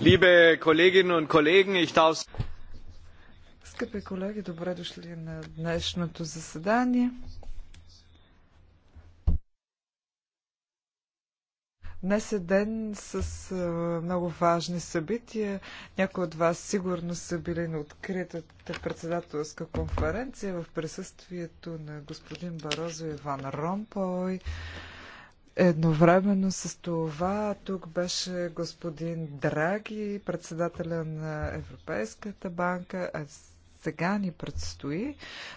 Liebe Kolleginnen und Kollegen, ich darf Скъпи колеги, добре дошли на днешното заседание. Днес е ден с много важни събития. Някои от вас сигурно са били на откритата председателска конференция в присъствието на господин Барозо Иван Ромпой. Едновременно с това тук беше господин Драги, председателя на Европейската банка, сега ни предстои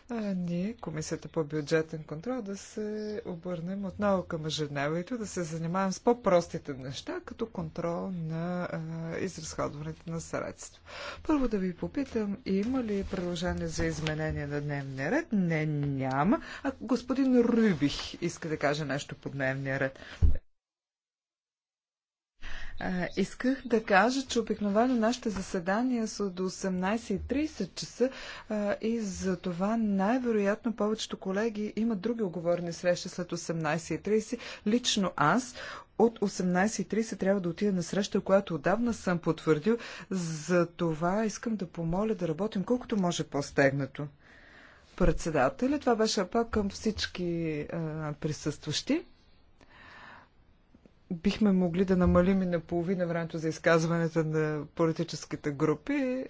а, ние, Комисията по бюджетен контрол, да се обърнем отново към ежедневието, да се занимаваме с по-простите неща, като контрол на а, изразходването на средства. Първо да ви попитам, има ли предложение за изменение на дневния ред? Не, няма. А господин Рубих иска да каже нещо по дневния ред. Исках да кажа, че обикновено нашите заседания са до 18.30 часа и за това най-вероятно повечето колеги имат други оговорни срещи след 18.30. Лично аз от 18.30 трябва да отида на среща, която отдавна съм потвърдил. За това искам да помоля да работим колкото може по-стегнато. Председателя, това беше апел към всички присъстващи бихме могли да намалим и наполовина времето за изказването на политическите групи.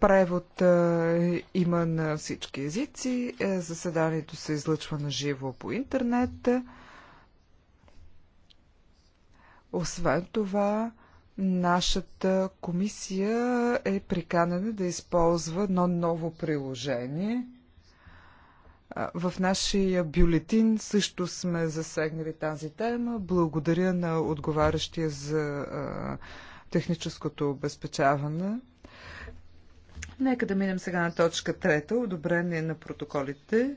Превод а, има на всички езици. Е, заседанието се излъчва на живо по интернет. Освен това, нашата комисия е приканена да използва едно ново приложение – в нашия бюлетин също сме засегнали тази тема. Благодаря на отговарящия за техническото обезпечаване. Нека да минем сега на точка трета, одобрение на протоколите.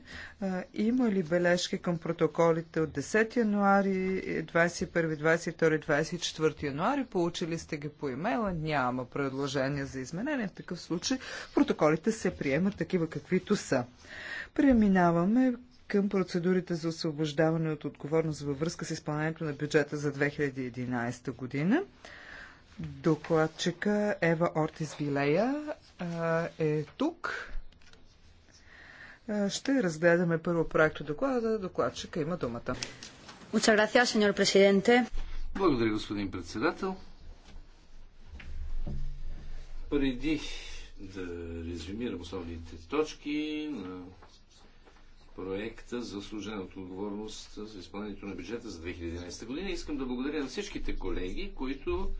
Има ли бележки към протоколите от 10 януари, 21, 22, 24 януари? Получили сте ги по имейла? Няма предложения за изменение. В такъв случай протоколите се приемат такива каквито са. Преминаваме към процедурите за освобождаване от отговорност във връзка с изпълнението на бюджета за 2011 година. Докладчика Ева Ортис Вилея е тук. Ще разгледаме първо проекто доклада. Докладчика има думата. Благодаря, господин председател. Преди да резюмирам основните точки на проекта за служената отговорност за изпълнението на бюджета за 2011 година, искам да благодаря на всичките колеги, които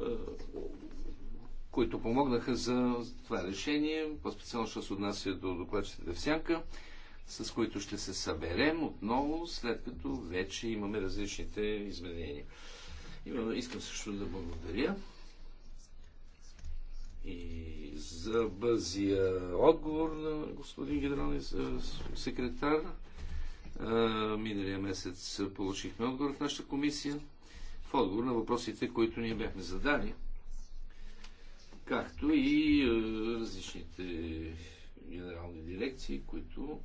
е, които помогнаха за това решение, по-специално ще се отнася до докладчите в сянка, с които ще се съберем отново, след като вече имаме различните изменения. Имам, искам също да благодаря и за бързия отговор на господин генерален секретар. Е, миналия месец получихме отговор в нашата комисия отговор на въпросите, които ние бяхме задали, както и е, различните генерални дирекции, които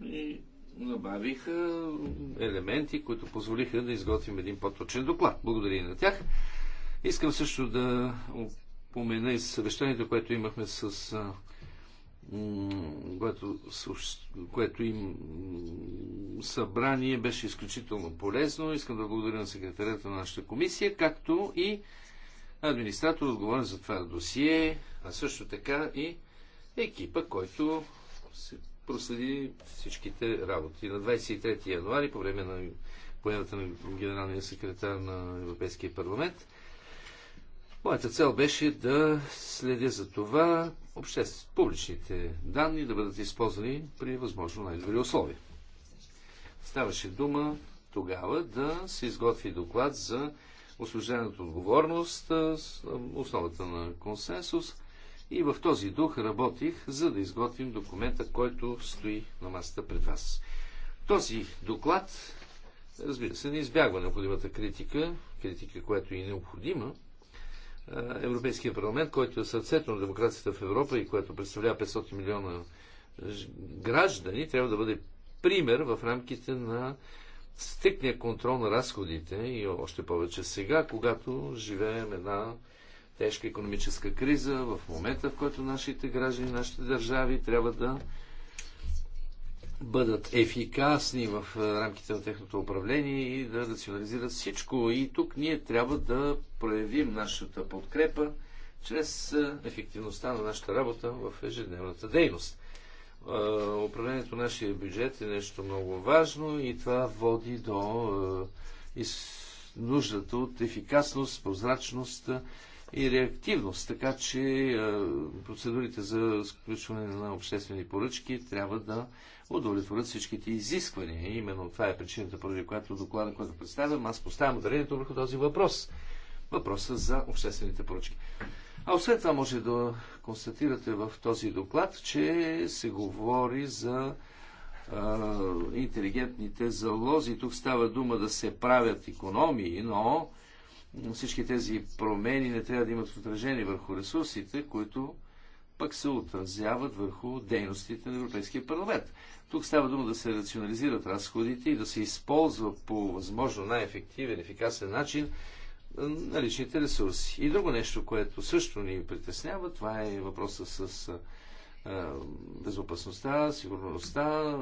ни набавиха елементи, които позволиха да изготвим един по-точен доклад. Благодаря и на тях. Искам също да помена и съвещанието, което имахме с което, което им събрание беше изключително полезно. Искам да благодаря на секретарята на нашата комисия, както и администратор отговорен за това досие, а също така и екипа, който се проследи всичките работи. На 23 януари, по време на появата на генералния секретар на Европейския парламент, моята цел беше да следя за това обществ, публичните данни да бъдат използвани при възможно най-добри условия. Ставаше дума тогава да се изготви доклад за освобождената отговорност, основата на консенсус. И в този дух работих, за да изготвим документа, който стои на масата пред вас. Този доклад, разбира се, не избягва необходимата критика, критика, която е необходима, е, Европейския парламент, който е сърцето на демокрацията в Европа и което представлява 500 милиона граждани, трябва да бъде пример в рамките на стриктния контрол на разходите и още повече сега, когато живеем една тежка економическа криза, в момента, в който нашите граждани, нашите държави трябва да бъдат ефикасни в рамките на техното управление и да рационализират всичко. И тук ние трябва да проявим нашата подкрепа чрез ефективността на нашата работа в ежедневната дейност. Управлението на нашия бюджет е нещо много важно и това води до нуждата от ефикасност, прозрачност и реактивност. Така че процедурите за сключване на обществени поръчки трябва да удовлетворят всичките изисквания. Именно това е причината, поради която доклада, който представям, аз поставям ударението върху този въпрос. Въпроса за обществените поръчки. А освен това може да констатирате в този доклад, че се говори за а, интелигентните залози. Тук става дума да се правят економии, но всички тези промени не трябва да имат отражение върху ресурсите, които пък се отразяват върху дейностите на Европейския парламент. Тук става дума да се рационализират разходите и да се използва по възможно най-ефективен, ефикасен начин наличните ресурси. И друго нещо, което също ни притеснява, това е въпроса с безопасността, сигурността.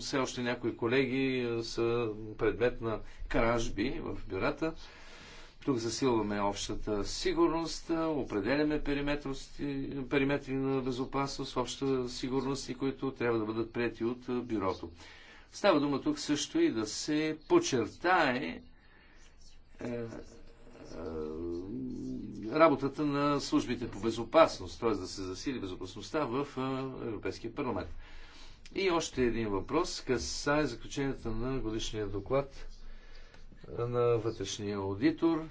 Все още някои колеги са предмет на кражби в бюрата. Тук засилваме общата сигурност, определяме периметри на безопасност, обща сигурност и които трябва да бъдат прияти от бюрото. Става дума тук също и да се подчертае е, е, работата на службите по безопасност, т.е. да се засили безопасността в Европейския парламент. И още един въпрос касае заключенията на годишния доклад на вътрешния аудитор.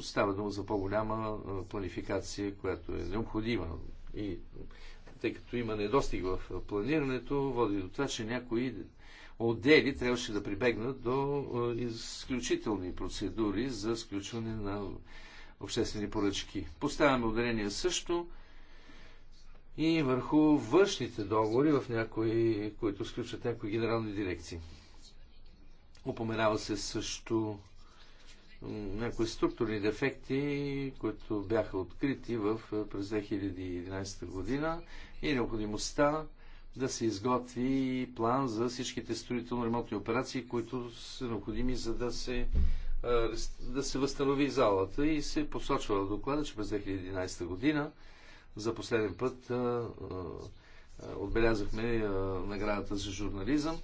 Става дума за по-голяма планификация, която е необходима. И тъй като има недостиг в планирането, води до това, че някои отдели трябваше да прибегнат до изключителни процедури за сключване на обществени поръчки. Поставяме ударение също и върху външните договори в някои, които сключват някои генерални дирекции. Упоменава се също някои структурни дефекти, които бяха открити в, през 2011 година и необходимостта да се изготви план за всичките строително-ремонтни операции, които са необходими за да се, да се възстанови залата. И се посочва в доклада, че през 2011 година за последен път отбелязахме наградата за журнализъм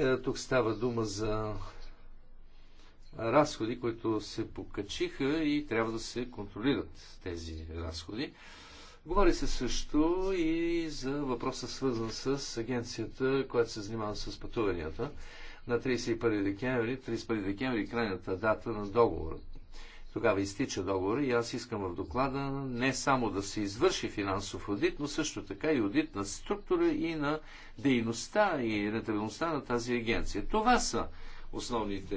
е, тук става дума за разходи, които се покачиха и трябва да се контролират тези разходи. Говори се също и за въпроса свързан с агенцията, която се занимава с пътуванията. На 31 декември, 31 декември е крайната дата на договора. Тогава изтича договора и аз искам в доклада не само да се извърши финансов аудит, но също така и аудит на структура и на дейността и рентабилността на тази агенция. Това са основните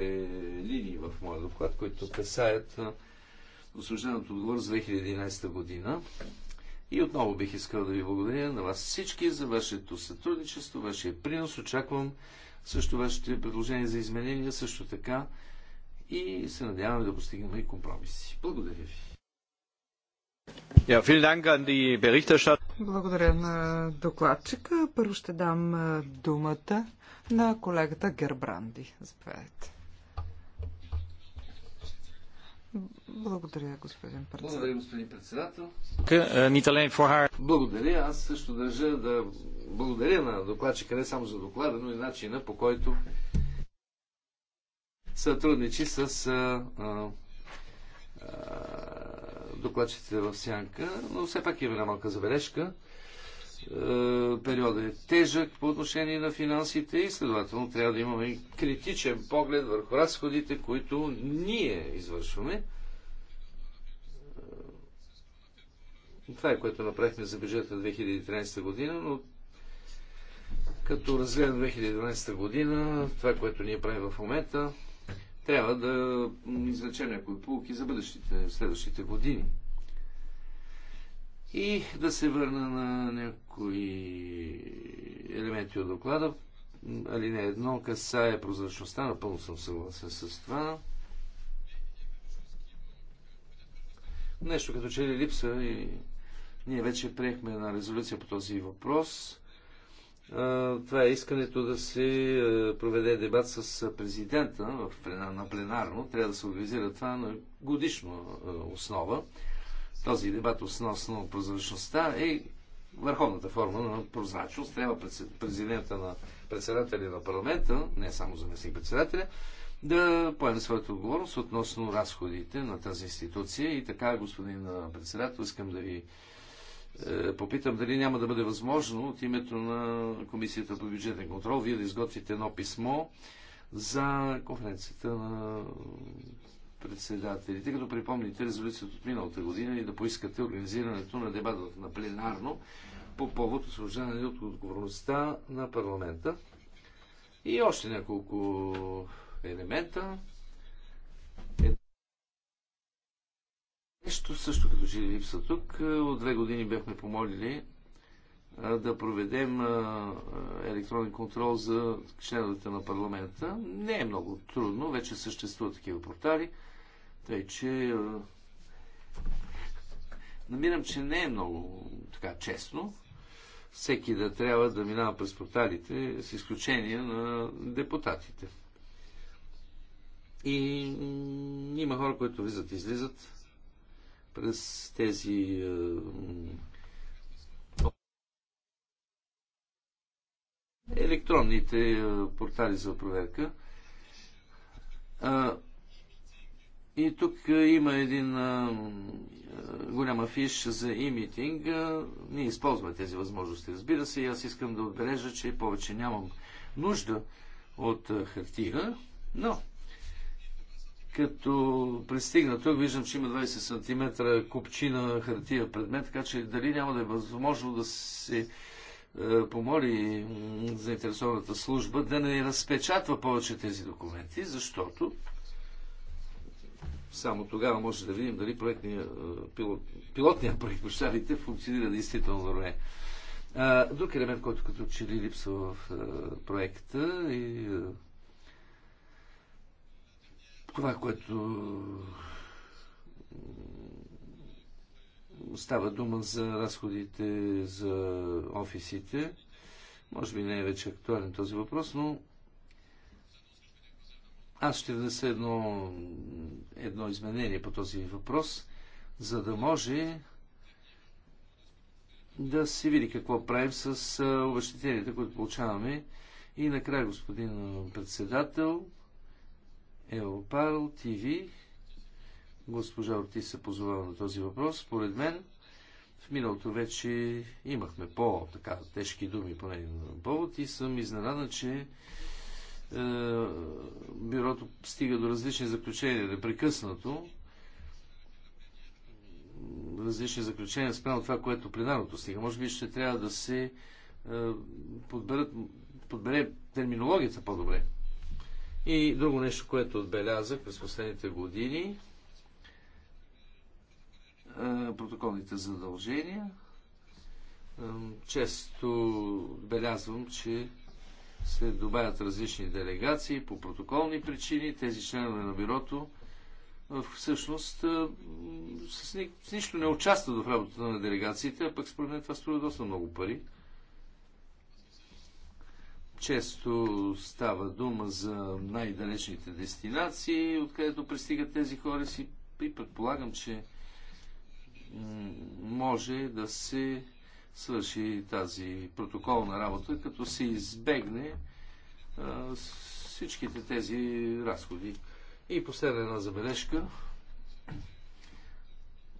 линии в моя доклад, които касаят осъжденото договор за 2011 година. И отново бих искал да ви благодаря на вас всички за вашето сътрудничество, вашия принос. Очаквам също вашите предложения за изменения, също така и се надяваме да постигнем и компромиси. Благодаря ви. Благодаря на докладчика. Първо ще дам думата на колегата Гербранди. Заповядайте. Благодаря, господин председател. Благодаря, господин председател. Благодаря. Аз също държа да благодаря на докладчика не само за доклада, но и начина по който сътрудничи с а, а, докладчиците в сянка, но все пак има една малка забележка. Е, периодът е тежък по отношение на финансите и следователно трябва да имаме критичен поглед върху разходите, които ние извършваме. Е, това е което направихме за бюджета 2013 година, но като разгледам 2012 година, това, което ние правим в момента, трябва да извлече някои полуки за бъдещите, следващите години. И да се върна на някои елементи от доклада. не, едно касае прозрачността, напълно съм съгласен с това. Нещо като че ли липса и ние вече приехме една резолюция по този въпрос. Това е искането да се проведе дебат с президента в на пленарно. Трябва да се организира това на годишна основа. Този дебат относно прозрачността е върховната форма на прозрачност. Трябва президента на председателя на парламента, не само заместник председателя, да поеме своята отговорност относно разходите на тази институция. И така, господин председател, искам да ви е, попитам дали няма да бъде възможно от името на Комисията по бюджетен контрол вие да изготвите едно писмо за конференцията на председателите, като припомните резолюцията от миналата година и да поискате организирането на дебата на пленарно по повод освобождане от отговорността на парламента. И още няколко елемента. Нещо също като че липса тук. Е, от две години бяхме помолили е, да проведем е, електронен контрол за членовете на парламента. Не е много трудно, вече съществуват такива портали, тъй че намирам, че не е много така честно всеки да трябва да минава през порталите, с изключение на депутатите. И има хора, които влизат и излизат през тези е, електронните е, портали за проверка. Е, и тук има един голям афиш за имитинг. Ние използваме тези възможности, разбира се, и аз искам да отбележа, че повече нямам нужда от хартия, но като пристигна тук, виждам, че има 20 см купчина хартия предмет, така че дали няма да е възможно да се е, помоли заинтересованата служба да не разпечатва повече тези документи, защото само тогава може да видим дали проектния, е, пилот, пилотния проект, прощавайте, функционира действително добре. Е, друг елемент, който като че ли липсва в проекта и това, което става дума за разходите за офисите, може би не е вече актуален този въпрос, но аз ще внеса едно, едно изменение по този въпрос, за да може да се види какво правим с обещетенията, които получаваме. И накрая, господин председател, Европарл ТВ. Госпожа Орти се позовава на този въпрос. Според мен, в миналото вече имахме по-така тежки думи по нейния повод и съм изненадан, че е, бюрото стига до различни заключения непрекъснато. Различни заключения спрямо това, което пленарното стига. Може би ще трябва да се е, подберат, подбере терминологията по-добре. И друго нещо, което отбелязах през последните години, протоколните задължения. Често отбелязвам, че се добавят различни делегации по протоколни причини. Тези членове на бюрото всъщност с, нищо не участват в работата на делегациите, а пък според мен това струва доста много пари. Често става дума за най-далечните дестинации, откъдето пристигат тези хора си и предполагам, че може да се свърши тази протоколна работа, като се избегне всичките тези разходи. И последна една забележка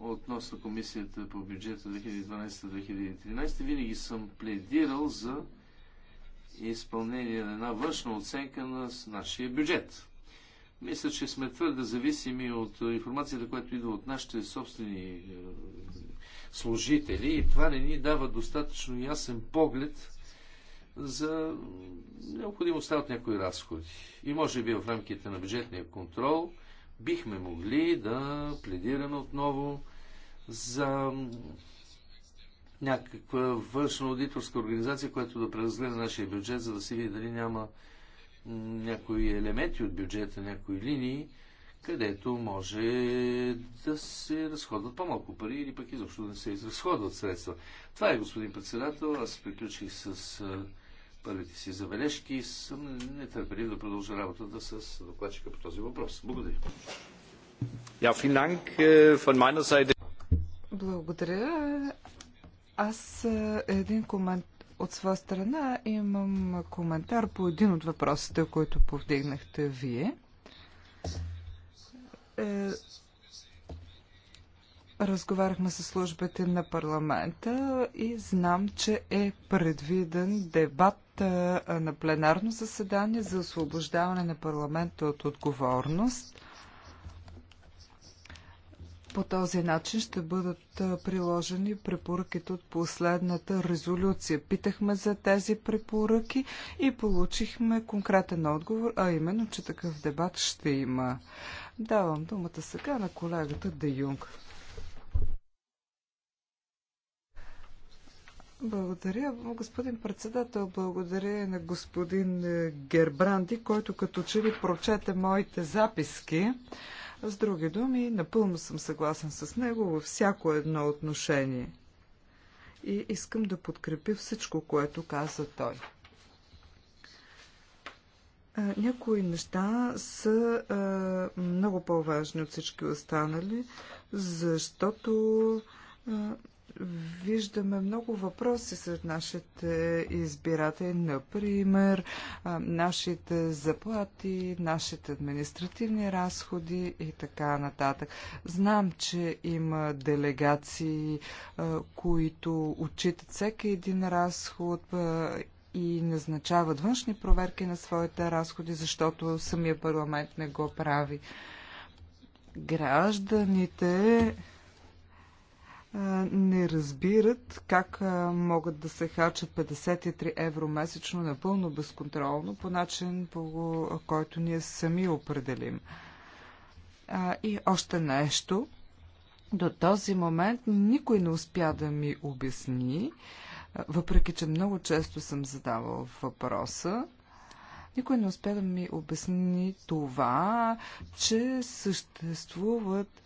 относно Комисията по бюджета 2012-2013. Винаги съм пледирал за изпълнение на една външна оценка на нашия бюджет. Мисля, че сме твърде зависими от е, информацията, която идва от нашите собствени е, служители и това не ни дава достатъчно ясен поглед за необходимостта от някои разходи. И може би в рамките на бюджетния контрол бихме могли да пледираме отново за някаква външна аудиторска организация, която да преразгледа нашия бюджет, за да се види дали няма някои елементи от бюджета, някои линии, където може да се разходват по-малко пари или пък изобщо да не се изразходват средства. Това е, господин председател. Аз приключих с първите си забележки и съм нетърпелив да продължа работата с докладчика по този въпрос. Благодаря. Ja, vielen Dank äh, von meiner Seite. Благодаря. Аз е, един комент от своя страна имам коментар по един от въпросите, които повдигнахте вие. Е, разговаряхме с службите на парламента и знам, че е предвиден дебат е, на пленарно заседание за освобождаване на парламента от отговорност по този начин ще бъдат приложени препоръките от последната резолюция. Питахме за тези препоръки и получихме конкретен отговор, а именно, че такъв дебат ще има. Давам думата сега на колегата Де Юнг. Благодаря, господин председател. Благодаря на господин Гербранди, който като че ли прочете моите записки. С други думи, напълно съм съгласен с него във всяко едно отношение. И искам да подкрепя всичко, което каза той. Някои неща са а, много по-важни от всички останали, защото виждаме много въпроси сред нашите избиратели. Например, нашите заплати, нашите административни разходи и така нататък. Знам, че има делегации, които отчитат всеки един разход и назначават външни проверки на своите разходи, защото самия парламент не го прави. Гражданите не разбират как могат да се харчат 53 евро месечно напълно безконтролно по начин, по който ние сами определим. И още нещо. До този момент никой не успя да ми обясни, въпреки че много често съм задавал въпроса, никой не успя да ми обясни това, че съществуват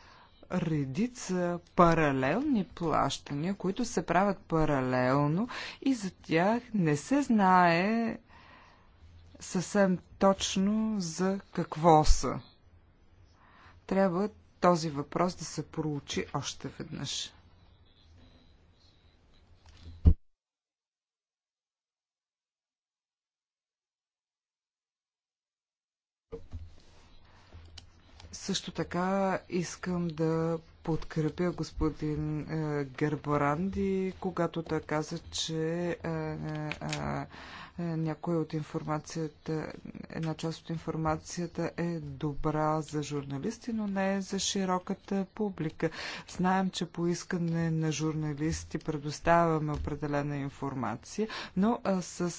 редица паралелни плащания, които се правят паралелно и за тях не се знае съвсем точно за какво са. Трябва този въпрос да се проучи още веднъж. Също така искам да подкрепя господин е, Герборанди, когато той каза, че е, е, е е, някоя от информацията, една част от информацията е добра за журналисти, но не е за широката публика. Знаем, че по искане на журналисти предоставяме определена информация, но с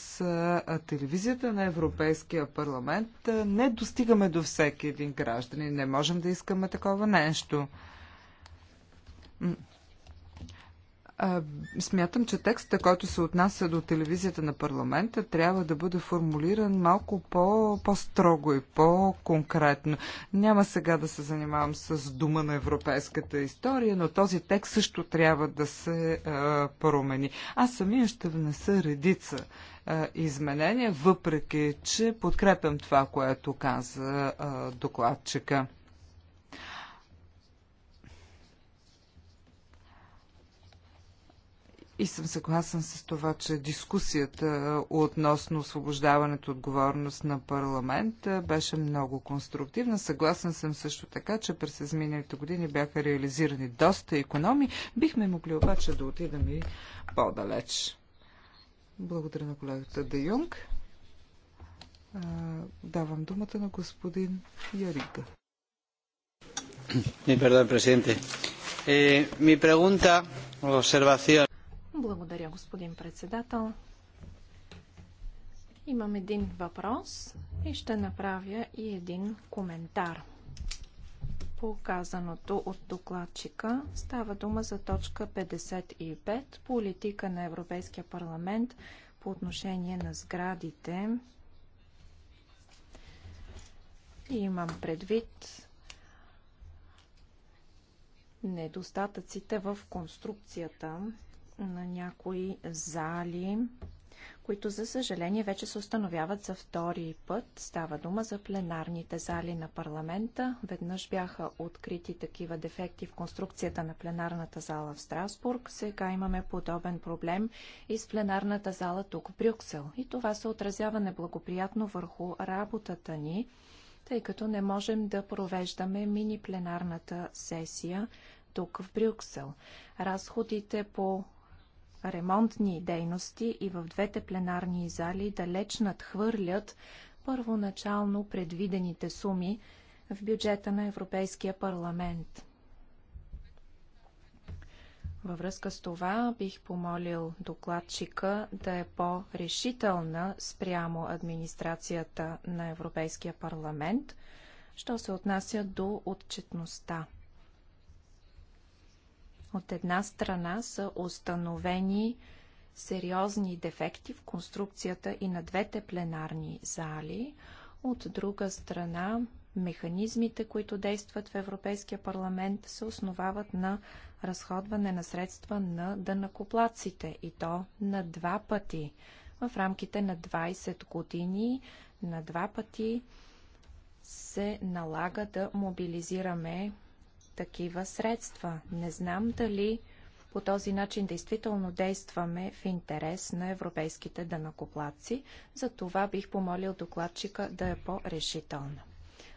телевизията на Европейския парламент не достигаме до всеки един гражданин. Не можем да искаме такова нещо. Смятам, че текста, който се отнася до телевизията на парламента, трябва да бъде формулиран малко по, по-строго и по-конкретно. Няма сега да се занимавам с дума на европейската история, но този текст също трябва да се а, промени. Аз самия ще внеса редица а, изменения, въпреки че подкрепям това, което каза а, докладчика. И съм съгласен с това, че дискусията относно освобождаването отговорност на парламент беше много конструктивна. Съгласен съм също така, че през изминалите години бяха реализирани доста економи. Бихме могли обаче да отидем и по-далеч. Благодаря на колегата Де Юнг. Давам думата на господин Ярига. Ми, presidente. президенте. Е, ми pregunta, обсервация, благодаря, господин председател. Имам един въпрос и ще направя и един коментар. По казаното от докладчика става дума за точка 55 политика на Европейския парламент по отношение на сградите. И имам предвид недостатъците в конструкцията на някои зали, които за съжаление вече се установяват за втори път. Става дума за пленарните зали на парламента. Веднъж бяха открити такива дефекти в конструкцията на пленарната зала в Страсбург. Сега имаме подобен проблем и с пленарната зала тук в Брюксел. И това се отразява неблагоприятно върху работата ни, тъй като не можем да провеждаме мини пленарната сесия тук в Брюксел. Разходите по ремонтни дейности и в двете пленарни зали далеч надхвърлят първоначално предвидените суми в бюджета на Европейския парламент. Във връзка с това бих помолил докладчика да е по-решителна спрямо администрацията на Европейския парламент, що се отнася до отчетността. От една страна са установени сериозни дефекти в конструкцията и на двете пленарни зали. От друга страна, механизмите, които действат в Европейския парламент, се основават на разходване на средства на дънакоплаците и то на два пъти. В рамките на 20 години на два пъти се налага да мобилизираме такива средства. Не знам дали по този начин действително действаме в интерес на европейските дънакоплаци. За това бих помолил докладчика да е по-решителна.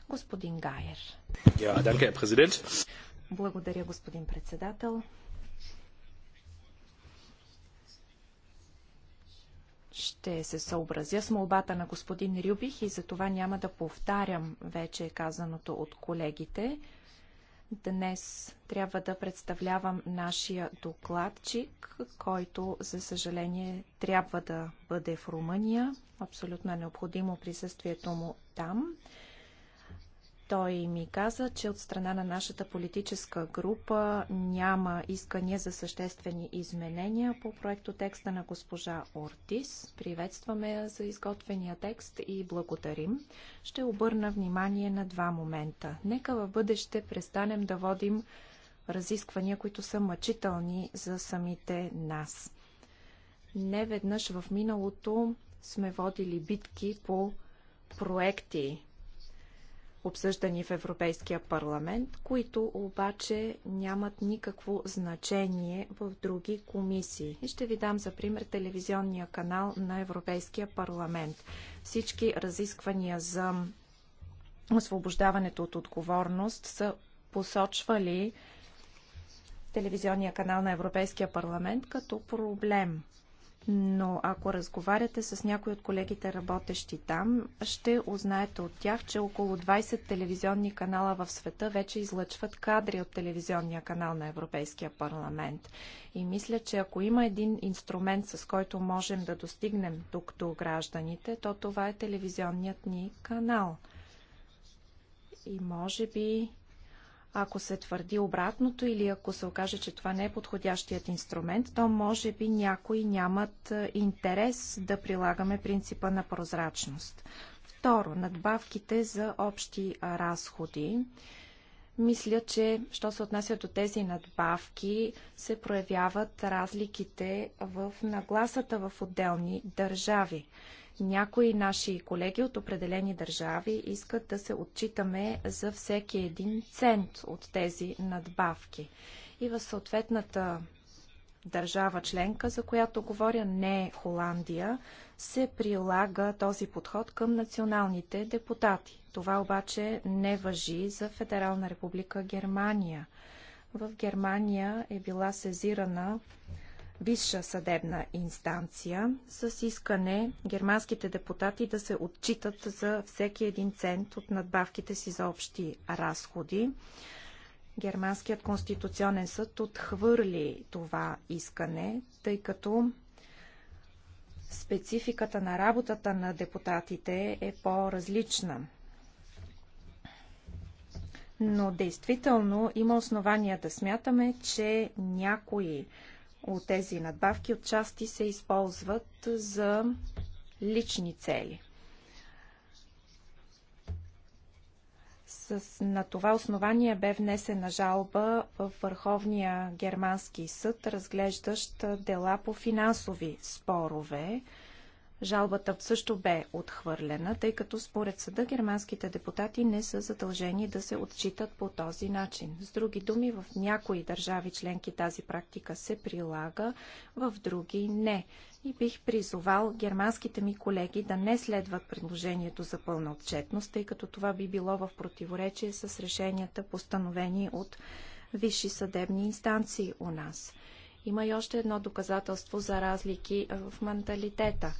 Господин Гайер. Yeah, Благодаря, господин председател. ще се съобразя с молбата на господин Рюбих и за това няма да повтарям вече казаното от колегите. Днес трябва да представлявам нашия докладчик, който, за съжаление, трябва да бъде в Румъния. Абсолютно е необходимо присъствието му там. Той ми каза, че от страна на нашата политическа група няма искания за съществени изменения по проекто текста на госпожа Ортис. Приветстваме я за изготвения текст и благодарим. Ще обърна внимание на два момента. Нека в бъдеще престанем да водим разисквания, които са мъчителни за самите нас. Не веднъж в миналото сме водили битки по проекти, обсъждани в Европейския парламент, които обаче нямат никакво значение в други комисии. И ще ви дам за пример телевизионния канал на Европейския парламент. Всички разисквания за освобождаването от отговорност са посочвали телевизионния канал на Европейския парламент като проблем – но ако разговаряте с някои от колегите работещи там, ще узнаете от тях, че около 20 телевизионни канала в света вече излъчват кадри от телевизионния канал на Европейския парламент. И мисля, че ако има един инструмент, с който можем да достигнем тук до гражданите, то това е телевизионният ни канал. И може би ако се твърди обратното или ако се окаже, че това не е подходящият инструмент, то може би някои нямат е, интерес да прилагаме принципа на прозрачност. Второ, надбавките за общи разходи. Мисля, че, що се отнася до тези надбавки, се проявяват разликите в нагласата в отделни държави. Някои наши колеги от определени държави искат да се отчитаме за всеки един цент от тези надбавки. И в съответната държава членка, за която говоря не е Холандия, се прилага този подход към националните депутати. Това обаче не въжи за Федерална република Германия. В Германия е била сезирана висша съдебна инстанция с искане германските депутати да се отчитат за всеки един цент от надбавките си за общи разходи. Германският конституционен съд отхвърли това искане, тъй като спецификата на работата на депутатите е по-различна. Но действително има основания да смятаме, че някои от тези надбавки от части се използват за лични цели. С, на това основание бе внесена жалба в Върховния германски съд, разглеждащ дела по финансови спорове. Жалбата също бе отхвърлена, тъй като според съда германските депутати не са задължени да се отчитат по този начин. С други думи, в някои държави членки тази практика се прилага, в други не. И бих призовал германските ми колеги да не следват предложението за пълна отчетност, тъй като това би било в противоречие с решенията постановени от висши съдебни инстанции у нас. Има и още едно доказателство за разлики в менталитета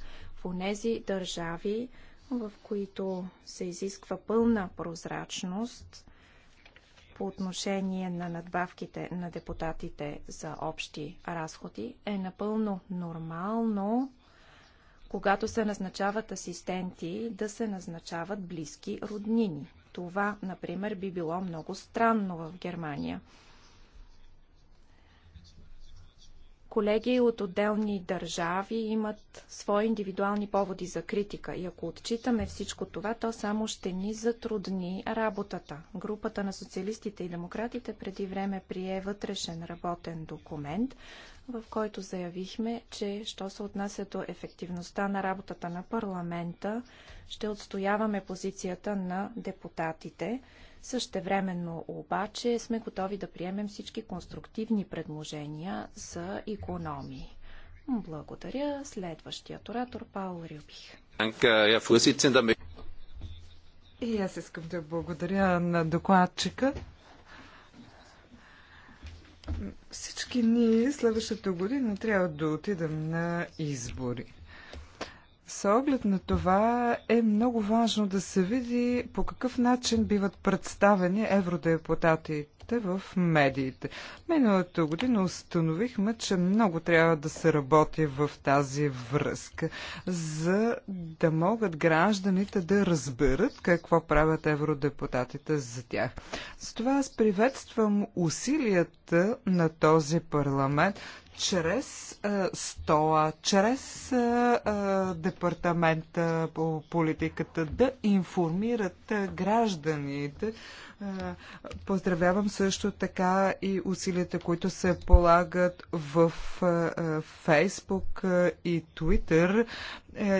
онези държави, в които се изисква пълна прозрачност по отношение на надбавките на депутатите за общи разходи, е напълно нормално, когато се назначават асистенти, да се назначават близки роднини. Това, например, би било много странно в Германия. колеги от отделни държави имат свои индивидуални поводи за критика и ако отчитаме всичко това, то само ще ни затрудни работата. Групата на социалистите и демократите преди време прие вътрешен работен документ, в който заявихме, че що се отнася до ефективността на работата на парламента, ще отстояваме позицията на депутатите, Същевременно обаче сме готови да приемем всички конструктивни предложения за економии. Благодаря. Следващият оратор Паул Рюбих. И аз искам да благодаря на докладчика. Всички ние следващата година трябва да отидем на избори. С оглед на това е много важно да се види по какъв начин биват представени евродепутатите в медиите. Миналата година установихме, че много трябва да се работи в тази връзка, за да могат гражданите да разберат какво правят евродепутатите за тях. това аз приветствам усилията на този парламент чрез е, стола, чрез е, е, Департамента по политиката да информират гражданите Поздравявам също така и усилията, които се полагат в Фейсбук и Twitter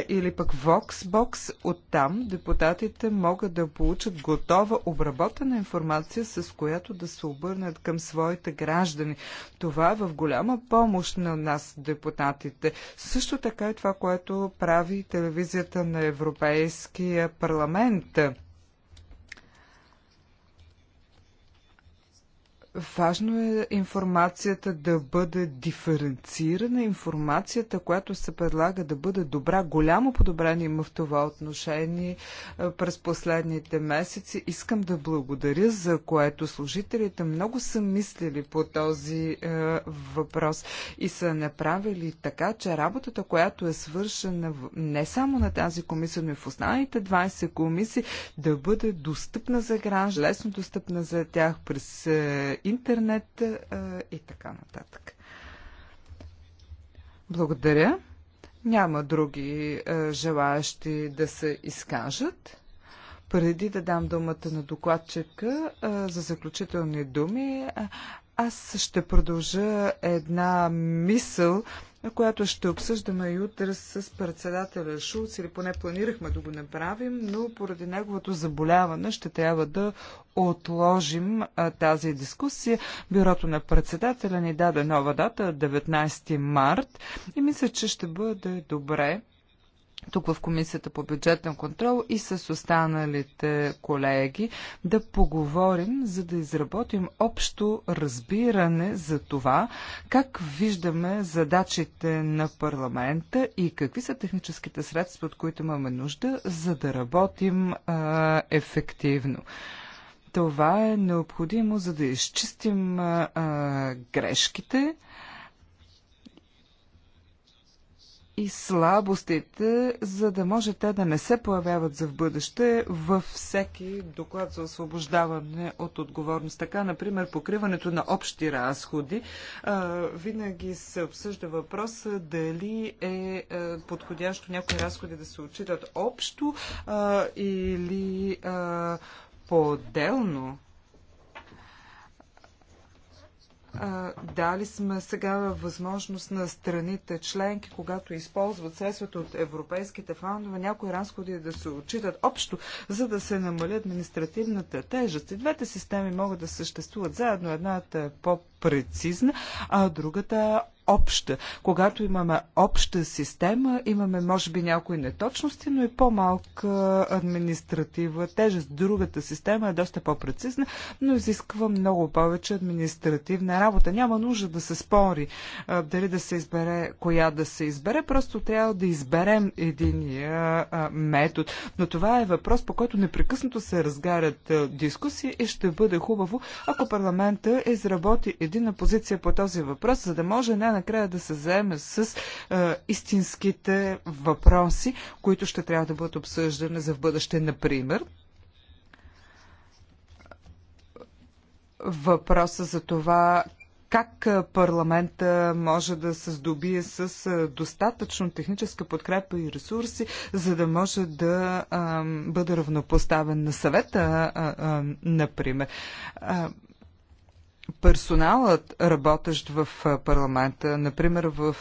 или пък Voxbox. Оттам депутатите могат да получат готова обработена информация, с която да се обърнат към своите граждани. Това е в голяма помощ на нас, депутатите. Също така е това, което прави телевизията на Европейския парламент. Важно е информацията да бъде диференцирана, информацията, която се предлага да бъде добра. Голямо подобрение има в това отношение е, през последните месеци. Искам да благодаря, за което служителите много са мислили по този е, въпрос и са направили така, че работата, която е свършена не само на тази комисия, но и в останалите 20 комисии, да бъде достъпна за граждан, лесно достъпна за тях през е, интернет и така нататък. Благодаря. Няма други желаящи да се изкажат. Преди да дам думата на докладчика за заключителни думи, аз ще продължа една мисъл, на която ще обсъждаме и утре с председателя Шулц, или поне планирахме да го направим, но поради неговото заболяване ще трябва да отложим а, тази дискусия. Бюрото на председателя ни даде нова дата, 19 март, и мисля, че ще бъде добре тук в Комисията по бюджетен контрол и с останалите колеги да поговорим, за да изработим общо разбиране за това, как виждаме задачите на парламента и какви са техническите средства, от които имаме нужда, за да работим а, ефективно. Това е необходимо, за да изчистим а, грешките, и слабостите, за да може те да не се появяват за в бъдеще във всеки доклад за освобождаване от отговорност. Така, например, покриването на общи разходи. Винаги се обсъжда въпрос дали е, е подходящо някои разходи да се отчитат общо или по-отделно. Дали сме сега възможност на страните членки, когато използват средствата от европейските фондове, някои разходи да се отчитат общо, за да се намали административната тежест. И двете системи могат да съществуват заедно. Едната е по-прецизна, а другата обща. Когато имаме обща система, имаме може би някои неточности, но и по-малка административа тежест. Другата система е доста по-прецизна, но изисква много повече административна работа. Няма нужда да се спори а, дали да се избере коя да се избере, просто трябва да изберем единия а, метод. Но това е въпрос, по който непрекъснато се разгарят а, дискусии и ще бъде хубаво, ако парламента изработи едина позиция по този въпрос, за да може най накрая да се заеме с а, истинските въпроси, които ще трябва да бъдат обсъждани за в бъдеще, например. Въпроса за това как парламента може да се здобие с достатъчно техническа подкрепа и ресурси, за да може да а, бъде равнопоставен на съвета, а, а, например. А, персоналът, работещ в парламента, например в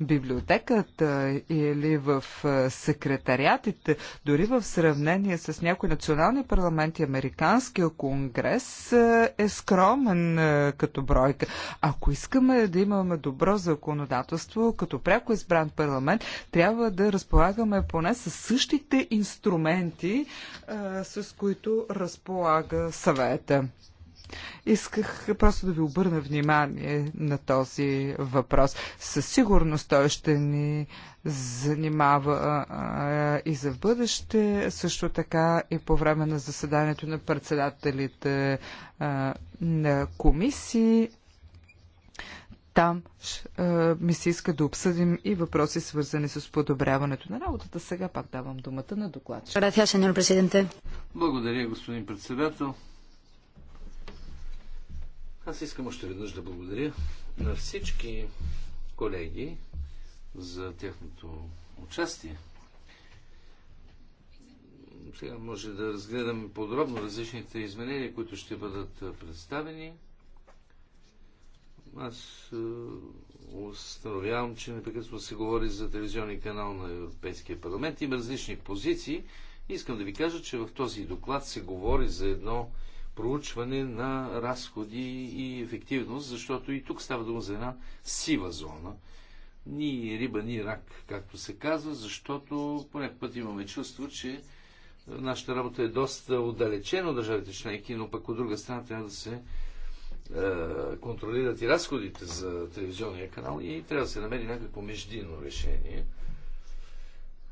библиотеката или в секретариатите, дори в сравнение с някои национални парламенти, Американския конгрес е скромен като бройка. Ако искаме да имаме добро законодателство, като пряко избран парламент, трябва да разполагаме поне с същите инструменти, с които разполага съвета. Исках просто да ви обърна внимание на този въпрос. Със сигурност той ще ни занимава а, и за в бъдеще, също така и по време на заседанието на председателите а, на комисии. Там а, ми се иска да обсъдим и въпроси, свързани с подобряването на работата. Сега пак давам думата на доклад. Благодаря, господин председател. Аз искам още веднъж да благодаря на всички колеги за тяхното участие. Сега може да разгледаме подробно различните изменения, които ще бъдат представени. Аз установявам, че непрекъснато се говори за телевизионния канал на Европейския парламент. Има различни позиции. Искам да ви кажа, че в този доклад се говори за едно проучване на разходи и ефективност, защото и тук става дума за една сива зона. Ни риба, ни рак, както се казва, защото поне път имаме чувство, че нашата работа е доста отдалечена от държавите членки, но пък от друга страна трябва да се е, контролират и разходите за телевизионния канал и трябва да се намери някакво междинно решение.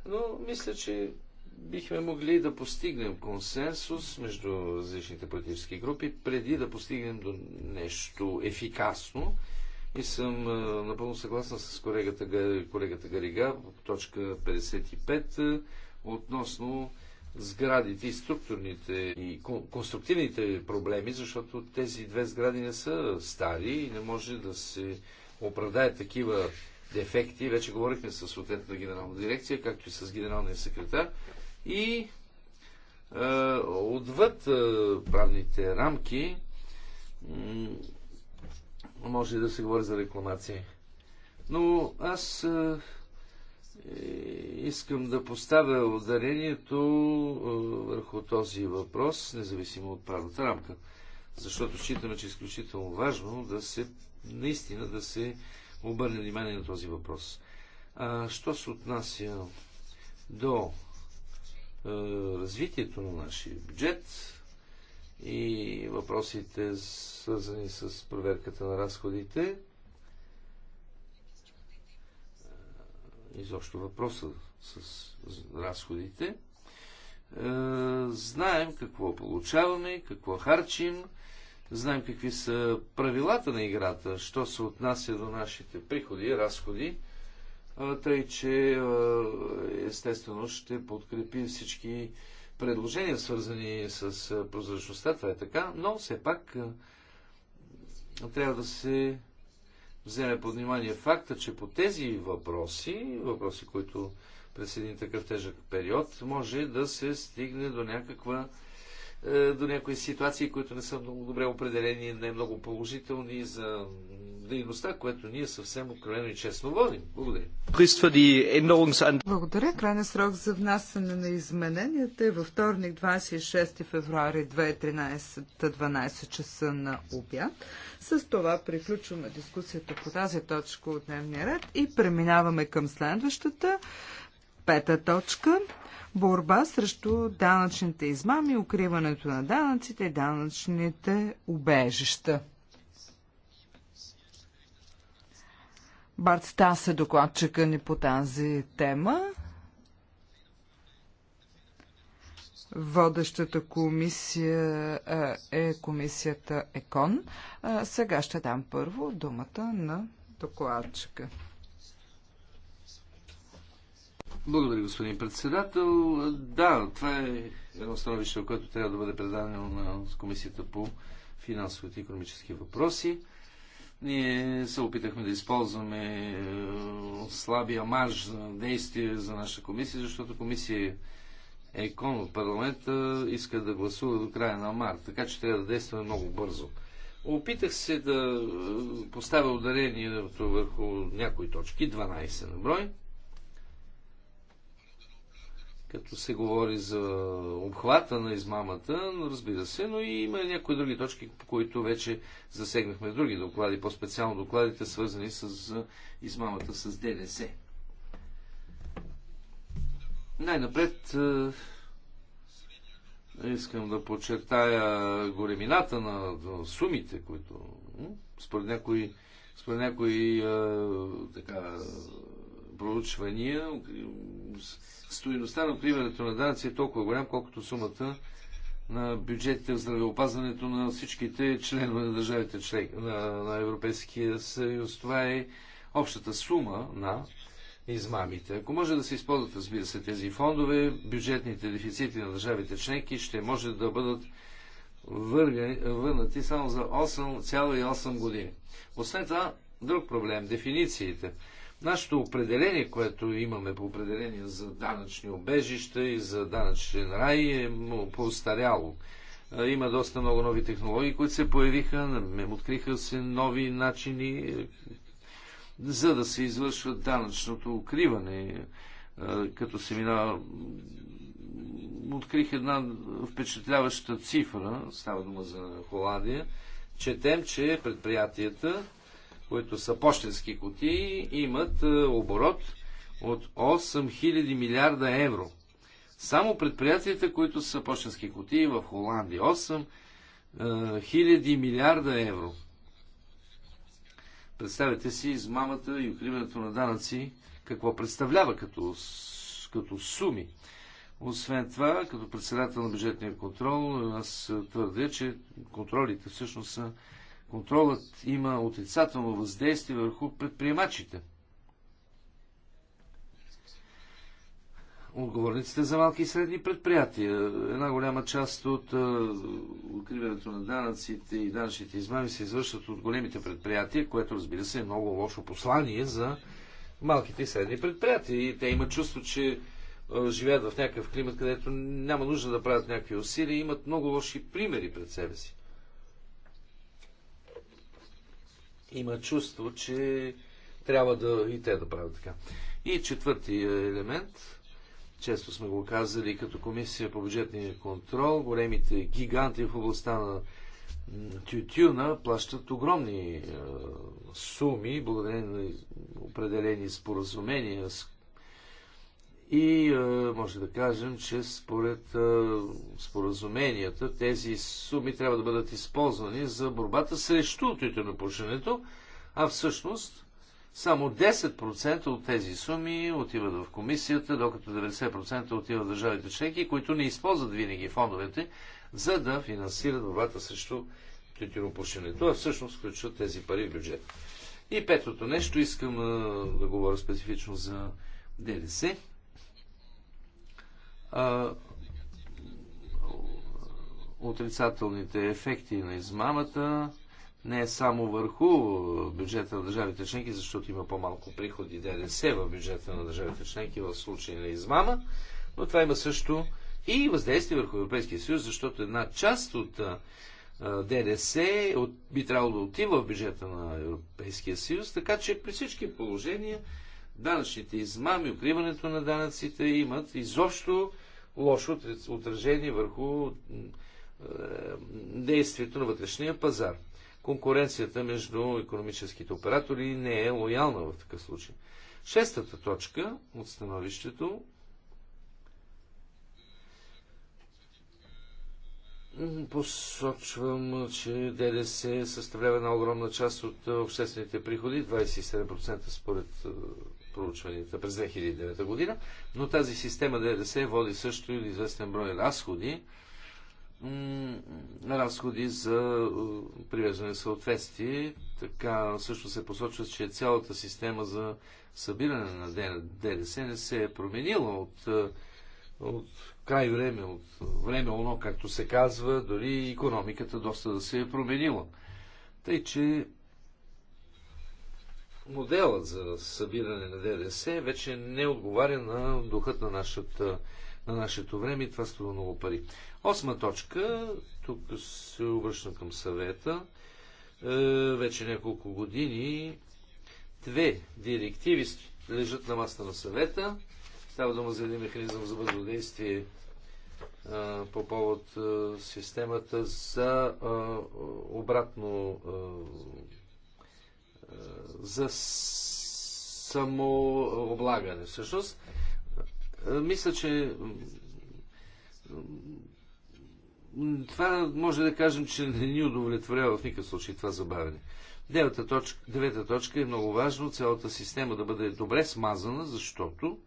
Но мисля, че бихме могли да постигнем консенсус между различните политически групи, преди да постигнем до нещо ефикасно. И съм напълно съгласна с колегата, колегата Гарига точка 55 относно сградите и структурните и конструктивните проблеми, защото тези две сгради не са стари и не може да се оправдае такива дефекти. Вече говорихме с съответната генерална дирекция, както и с генералния секретар и е, отвъд е, правните рамки може да се говори за рекламация. Но аз е, е, искам да поставя ударението е, върху този въпрос, независимо от правната рамка, защото считаме, че е изключително важно да се наистина да се обърне внимание на този въпрос. А, що се отнася до е, развитието на нашия бюджет и въпросите свързани с проверката на разходите. Е, изобщо въпроса с разходите. Е, знаем какво получаваме, какво харчим, знаем какви са правилата на играта, що се отнася до нашите приходи и разходи тъй че естествено ще подкрепи всички предложения, свързани с прозрачността, това е така, но все пак трябва да се вземе под внимание факта, че по тези въпроси, въпроси, които през един такъв тежък период, може да се стигне до някаква е, до някои ситуации, които не са много добре определени, не е много положителни за дейността, което ние съвсем откровено и честно водим. Благодаря. Благодаря. Крайна срок за внасяне на измененията е във вторник 26 февруари 2013 12 часа на обяд. С това приключваме дискусията по тази точка от дневния ред и преминаваме към следващата пета точка борба срещу данъчните измами, укриването на данъците и данъчните убежища. Барт Стас е докладчика ни по тази тема. Водещата комисия е комисията ЕКОН. Сега ще дам първо думата на докладчика. Благодаря, господин председател. Да, това е едно становище, което трябва да бъде предадено на Комисията по финансовите и економически въпроси. Ние се опитахме да използваме е, слабия марж за действие за нашата комисия, защото комисия ЕКОН от парламента иска да гласува до края на март, така че трябва да действаме много бързо. Опитах се да е, поставя ударението върху някои точки, 12 на брой, като се говори за обхвата на измамата, разбира се, но и има някои други точки, по които вече засегнахме други доклади, по-специално докладите свързани с измамата с ДДС. Най-напред искам да подчертая големината на сумите, които според някои, според някои така, проучвания, стоиността на откриването на данъци е толкова голям, колкото сумата на бюджетите в здравеопазването на всичките членове на държавите член, на, на Европейския съюз. Това е общата сума на измамите. Ако може да се използват, разбира се, тези фондове, бюджетните дефицити на държавите членки ще може да бъдат върнати само за 8,8 години. Освен това, друг проблем – дефинициите. Нашето определение, което имаме по определение за данъчни обежища и за данъчен рай е по-старяло. Има доста много нови технологии, които се появиха, откриха се нови начини е, за да се извършва данъчното укриване. Като се минава, открих една впечатляваща цифра, става дума за Холандия, четем, че предприятията които са почтенски кутии, имат е, оборот от 8000 милиарда евро. Само предприятията, които са почтенски кутии в Холандия. 8 е, милиарда евро. Представете си измамата и укриването на данъци, какво представлява като, като суми. Освен това, като председател на бюджетния контрол, аз твърдя, че контролите всъщност са контролът има отрицателно въздействие върху предприемачите. Отговорниците за малки и средни предприятия. Една голяма част от откриването на данъците и данъчните измами се извършват от големите предприятия, което разбира се е много лошо послание за малките и средни предприятия. И те имат чувство, че живеят в някакъв климат, където няма нужда да правят някакви усилия и имат много лоши примери пред себе си. има чувство, че трябва да и те да правят така. И четвъртия елемент, често сме го казали като комисия по бюджетния контрол, големите гиганти в областта на тютюна плащат огромни е, суми, благодарение на определени споразумения с и а, е, може да кажем, че според а, е, споразуменията тези суми трябва да бъдат използвани за борбата срещу тютюнопушенето, а всъщност само 10% от тези суми отиват в комисията, докато 90% отиват в държавите членки, които не използват винаги фондовете, за да финансират борбата срещу тютюнопушенето, а всъщност включват тези пари в бюджет. И петото нещо, искам е, да говоря специфично за ДДС отрицателните ефекти на измамата не е само върху бюджета на държавите членки, защото има по-малко приходи ДДС в бюджета на държавите членки в случай на измама, но това има също и въздействие върху Европейския съюз, защото една част от ДДС е от, би трябвало да отива в бюджета на Европейския съюз, така че при всички положения данъчните измами, укриването на данъците имат изобщо лошо отражение върху е, действието на вътрешния пазар. Конкуренцията между економическите оператори не е лоялна в такъв случай. Шестата точка от становището Посочвам, че ДДС съставлява една огромна част от обществените приходи, 27% според е, проучванията през 2009 година, но тази система ДДС води също и известен брой разходи, разходи за е, привеждане в съответствие. Така също се посочва, че цялата система за събиране на ДДС не се е променила от, е, от край време, от време оно, както се казва, дори економиката доста да се е променила. Тъй, че моделът за събиране на ДДС вече не отговаря на духът на, нашата, на нашето време и това струва много пари. Осма точка, тук се обръщам към съвета. Е, вече няколко години две директиви лежат на маста на съвета. Става дума за един механизъм за въздействие е, по повод е, системата за обратно за самооблагане. Всъщност, мисля, че това може да кажем, че не ни удовлетворява в никакъв случай това забавяне. Девета точка, девета точка е много важно цялата система да бъде добре смазана, защото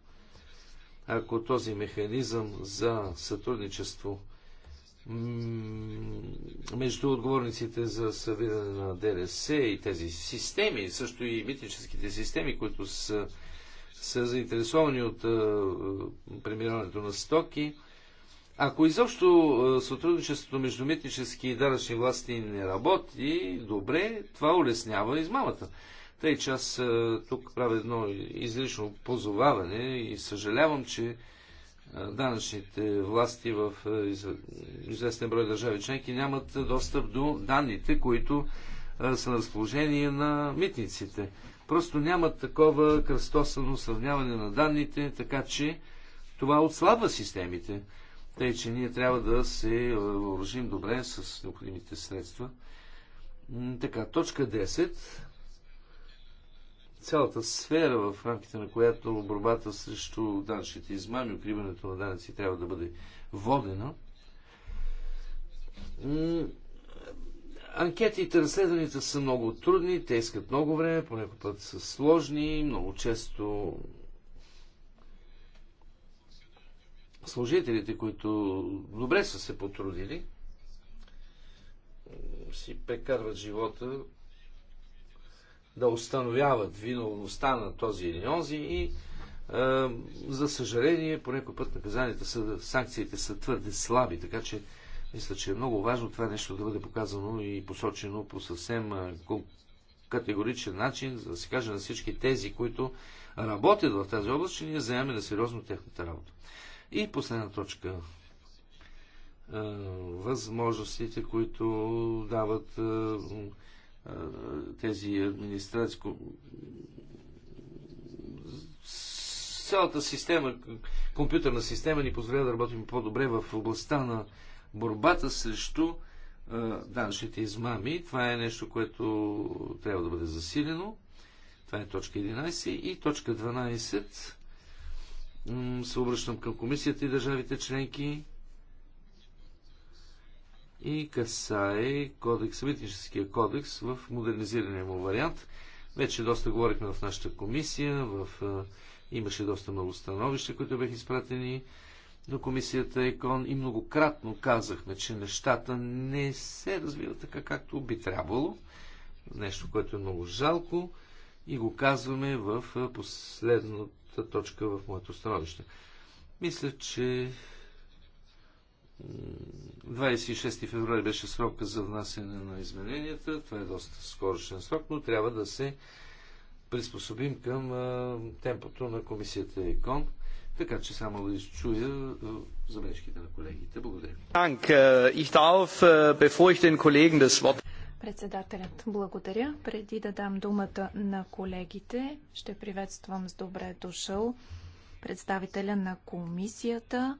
ако този механизъм за сътрудничество между отговорниците за събиране на ДДС и тези системи, също и митническите системи, които са, са заинтересовани от премирането на стоки. Ако изобщо сътрудничеството между митнически и данъчни власти не работи добре, това улеснява измамата. Тъй че аз тук правя едно излишно позоваване и съжалявам, че данъчните власти в известен брой държави членки нямат достъп до данните, които са на разположение на митниците. Просто нямат такова кръстосано сравняване на данните, така че това е отслабва системите. Тъй, че ние трябва да се въоръжим добре с необходимите средства. Така, точка 10 цялата сфера, в рамките на която борбата срещу данъчните измами, укриването на данъци трябва да бъде водена. Анкетите, разследванията са много трудни, те искат много време, понякога път са сложни, много често служителите, които добре са се потрудили, си прекарват живота да установяват виновността на този или онзи и а, за съжаление по някой път наказанията са, санкциите са твърде слаби, така че мисля, че е много важно това нещо да бъде показано и посочено по съвсем категоричен начин, за да се каже на всички тези, които работят в тази област, че ние заемаме на сериозно техната работа. И последна точка. Възможностите, които дават тези администрацко цялата система, компютърна система ни позволява да работим по-добре в областта на борбата срещу данъчните измами. Това е нещо, което трябва да бъде засилено. Това е точка 11. И точка 12 се обръщам към комисията и държавите членки и касае кодекс, митническия кодекс в модернизирания му вариант. Вече доста говорихме в нашата комисия, в, имаше доста много становища, които бяха изпратени до комисията ЕКОН и многократно казахме, че нещата не се развиват така, както би трябвало. Нещо, което е много жалко и го казваме в последната точка в моето становище. Мисля, че 26 февруари беше срока за внасяне на измененията. Това е доста скорошен срок, но трябва да се приспособим към темпото на комисията ЕКОН. Така че само да изчуя забележките на колегите. Благодаря. Председателят, благодаря. Преди да дам думата на колегите, ще приветствам с добре дошъл представителя на комисията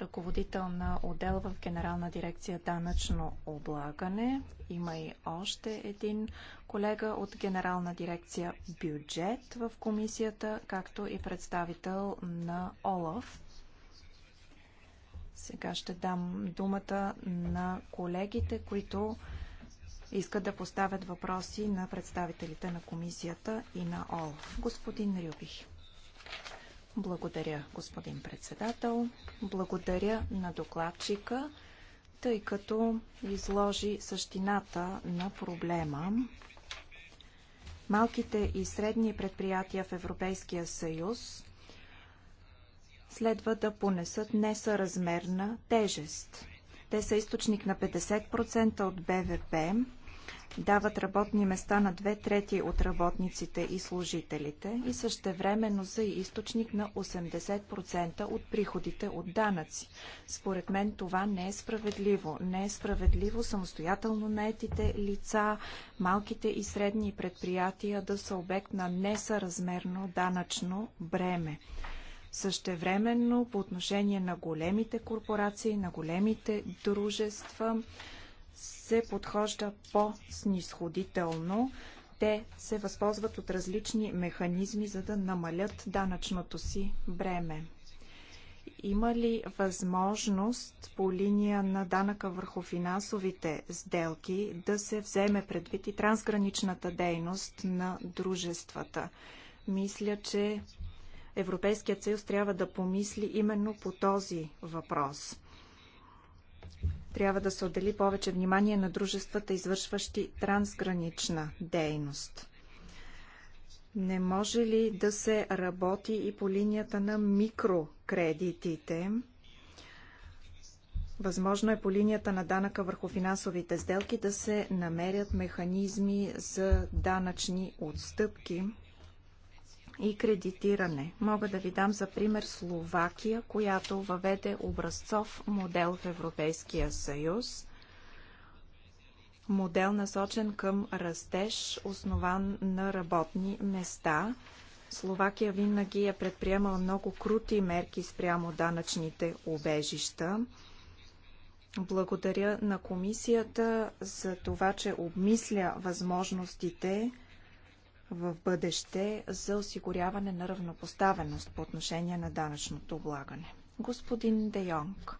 ръководител на отдел в Генерална дирекция Данъчно облагане. Има и още един колега от Генерална дирекция Бюджет в комисията, както и представител на ОЛАФ. Сега ще дам думата на колегите, които искат да поставят въпроси на представителите на комисията и на ОЛАФ. Господин Рюбих. Благодаря, господин председател. Благодаря на докладчика, тъй като изложи същината на проблема. Малките и средни предприятия в Европейския съюз следва да понесат несъразмерна тежест. Те са източник на 50% от БВП, дават работни места на две трети от работниците и служителите и същевременно са и източник на 80% от приходите от данъци. Според мен това не е справедливо. Не е справедливо самостоятелно наетите лица, малките и средни предприятия да са обект на несъразмерно данъчно бреме. Същевременно по отношение на големите корпорации, на големите дружества, се подхожда по-снисходително. Те се възползват от различни механизми, за да намалят данъчното си бреме. Има ли възможност по линия на данъка върху финансовите сделки да се вземе предвид и трансграничната дейност на дружествата? Мисля, че Европейският съюз трябва да помисли именно по този въпрос трябва да се отдели повече внимание на дружествата, извършващи трансгранична дейност. Не може ли да се работи и по линията на микрокредитите? Възможно е по линията на данъка върху финансовите сделки да се намерят механизми за данъчни отстъпки и кредитиране. Мога да ви дам за пример Словакия, която въведе образцов модел в Европейския съюз. Модел насочен към растеж, основан на работни места. Словакия винаги е предприемала много крути мерки спрямо данъчните обежища. Благодаря на комисията за това, че обмисля възможностите в бъдеще за осигуряване на равнопоставеност по отношение на данъчното облагане. Господин Де Йонг.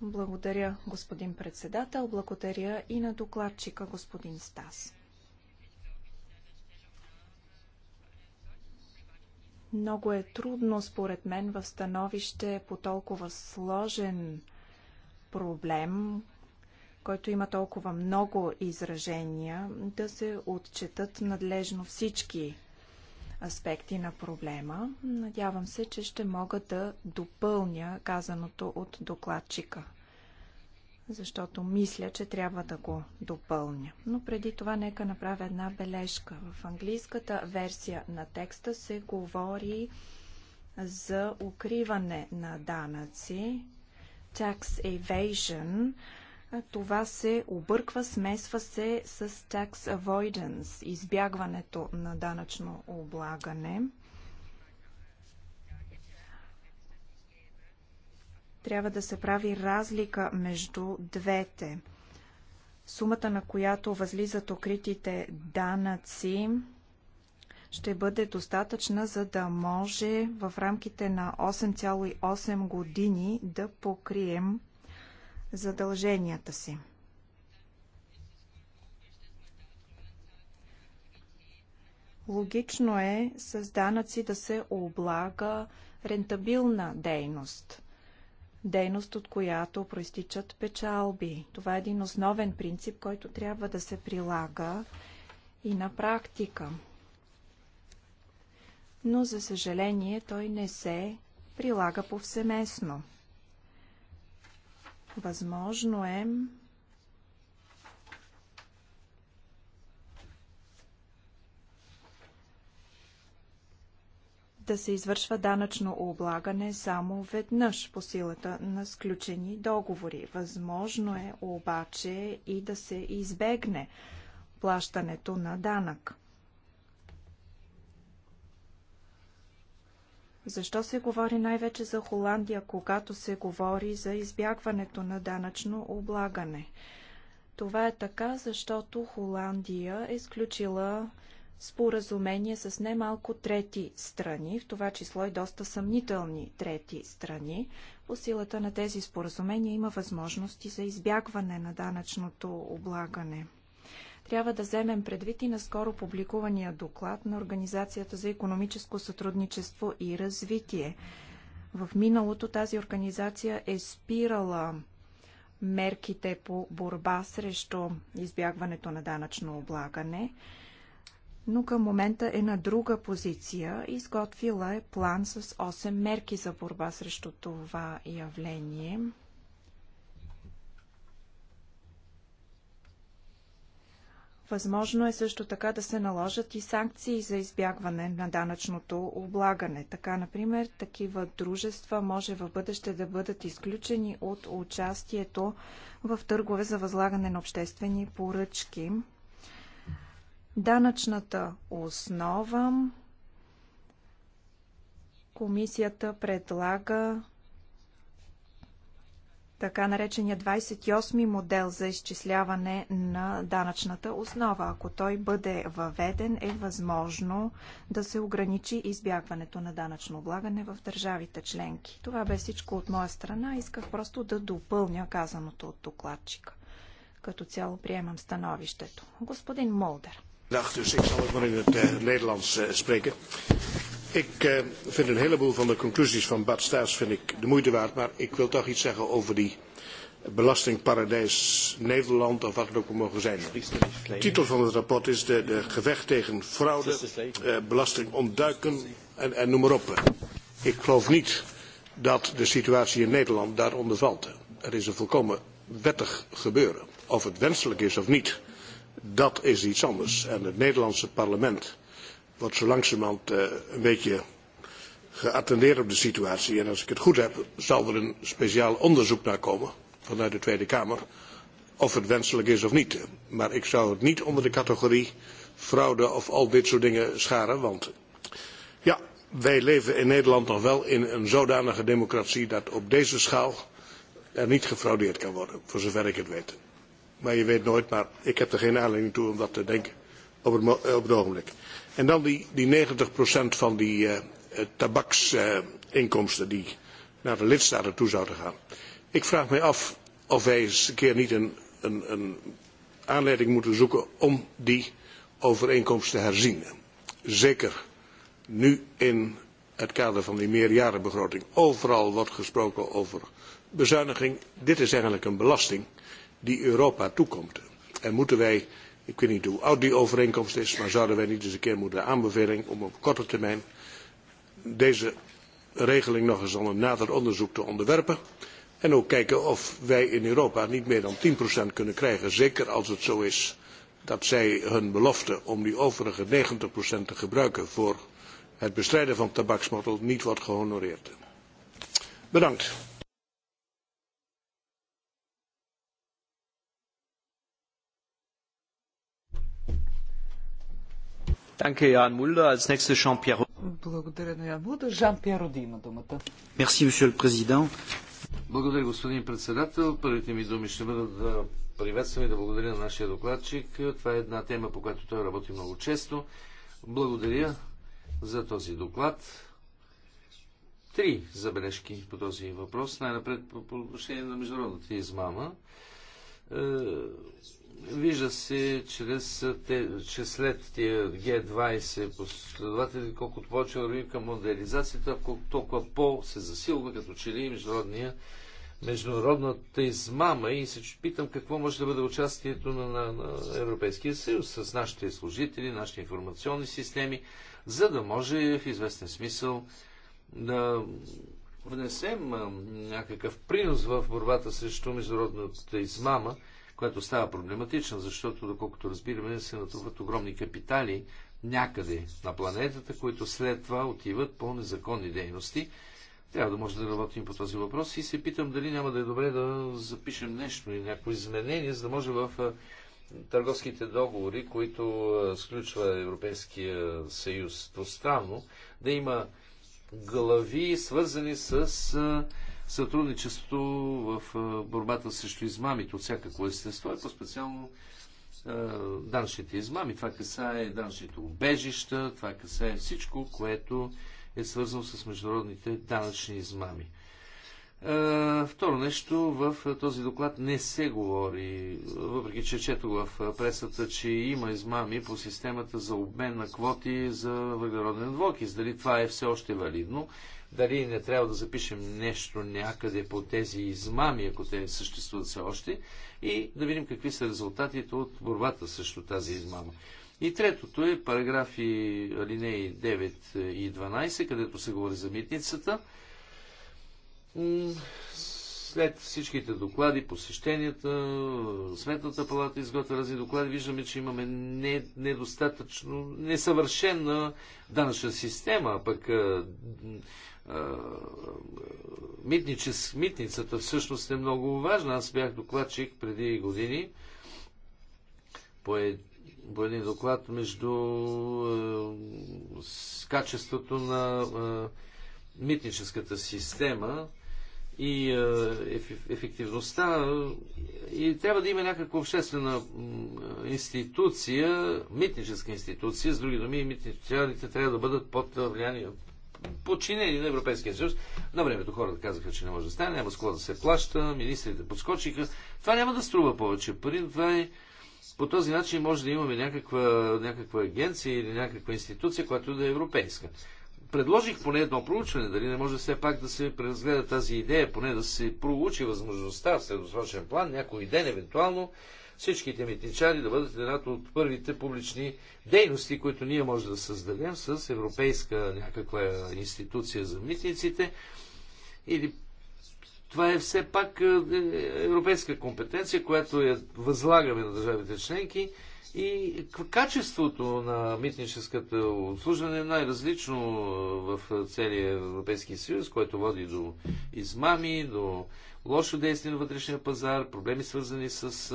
Благодаря, господин председател. Благодаря и на докладчика, господин Стас. Много е трудно, според мен, в становище по толкова сложен проблем, който има толкова много изражения, да се отчетат надлежно всички аспекти на проблема. Надявам се, че ще мога да допълня казаното от докладчика, защото мисля, че трябва да го допълня. Но преди това нека направя една бележка. В английската версия на текста се говори за укриване на данъци, tax evasion, това се обърква, смесва се с tax avoidance, избягването на данъчно облагане. Трябва да се прави разлика между двете. Сумата, на която възлизат укритите данъци, ще бъде достатъчна, за да може в рамките на 8,8 години да покрием задълженията си. Логично е с данъци да се облага рентабилна дейност. Дейност, от която проистичат печалби. Това е един основен принцип, който трябва да се прилага и на практика. Но, за съжаление, той не се прилага повсеместно. Възможно е да се извършва данъчно облагане само веднъж по силата на сключени договори. Възможно е обаче и да се избегне плащането на данък. Защо се говори най-вече за Холандия, когато се говори за избягването на данъчно облагане? Това е така, защото Холандия е изключила споразумение с немалко трети страни, в това число и доста съмнителни трети страни. По силата на тези споразумения има възможности за избягване на данъчното облагане трябва да вземем предвид и на скоро публикувания доклад на Организацията за економическо сътрудничество и развитие. В миналото тази организация е спирала мерките по борба срещу избягването на данъчно облагане, но към момента е на друга позиция. Изготвила е план с 8 мерки за борба срещу това явление. Възможно е също така да се наложат и санкции за избягване на данъчното облагане. Така, например, такива дружества може в бъдеще да бъдат изключени от участието в търгове за възлагане на обществени поръчки. Данъчната основа комисията предлага така наречения 28 ми модел за изчисляване на данъчната основа. Ако той бъде въведен, е възможно да се ограничи избягването на данъчно облагане в държавите членки. Това бе всичко от моя страна. Исках просто да допълня казаното от докладчика. Като цяло приемам становището. Господин Молдер. Dag, dus ik zal ook maar in het uh, Nederlands uh, spreken. Ik vind een heleboel van de conclusies van Bart Staes vind ik de moeite waard, maar ik wil toch iets zeggen over die belastingparadijs Nederland of wat het ook mogen zijn. De titel van het rapport is de, de gevecht tegen fraude, belasting ontduiken en, en noem maar op. Ik geloof niet dat de situatie in Nederland daaronder valt. Het is een volkomen wettig gebeuren. Of het wenselijk is of niet, dat is iets anders. En het Nederlandse parlement wordt zo langzamerhand een beetje geattendeerd op de situatie. En als ik het goed heb, zal er een speciaal onderzoek naar komen vanuit de Tweede Kamer. Of het wenselijk is of niet. Maar ik zou het niet onder de categorie fraude of al dit soort dingen scharen. Want ja, wij leven in Nederland nog wel in een zodanige democratie dat op deze schaal er niet gefraudeerd kan worden, voor zover ik het weet. Maar je weet nooit, maar ik heb er geen aanleiding toe om dat te denken op het, op het ogenblik. En dan die, die 90% van die uh, tabaksinkomsten die naar de lidstaten toe zouden gaan. Ik vraag mij af of wij eens een keer niet een, een, een aanleiding moeten zoeken om die overeenkomst te herzien. Zeker nu in het kader van die meerjarenbegroting. Overal wordt gesproken over bezuiniging. Dit is eigenlijk een belasting die Europa toekomt. En moeten wij Ik weet niet hoe oud die overeenkomst is, maar zouden wij niet eens een keer moeten aanbeveling om op korte termijn deze regeling nog eens aan een nader onderzoek te onderwerpen. En ook kijken of wij in Europa niet meer dan 10% kunnen krijgen. Zeker als het zo is dat zij hun belofte om die overige 90% te gebruiken voor het bestrijden van tabaksmottel niet wordt gehonoreerd. Bedankt. Благодаря на Ян Мулда. Жан Пьер има думата. Мерси, месье президент. Благодаря, господин председател. Първите ми думи ще бъдат да приветствам и да благодаря на нашия докладчик. Това е една тема, по която той работи много често. Благодаря за този доклад. Три забележки по този въпрос. Най-напред по отношение на международната измама е, Вижда се, чрез, те, че след тия Г20 последователи, колкото повече вървим към модернизацията, толкова по се засилва като че ли международния международната измама и се питам какво може да бъде участието на, на, на Европейския съюз с нашите служители, нашите информационни системи, за да може в известен смисъл да внесем някакъв принос в борбата срещу международната измама което става проблематично, защото, доколкото разбираме, се натрупват огромни капитали някъде на планетата, които след това отиват по незаконни дейности. Трябва да може да работим по този въпрос и се питам дали няма да е добре да запишем нещо или някакво изменение, за да може в търговските договори, които сключва Европейския съюз двустранно, да има глави, свързани с сътрудничеството в борбата срещу измамите от всякакво естество, и е по-специално данъчните измами. Това касае данъчните убежища, това касае всичко, което е свързано с международните данъчни измами. Второ нещо, в този доклад не се говори, въпреки че чето в пресата, че има измами по системата за обмен на квоти за въглероден двокис. Дали това е все още валидно дали не трябва да запишем нещо някъде по тези измами, ако те съществуват все още, и да видим какви са резултатите от борбата срещу тази измама. И третото е параграфи алинеи 9 и 12, където се говори за митницата. След всичките доклади, посещенията, Сметната палата изготвя разни доклади, виждаме, че имаме недостатъчно, несъвършена данъчна система, пък митничес, митницата всъщност е много важна. Аз бях докладчик преди години по, е, по един доклад между е, с качеството на е, митническата система и е, ефективността. И трябва да има някаква обществена институция, митническа институция, с други думи, митничарите трябва да бъдат под влияние, подчинени на Европейския съюз. На времето хората казаха, че не може да стане, няма с да се плаща, министрите подскочиха. Това няма да струва повече пари. Това е... По този начин може да имаме някаква, някаква агенция или някаква институция, която да е европейска. Предложих поне едно проучване, дали не може все пак да се преразгледа тази идея, поне да се проучи възможността в средосрочен план, някой ден евентуално, всичките митничари да бъдат една от първите публични дейности, които ние може да създадем с европейска някаква институция за митниците или това е все пак е, е, европейска компетенция, която я възлагаме на държавите членки и качеството на митническата обслужване е най-различно е, в целия Европейски съюз, което води до измами, до лошо действие на вътрешния пазар, проблеми свързани с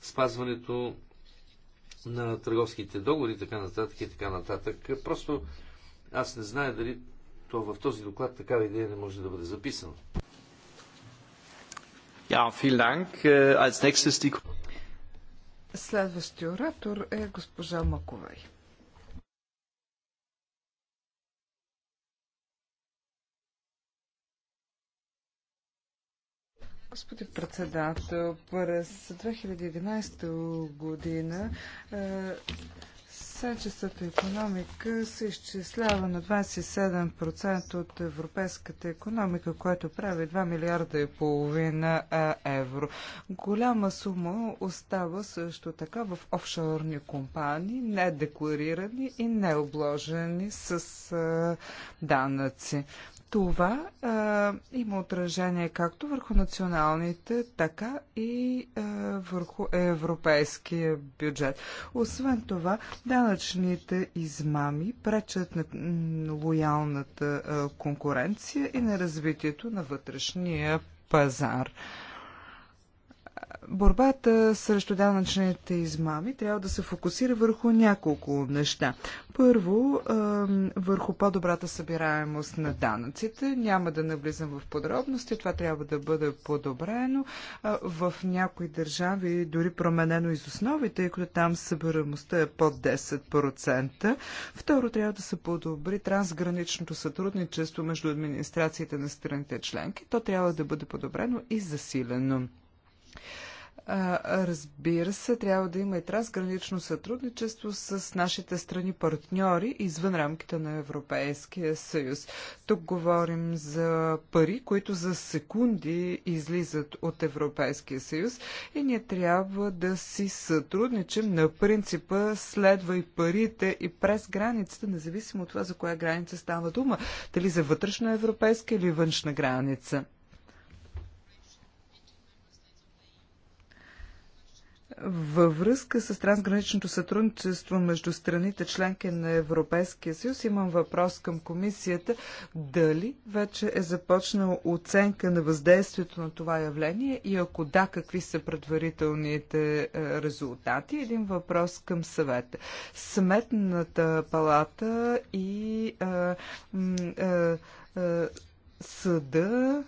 спазването на търговските договори, така нататък и така нататък. Просто аз не зная дали то в този доклад такава идея не може да бъде записана. Ja, vielen Dank. Äh, als nächstes die... Следващия оратор е госпожа Маковай. Господин председател, през 2011 година е, Сенчестата економика се изчислява на 27% от европейската економика, което прави 2 милиарда и половина е, евро. Голяма сума остава също така в офшорни компании, недекларирани и необложени с е, данъци. Това а, има отражение както върху националните, така и а, върху европейския бюджет. Освен това, данъчните измами пречат на лоялната а, конкуренция и на развитието на вътрешния пазар. Борбата срещу данъчните измами трябва да се фокусира върху няколко неща. Първо, върху по-добрата събираемост на данъците. Няма да навлизам в подробности, това трябва да бъде подобрено. В някои държави дори променено из основите, тъй като там събираемостта е под 10%. Второ, трябва да се подобри трансграничното сътрудничество между администрациите на страните членки. То трябва да бъде подобрено и засилено. Разбира се, трябва да има и трансгранично сътрудничество с нашите страни партньори извън рамките на Европейския съюз. Тук говорим за пари, които за секунди излизат от Европейския съюз и ние трябва да си сътрудничим на принципа следва и парите и през границата, независимо от това за коя граница става дума, дали за вътрешна европейска или външна граница. Във връзка с трансграничното сътрудничество между страните членки на Европейския съюз имам въпрос към комисията. Дали вече е започнала оценка на въздействието на това явление и ако да, какви са предварителните е, резултати? Един въпрос към съвета. Сметната палата и а, а, а, съда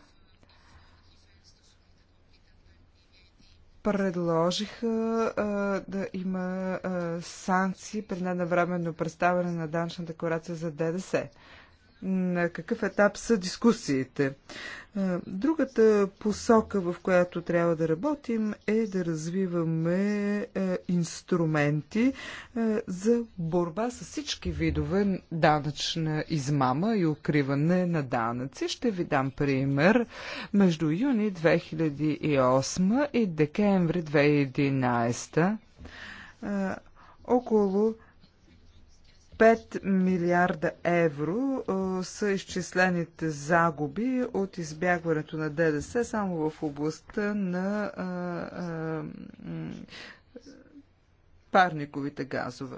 предложиха а, да има а, санкции при ненавременно представяне на данъчна декларация за ДДС на какъв етап са дискусиите. Другата посока, в която трябва да работим, е да развиваме инструменти за борба с всички видове данъчна измама и укриване на данъци. Ще ви дам пример. Между юни 2008 и декември 2011 около 5 милиарда евро а, са изчислените загуби от избягването на ДДС само в областта на а, а, парниковите газове.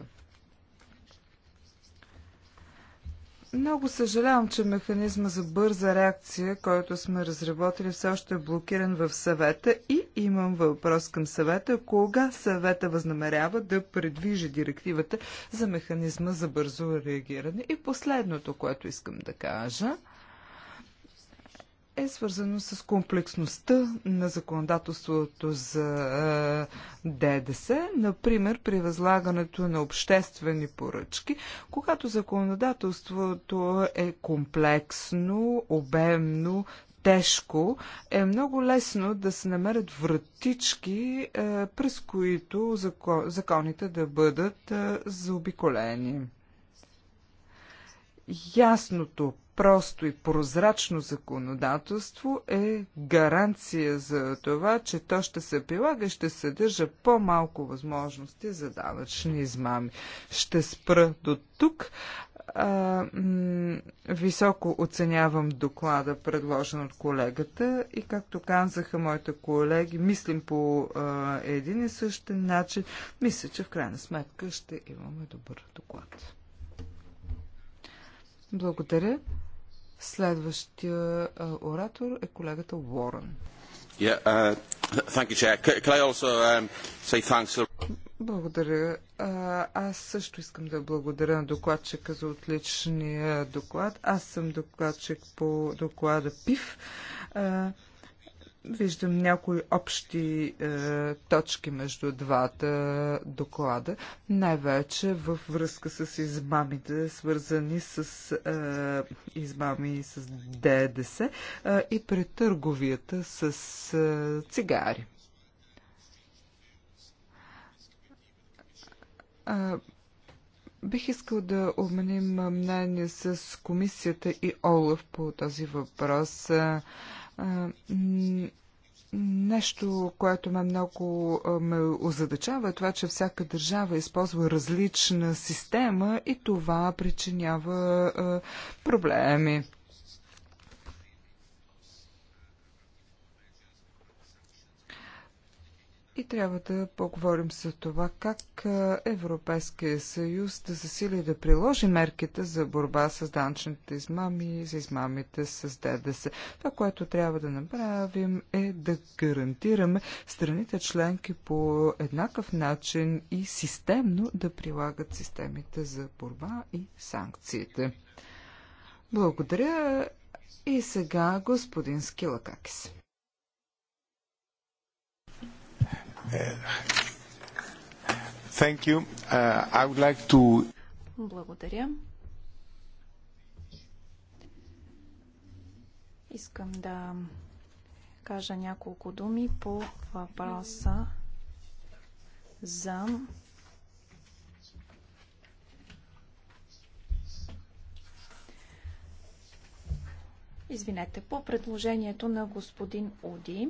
Много съжалявам, че механизма за бърза реакция, който сме разработили, все още е блокиран в съвета и имам въпрос към съвета. Кога съвета възнамерява да предвижи директивата за механизма за бързо реагиране? И последното, което искам да кажа – е свързано с комплексността на законодателството за е, ДДС, например при възлагането на обществени поръчки. Когато законодателството е комплексно, обемно, тежко, е много лесно да се намерят вратички, е, през които законите да бъдат е, заобиколени ясното просто и прозрачно законодателство е гаранция за това, че то ще се прилага и ще съдържа по-малко възможности за данъчни измами. Ще спра до тук. А, високо оценявам доклада, предложен от колегата и както казаха моите колеги, мислим по а, един и същен начин. Мисля, че в крайна сметка ще имаме добър доклад. Благодаря. Следващия оратор е колегата Уорън. Uh, um, благодаря. Аз също искам да благодаря на докладчика за отличния доклад. Аз съм докладчик по доклада ПИВ. Виждам някои общи е, точки между двата доклада, най-вече във връзка с измамите, свързани с е, измами с ДДС е, и при търговията с е, цигари. Е, Бих искал да обменим мнение с комисията и Олаф по този въпрос. Е, Нещо, което ме много ме озадачава е това, че всяка държава използва различна система и това причинява проблеми. И трябва да поговорим за това как Европейския съюз да засили да приложи мерките за борба с данчните измами за измамите с ДДС. Това, което трябва да направим е да гарантираме страните членки по еднакъв начин и системно да прилагат системите за борба и санкциите. Благодаря. И сега господин Скилакакис. Uh, thank you. Uh, I would like to... Благодаря. Искам да кажа няколко думи по въпроса за Извинете, по предложението на господин Уди.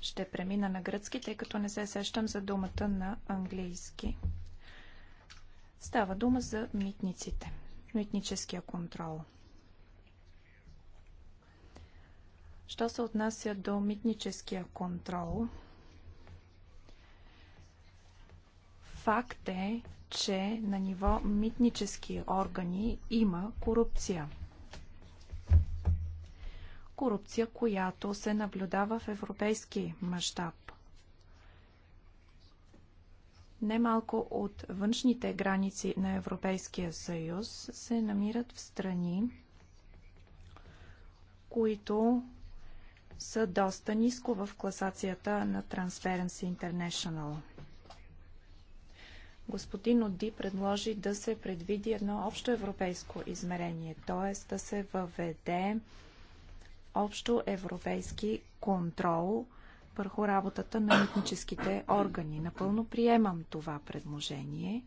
Ще премина на гръцки, тъй като не се сещам за думата на английски. Става дума за митниците, митническия контрол. Що се отнася до митническия контрол, факт е, че на ниво митнически органи има корупция – корупция, която се наблюдава в европейски мащаб. Немалко от външните граници на Европейския съюз се намират в страни, които са доста ниско в класацията на Transparency International. Господин Оди предложи да се предвиди едно общо европейско измерение, т.е. да се въведе общо европейски контрол върху работата на митническите органи. Напълно приемам това предложение.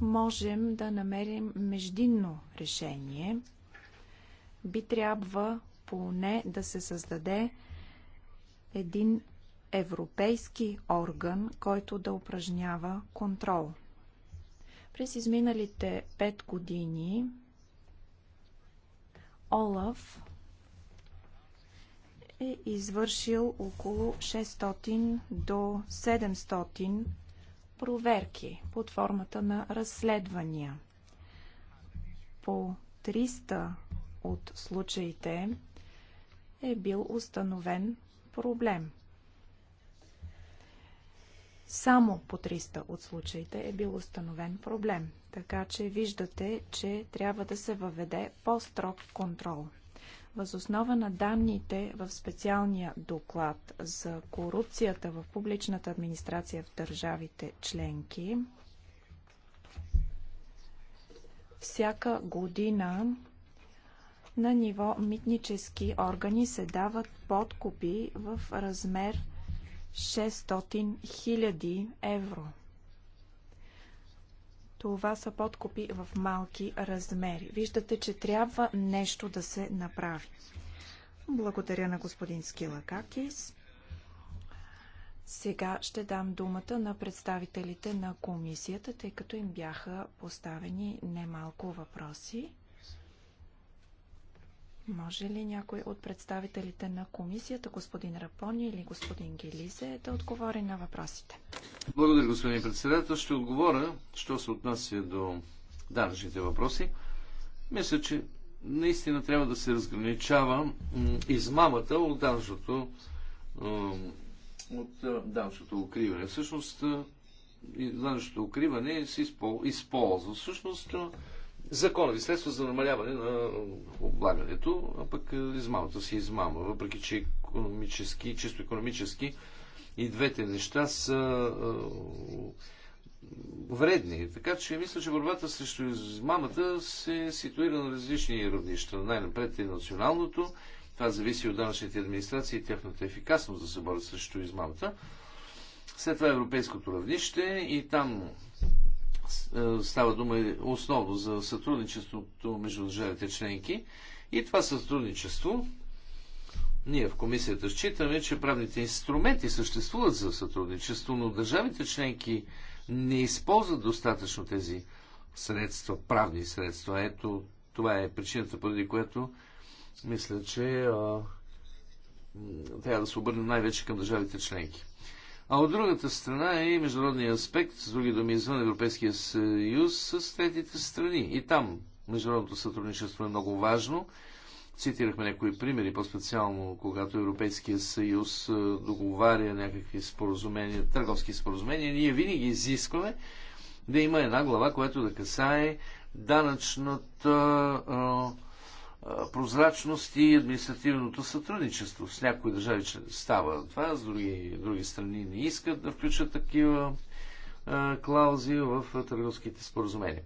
Можем да намерим междинно решение. Би трябва поне да се създаде един европейски орган, който да упражнява контрол. През изминалите пет години Олаф е извършил около 600 до 700 проверки под формата на разследвания. По 300 от случаите е бил установен проблем. Само по 300 от случаите е бил установен проблем. Така че виждате, че трябва да се въведе по-строг контрол. Възоснова на данните в специалния доклад за корупцията в публичната администрация в държавите членки, всяка година на ниво митнически органи се дават подкупи в размер 600 000 евро – това са подкупи в малки размери. Виждате, че трябва нещо да се направи. Благодаря на господин Скилакакис. Сега ще дам думата на представителите на комисията, тъй като им бяха поставени немалко въпроси. Може ли някой от представителите на комисията, господин Рапони или господин Гелизе, да отговори на въпросите? Благодаря, господин председател. Ще отговоря, що се отнася до данъчните въпроси. Мисля, че наистина трябва да се разграничава измамата от данъчното от данъчното укриване. Всъщност, данъчното укриване се използва. Всъщност, законови средства за намаляване на облагането, а пък е, измамата си измама, въпреки че економически, чисто економически и двете неща са е, вредни. Така че мисля, че борбата срещу измамата се ситуира на различни равнища. Най-напред е националното. Това зависи от данъчните администрации и тяхната ефикасност да се борят срещу измамата. След това е европейското равнище и там е, става дума основно за сътрудничеството между държавите членки. И това сътрудничество ние в комисията считаме, че правните инструменти съществуват за сътрудничество, но държавите членки не използват достатъчно тези средства, правни средства. Ето, това е причината, поради която мисля, че а, е, трябва да се обърнем най-вече към държавите членки. А от другата страна е международния аспект, с други думи, извън Европейския съюз, с третите страни. И там международното сътрудничество е много важно. Цитирахме някои примери, по-специално когато Европейския съюз е, договаря някакви споразумения, търговски споразумения, ние винаги изискваме да има една глава, която да касае данъчната е, прозрачност и административното сътрудничество. С някои държави става това, с други, други страни не искат да включат такива а, клаузи в търговските споразумения.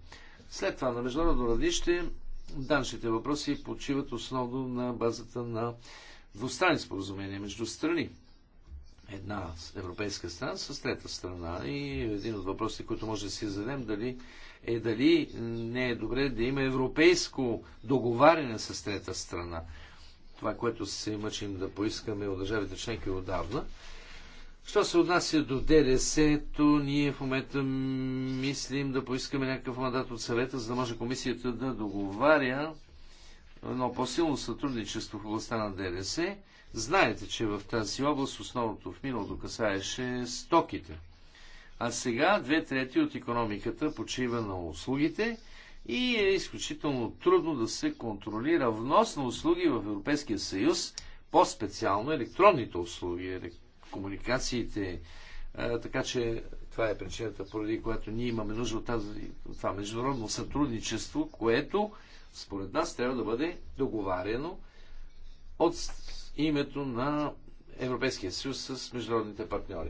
След това на международно равнище данъчните въпроси почиват основно на базата на двустранни споразумения между страни една европейска страна с трета страна. И един от въпросите, които може да си зададем, дали, е дали не е добре да има европейско договаряне с трета страна. Това, което се мъчим да поискаме от държавите членки отдавна. Що се отнася до ДДС-то, ние в момента мислим да поискаме някакъв мандат от съвета, за да може комисията да договаря едно по-силно сътрудничество в областта на ДДС Знаете, че в тази област основното в миналото касаеше стоките. А сега две трети от економиката почива на услугите и е изключително трудно да се контролира внос на услуги в Европейския съюз, по-специално електронните услуги, комуникациите. Е, така че това е причината, поради която ние имаме нужда от тази, това международно сътрудничество, което според нас трябва да бъде договарено от името на Европейския съюз с международните партньори.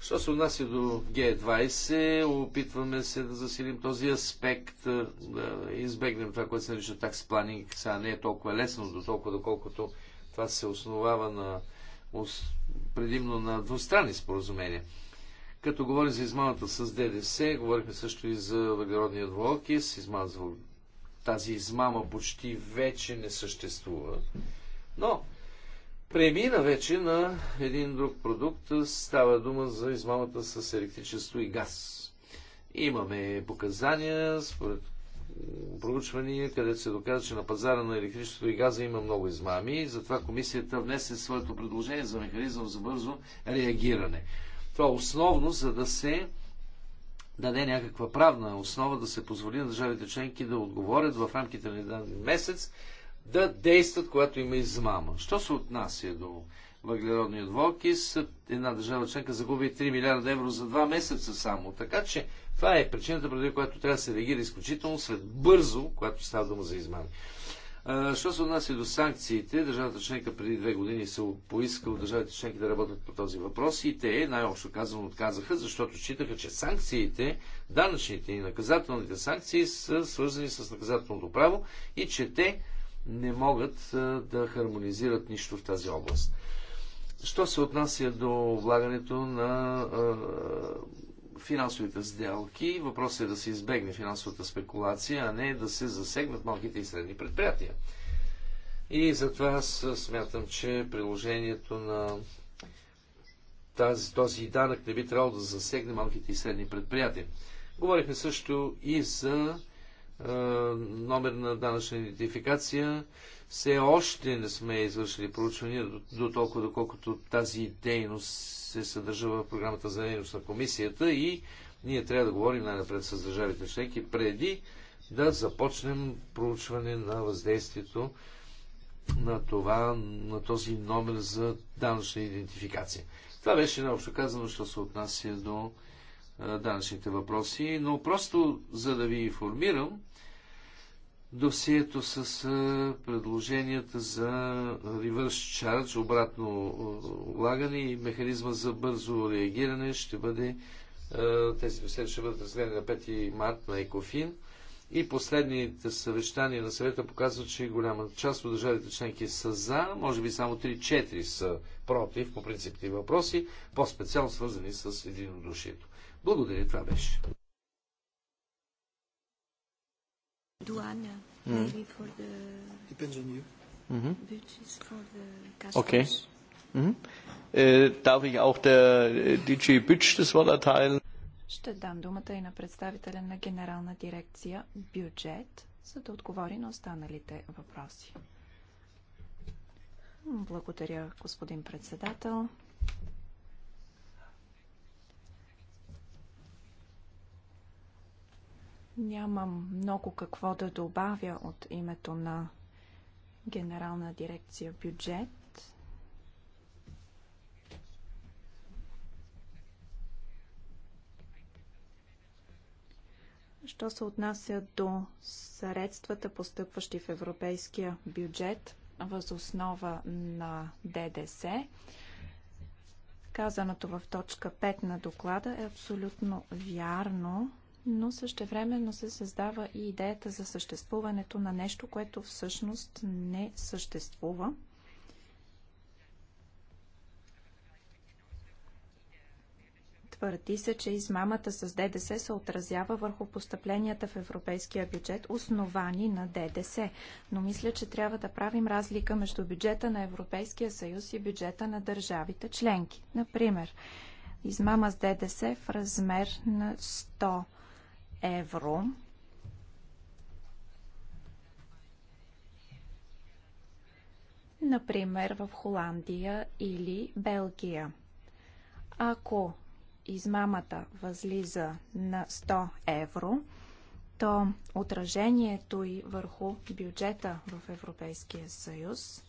Що се отнася до G20, опитваме се да засилим този аспект, да избегнем това, което се нарича такс планинг. Сега не е толкова лесно, до толкова доколкото това се основава на, предимно на двустранни споразумения. Като говорим за измамата с ДДС, говорихме също и за въглеродния двуокис, измама, тази измама почти вече не съществува. Но премина вече на един друг продукт. Става дума за измамата с електричество и газ. Имаме показания, според проучвания, където се доказва, че на пазара на електричеството и газа има много измами и затова комисията внесе своето предложение за механизъм за бързо реагиране. Това е основно, за да се даде някаква правна основа, да се позволи на държавите членки да отговорят в рамките на един месец да действат, когато има измама. Що се отнася до въглеродния двокис? една държава членка загуби 3 милиарда евро за 2 месеца само. Така че това е причината, преди която трябва да се реагира изключително след бързо, когато става дума за измами. Що се отнася до санкциите, държавата членка преди две години се поиска от държавите членки да работят по този въпрос и те, най-общо казано, отказаха, защото считаха, че санкциите, данъчните и наказателните санкции са свързани с наказателното право и че те не могат да хармонизират нищо в тази област. Що се отнася до влагането на финансовите сделки, въпросът е да се избегне финансовата спекулация, а не да се засегнат малките и средни предприятия. И затова аз смятам, че приложението на тази, този данък не би трябвало да засегне малките и средни предприятия. Говорихме също и за номер на данъчна идентификация. Все още не сме извършили проучвания до толкова, доколкото тази дейност се съдържа в програмата за дейност на комисията и ние трябва да говорим най-напред с държавите членки преди да започнем проучване на въздействието на, това, на този номер за данъчна идентификация. Това беше наобщо казано, що се отнася до данъчните въпроси, но просто за да ви информирам, досието с предложенията за reverse charge, обратно влагане и механизма за бързо реагиране ще бъде тези досиета ще бъдат разгледани на 5 март на Екофин. И последните съвещания на съвета показват, че голяма част от държавите членки са за, може би само 3-4 са против по принципни въпроси, по-специално свързани с единодушието. Благодаря, това беше. Дуана, DJ е, äh, Ще дам думата и на представителя на Генерална дирекция Бюджет, за да отговори на останалите въпроси. Благодаря, господин председател. Нямам много какво да добавя от името на Генерална дирекция бюджет. Що се отнася до средствата, постъпващи в европейския бюджет въз основа на ДДС, казаното в точка 5 на доклада е абсолютно вярно но същевременно се създава и идеята за съществуването на нещо, което всъщност не съществува. Твърди се, че измамата с ДДС се отразява върху постъпленията в европейския бюджет, основани на ДДС. Но мисля, че трябва да правим разлика между бюджета на Европейския съюз и бюджета на държавите членки. Например, измама с ДДС в размер на 100 евро. Например, в Холандия или Белгия. Ако измамата възлиза на 100 евро, то отражението и върху бюджета в Европейския съюз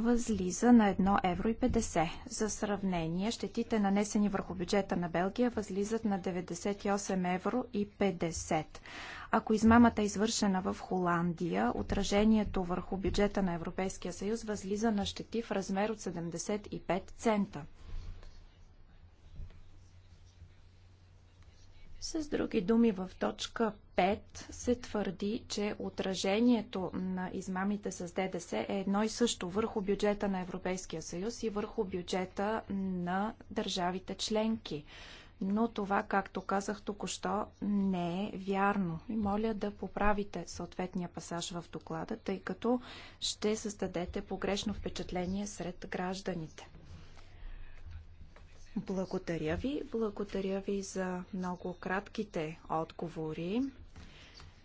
възлиза на 1,50 евро. За сравнение, щетите нанесени върху бюджета на Белгия възлизат на 98,50 евро. Ако измамата е извършена в Холандия, отражението върху бюджета на Европейския съюз възлиза на щети в размер от 75 цента. С други думи, в точка 5 се твърди, че отражението на измамите с ДДС е едно и също върху бюджета на Европейския съюз и върху бюджета на държавите членки. Но това, както казах току-що, не е вярно. И моля да поправите съответния пасаж в доклада, тъй като ще създадете погрешно впечатление сред гражданите. Благодаря ви. Благодаря ви за много кратките отговори.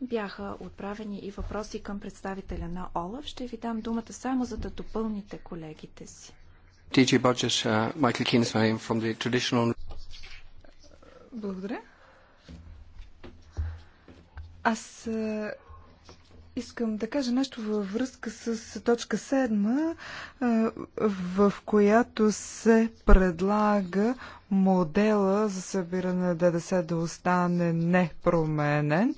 Бяха отправени и въпроси към представителя на ОЛАВ. Ще ви дам думата само за да допълните колегите си. Uh, uh, Благодаря. Аз Искам да кажа нещо във връзка с точка 7, в която се предлага модела за събиране на ДДС да остане непроменен.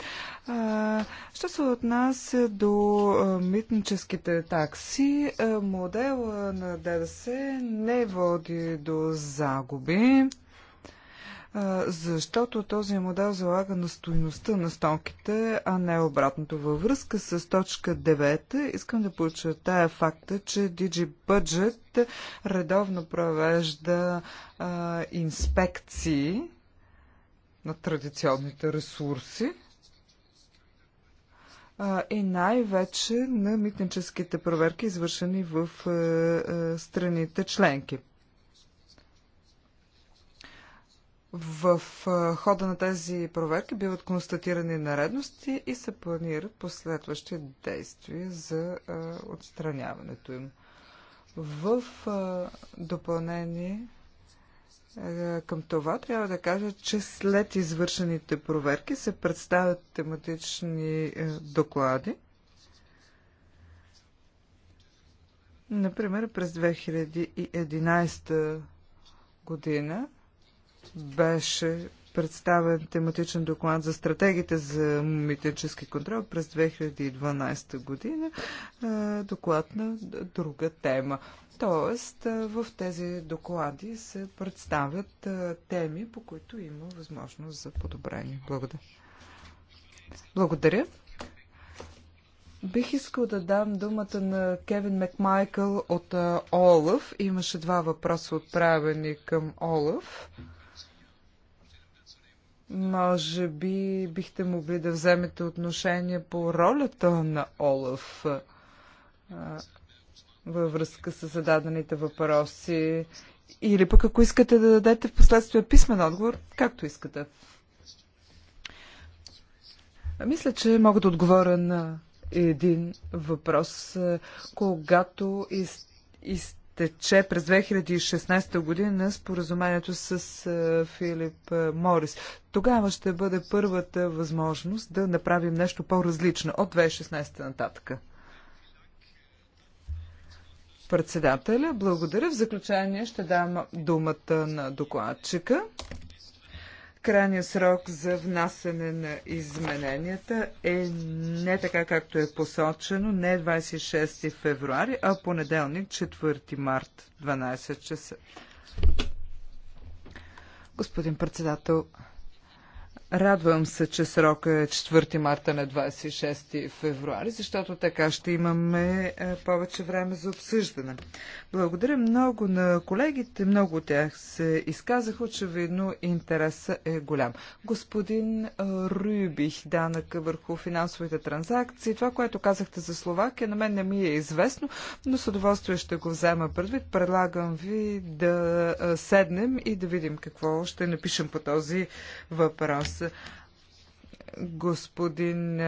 Що се отнася до митническите такси, модела на ДДС не води до загуби защото този модел залага на стоеността на стоките, а не обратното. Във връзка с точка 9 искам да подчертая факта, че DigiBudget редовно провежда а, инспекции на традиционните ресурси а, и най-вече на митническите проверки, извършени в а, е, а, е, страните членки. В хода на тези проверки биват констатирани наредности и се планират последващи действия за отстраняването им. В допълнение към това трябва да кажа, че след извършените проверки се представят тематични доклади. Например, през 2011 година беше представен тематичен доклад за стратегията за митнически контрол през 2012 година, доклад на друга тема. Тоест, в тези доклади се представят теми, по които има възможност за подобрение. Благодаря. Благодаря. Бих искал да дам думата на Кевин Макмайкъл от Олаф. Имаше два въпроса отправени към Олаф. Може би бихте могли да вземете отношение по ролята на Олаф във връзка с зададените въпроси. Или пък ако искате да дадете в последствие писмен отговор, както искате. Мисля, че мога да отговоря на един въпрос. Когато из, из, тече през 2016 година споразумението с Филип Морис. Тогава ще бъде първата възможност да направим нещо по-различно от 2016 нататък. Председателя, благодаря. В заключение ще дам думата на докладчика. Крайният срок за внасене на измененията е не така както е посочено, не 26 е февруари, а понеделник 4 март 12 часа. Господин председател, Радвам се, че срока е 4 марта на 26 февруари, защото така ще имаме е, повече време за обсъждане. Благодаря много на колегите. Много от тях се изказаха. Очевидно интереса е голям. Господин е, Рюбих, данък върху финансовите транзакции. Това, което казахте за Словакия, на мен не ми е известно, но с удоволствие ще го взема предвид. Предлагам ви да е, седнем и да видим какво ще напишем по този въпрос господин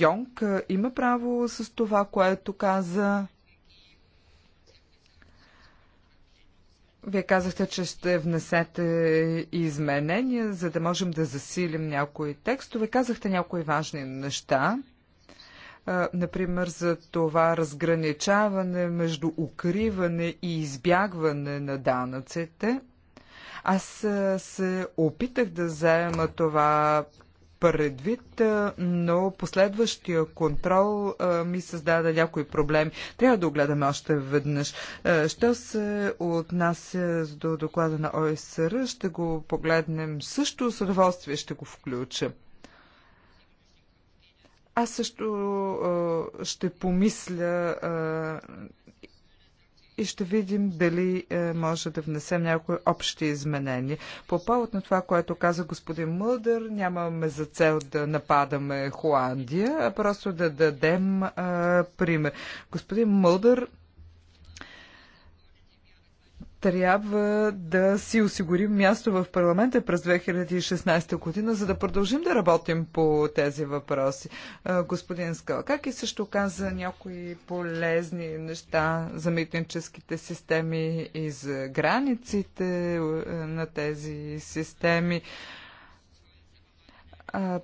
Йонг има право с това, което каза. Вие казахте, че ще внесете изменения, за да можем да засилим някои текстове. Казахте някои важни неща например, за това разграничаване между укриване и избягване на данъците – аз се опитах да заема това предвид, но последващия контрол ми създаде някои проблеми. Трябва да огледаме още веднъж. Що се отнася до доклада на ОСР, ще го погледнем също с удоволствие, ще го включа. Аз също ще помисля и ще видим дали е, може да внесем някои общи изменения. По повод на това, което каза господин Мълдър, нямаме за цел да нападаме Холандия, а просто да дадем е, пример. Господин Мълдър трябва да си осигурим място в парламента през 2016 година, за да продължим да работим по тези въпроси. Господин Скал, как и също каза някои полезни неща за митническите системи и за границите на тези системи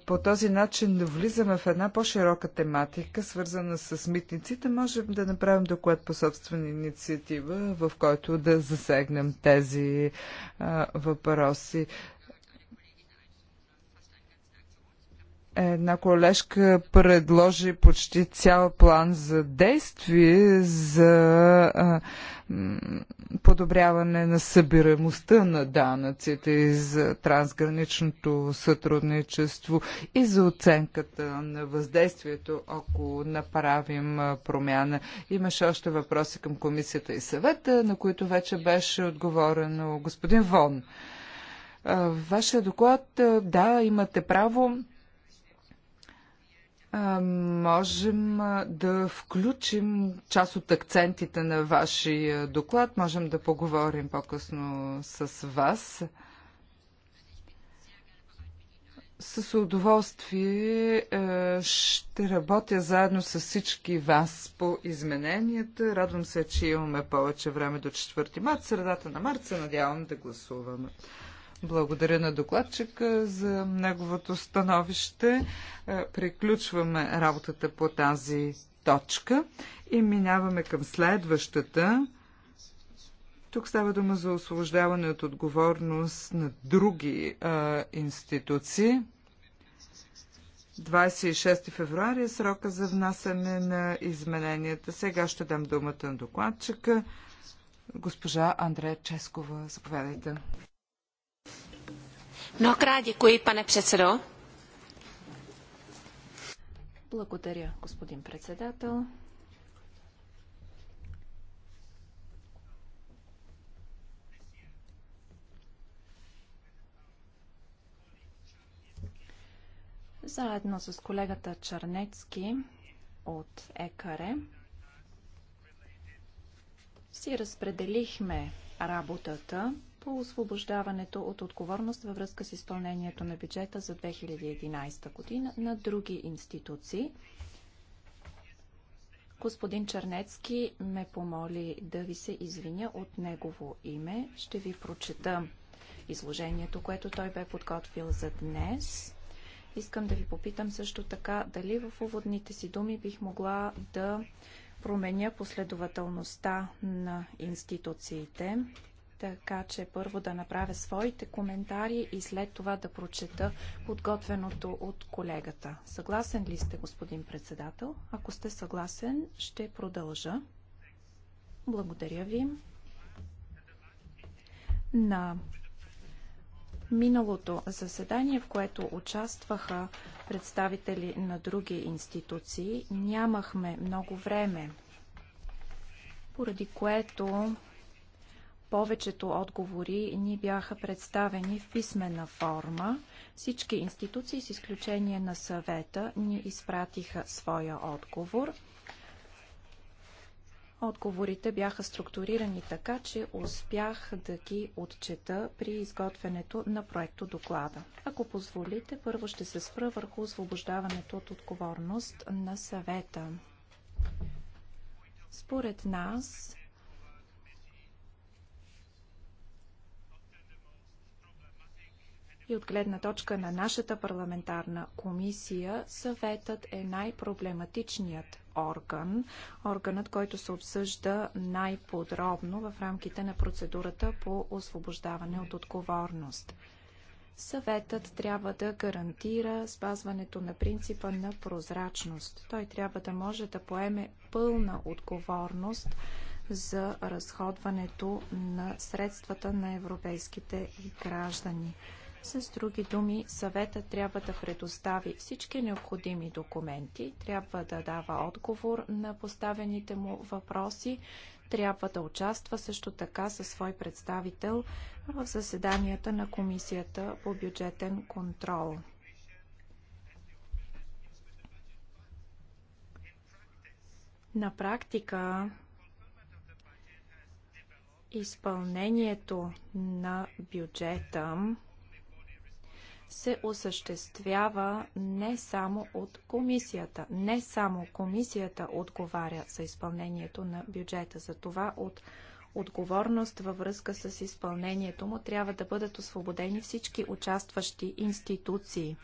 по този начин влизаме в една по-широка тематика, свързана с митниците, можем да направим доклад по собствена инициатива, в който да засегнем тези а, въпроси. Една колежка предложи почти цял план за действие за а, подобряване на събираемостта на данъците и за трансграничното сътрудничество и за оценката на въздействието, ако направим промяна. Имаше още въпроси към комисията и съвета, на които вече беше отговорено господин Вон. Вашия доклад, да, имате право можем да включим част от акцентите на вашия доклад. Можем да поговорим по-късно с вас. С удоволствие ще работя заедно с всички вас по измененията. Радвам се, че имаме повече време до 4 марта. Средата на марта. се надявам да гласуваме. Благодаря на докладчика за неговото становище. Е, приключваме работата по тази точка и минаваме към следващата. Тук става дума за освобождаване от отговорност на други а, е, институции. 26 февруари е срока за внасяне на измененията. Сега ще дам думата на докладчика. Госпожа Андрея Ческова, заповядайте děkuji, Благодаря, господин председател. Заедно с колегата Чарнецки от ЕКАРЕ си разпределихме работата по освобождаването от отговорност във връзка с изпълнението на бюджета за 2011 година на други институции. Господин Чернецки ме помоли да ви се извиня от негово име. Ще ви прочета изложението, което той бе подготвил за днес. Искам да ви попитам също така дали в уводните си думи бих могла да променя последователността на институциите така че първо да направя своите коментари и след това да прочета подготвеното от колегата. Съгласен ли сте, господин председател? Ако сте съгласен, ще продължа. Благодаря ви. На миналото заседание, в което участваха представители на други институции, нямахме много време, поради което повечето отговори ни бяха представени в писмена форма. Всички институции, с изключение на съвета, ни изпратиха своя отговор. Отговорите бяха структурирани така, че успях да ги отчета при изготвянето на проекто доклада. Ако позволите, първо ще се спра върху освобождаването от отговорност на съвета. Според нас, И от гледна точка на нашата парламентарна комисия, съветът е най-проблематичният орган, органът, който се обсъжда най-подробно в рамките на процедурата по освобождаване от отговорност. Съветът трябва да гарантира спазването на принципа на прозрачност. Той трябва да може да поеме пълна отговорност за разходването на средствата на европейските граждани. С други думи, съвета трябва да предостави всички необходими документи, трябва да дава отговор на поставените му въпроси, трябва да участва също така със свой представител в заседанията на Комисията по бюджетен контрол. На практика изпълнението на бюджета се осъществява не само от комисията. Не само комисията отговаря за изпълнението на бюджета. За това от отговорност във връзка с изпълнението му трябва да бъдат освободени всички участващи институции.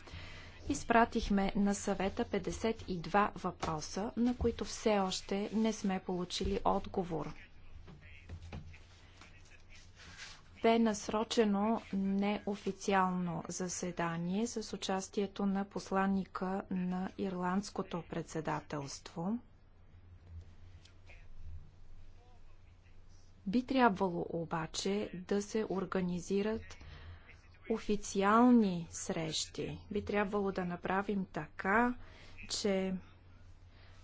Изпратихме на съвета 52 въпроса, на които все още не сме получили отговор. бе насрочено неофициално заседание с участието на посланника на Ирландското председателство. Би трябвало обаче да се организират официални срещи. Би трябвало да направим така, че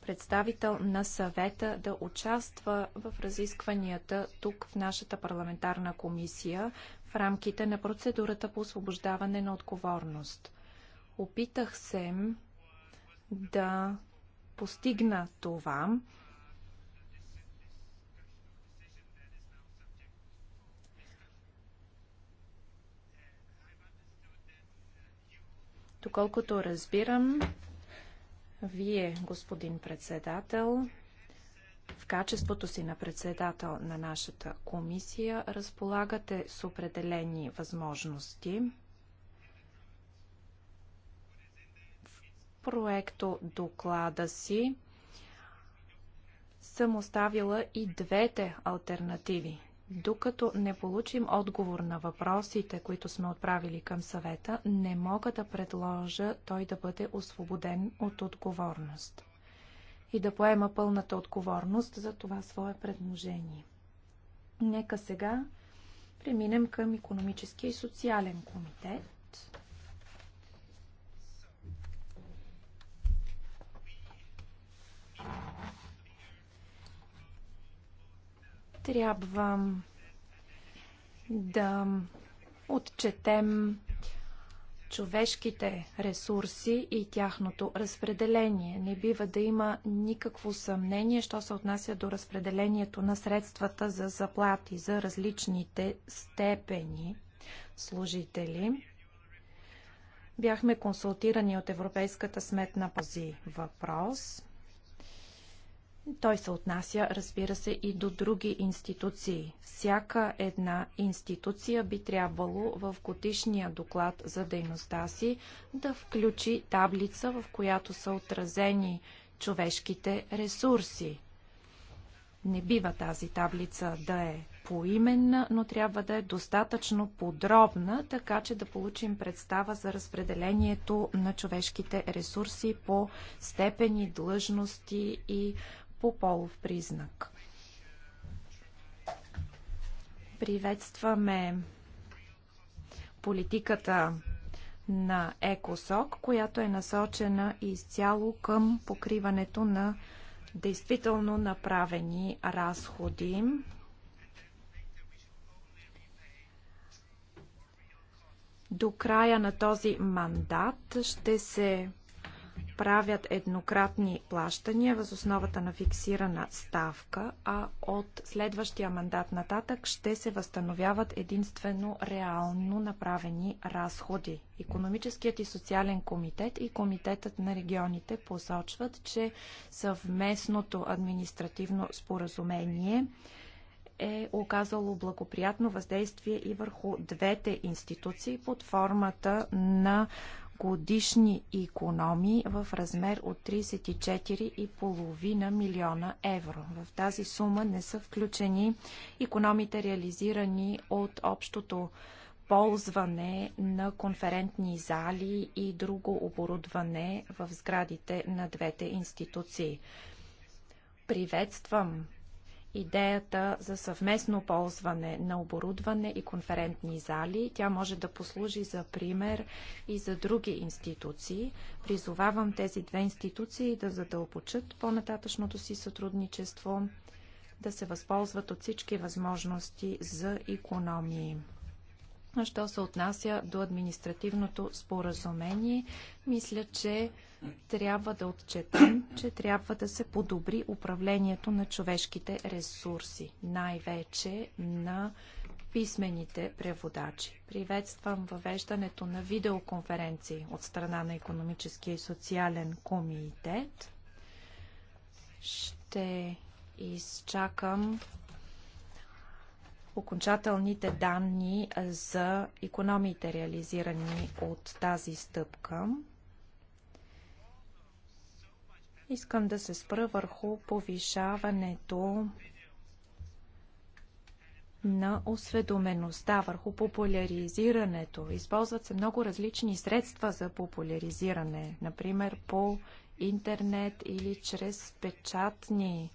представител на съвета да участва в разискванията тук в нашата парламентарна комисия в рамките на процедурата по освобождаване на отговорност. Опитах се да постигна това. Доколкото разбирам, вие, господин председател, в качеството си на председател на нашата комисия разполагате с определени възможности. В проекто доклада си съм оставила и двете альтернативи докато не получим отговор на въпросите, които сме отправили към съвета, не мога да предложа той да бъде освободен от отговорност и да поема пълната отговорност за това свое предложение. Нека сега преминем към економическия и социален комитет. Трябва да отчетем човешките ресурси и тяхното разпределение. Не бива да има никакво съмнение, що се отнася до разпределението на средствата за заплати за различните степени служители. Бяхме консултирани от Европейската сметна пази въпрос. Той се отнася, разбира се, и до други институции. Всяка една институция би трябвало в годишния доклад за дейността си да включи таблица, в която са отразени човешките ресурси. Не бива тази таблица да е поименна, но трябва да е достатъчно подробна, така че да получим представа за разпределението на човешките ресурси по степени, длъжности и по полов признак. Приветстваме политиката на ЕКОСОК, която е насочена изцяло към покриването на действително направени разходи. До края на този мандат ще се правят еднократни плащания въз основата на фиксирана ставка, а от следващия мандат нататък ще се възстановяват единствено реално направени разходи. Економическият и социален комитет и комитетът на регионите посочват, че съвместното административно споразумение е оказало благоприятно въздействие и върху двете институции под формата на годишни икономии в размер от 34,5 милиона евро. В тази сума не са включени икономите реализирани от общото ползване на конферентни зали и друго оборудване в сградите на двете институции. Приветствам идеята за съвместно ползване на оборудване и конферентни зали. Тя може да послужи за пример и за други институции. Призовавам тези две институции да задълбочат по-нататъчното си сътрудничество, да се възползват от всички възможности за економии. Що се отнася до административното споразумение, мисля, че трябва да отчетем, че трябва да се подобри управлението на човешките ресурси, най-вече на писмените преводачи. Приветствам въвеждането на видеоконференции от страна на Економическия и социален комитет. Ще изчакам окончателните данни за економиите реализирани от тази стъпка. Искам да се спра върху повишаването на осведомеността, върху популяризирането. Използват се много различни средства за популяризиране, например по интернет или чрез печатни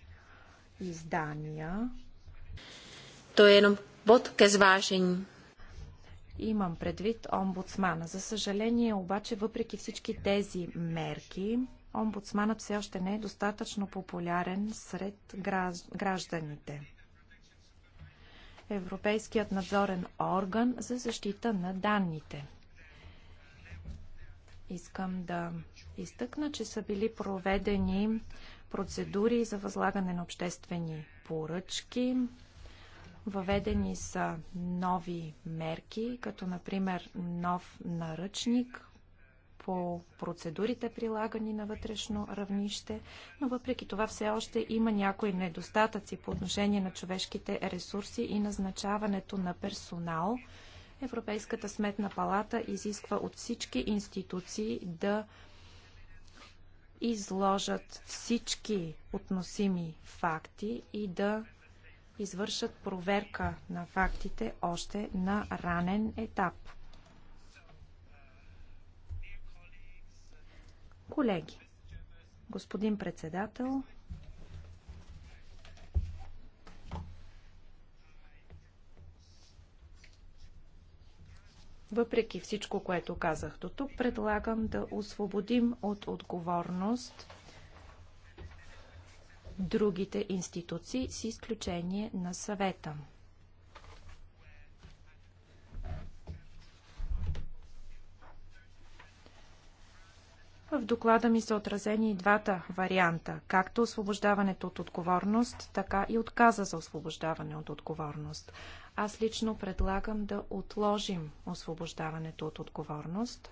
издания. To je jenom bod ke zvážení. Имам предвид омбудсмана. За съжаление, обаче, въпреки всички тези мерки, омбудсманът все още не е достатъчно популярен сред гражданите. Европейският надзорен орган за защита на данните. Искам да изтъкна, че са били проведени процедури за възлагане на обществени поръчки, Въведени са нови мерки, като например нов наръчник по процедурите прилагани на вътрешно равнище, но въпреки това все още има някои недостатъци по отношение на човешките ресурси и назначаването на персонал. Европейската сметна палата изисква от всички институции да изложат всички относими факти и да извършат проверка на фактите още на ранен етап. Колеги, господин председател, въпреки всичко, което казах до тук, предлагам да освободим от отговорност другите институции, с изключение на съвета. В доклада ми са отразени и двата варианта, както освобождаването от отговорност, така и отказа за освобождаване от отговорност. Аз лично предлагам да отложим освобождаването от отговорност.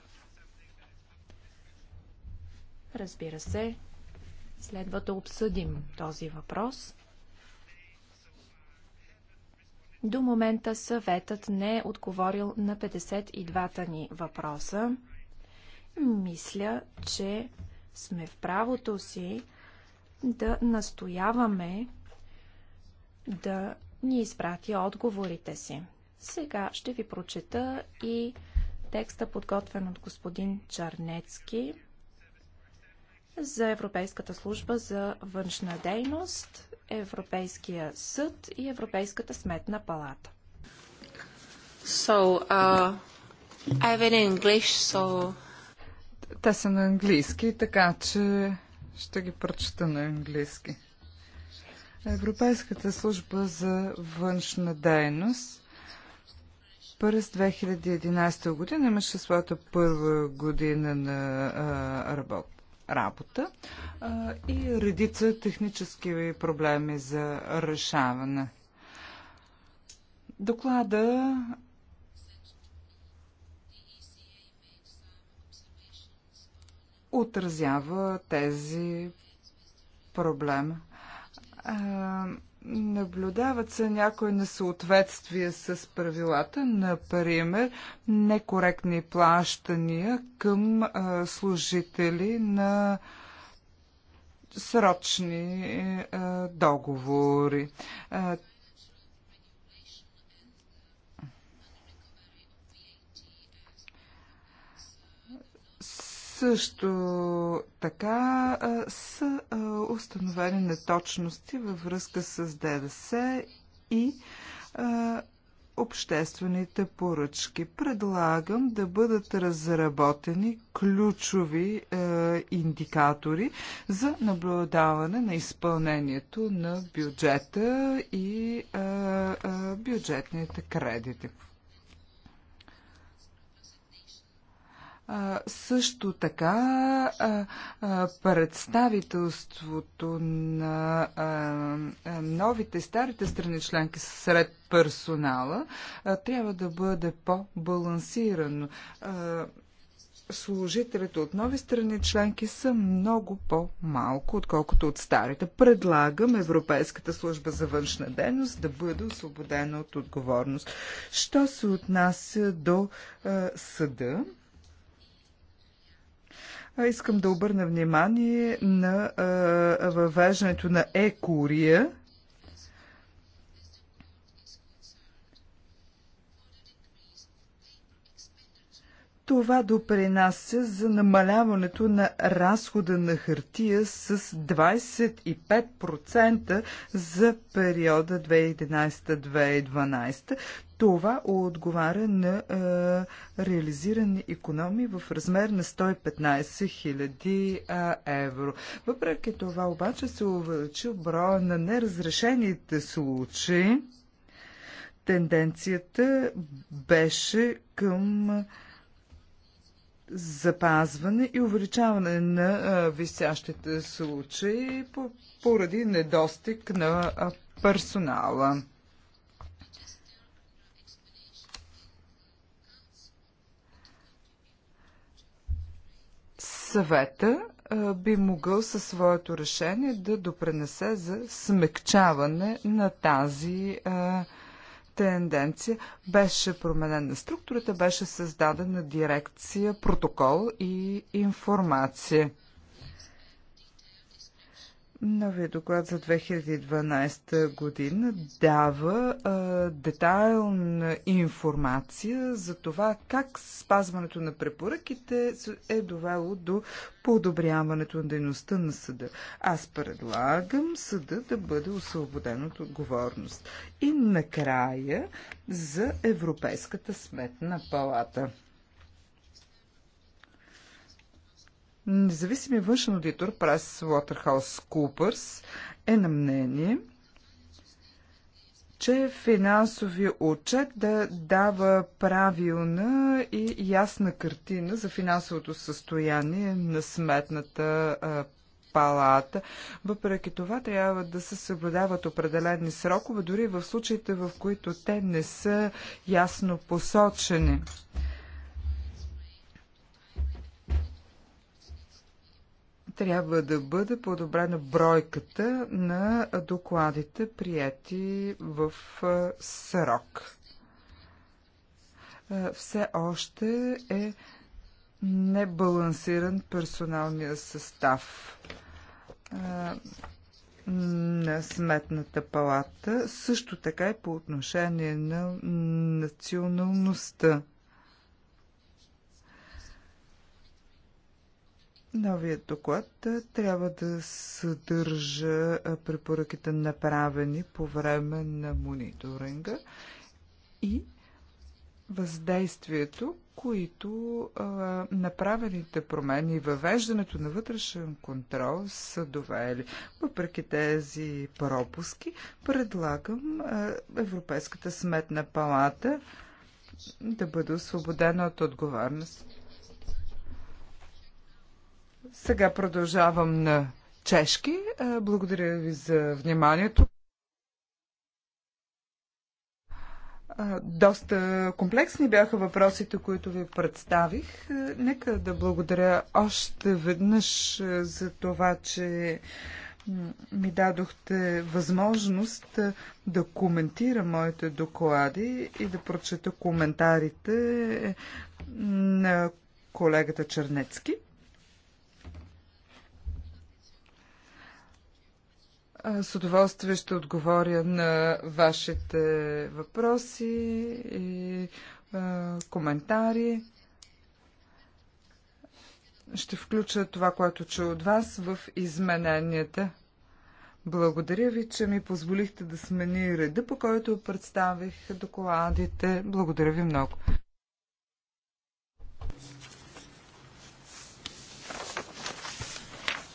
Разбира се, Следва да обсъдим този въпрос. До момента съветът не е отговорил на 52-та ни въпроса. Мисля, че сме в правото си да настояваме да ни изпрати отговорите си. Сега ще ви прочета и текста, подготвен от господин Чарнецки, за Европейската служба за външна дейност, Европейския съд и Европейската сметна палата. So, uh, I have an English, so... Те са на английски, така че ще ги прочета на английски. Европейската служба за външна дейност през 2011 година имаше своята първа година на а, работа работа а, и редица технически проблеми за решаване. Доклада отразява тези проблеми. Наблюдават се някои несъответствия с правилата, например некоректни плащания към а, служители на срочни а, договори. А, Също така са установени неточности във връзка с ДДС и обществените поръчки. Предлагам да бъдат разработени ключови е, индикатори за наблюдаване на изпълнението на бюджета и е, е, бюджетните кредити. също така представителството на новите и старите страни членки сред персонала трябва да бъде по-балансирано. Служителите от нови страни членки са много по-малко, отколкото от старите. Предлагам Европейската служба за външна дейност да бъде освободена от отговорност. Що се отнася до съда, Искам да обърна внимание на въвеждането на екурия Това допринася за намаляването на разхода на хартия с 25% за периода 2011-2012. Това отговаря на е, реализирани економии в размер на 115 000 евро. Въпреки това обаче се увеличи броя на неразрешените случаи. Тенденцията беше към запазване и увеличаване на висящите случаи поради недостиг на персонала. Съвета би могъл със своето решение да допренесе за смекчаване на тази а, тенденция. Беше променена структурата, беше създадена дирекция протокол и информация. Новия доклад за 2012 година дава а, детайлна информация за това как спазването на препоръките е довело до подобряването на дейността на съда. Аз предлагам съда да бъде освободен от отговорност. И накрая за Европейската сметна палата. Независимият външен аудитор Купърс е на мнение, че финансови отчет да дава правилна и ясна картина за финансовото състояние на сметната палата. Въпреки това трябва да се съблюдават определени срокове, дори в случаите, в които те не са ясно посочени. трябва да бъде подобрена бройката на докладите, прияти в срок. Все още е небалансиран персоналния състав на Сметната палата, също така и по отношение на националността. Новият доклад трябва да съдържа препоръките направени по време на мониторинга и въздействието, които а, направените промени и въвеждането на вътрешен контрол са довели. Въпреки тези пропуски, предлагам а, Европейската сметна палата да бъде освободена от отговорност. Сега продължавам на чешки. Е, благодаря ви за вниманието. Е, доста комплексни бяха въпросите, които ви представих. Е, нека да благодаря още веднъж за това, че ми дадохте възможност да коментира моите доклади и да прочета коментарите на колегата Чернецки. С удоволствие ще отговоря на вашите въпроси и коментари. Ще включа това, което чу от вас в измененията. Благодаря ви, че ми позволихте да смени реда, по който представих докладите. Благодаря ви много.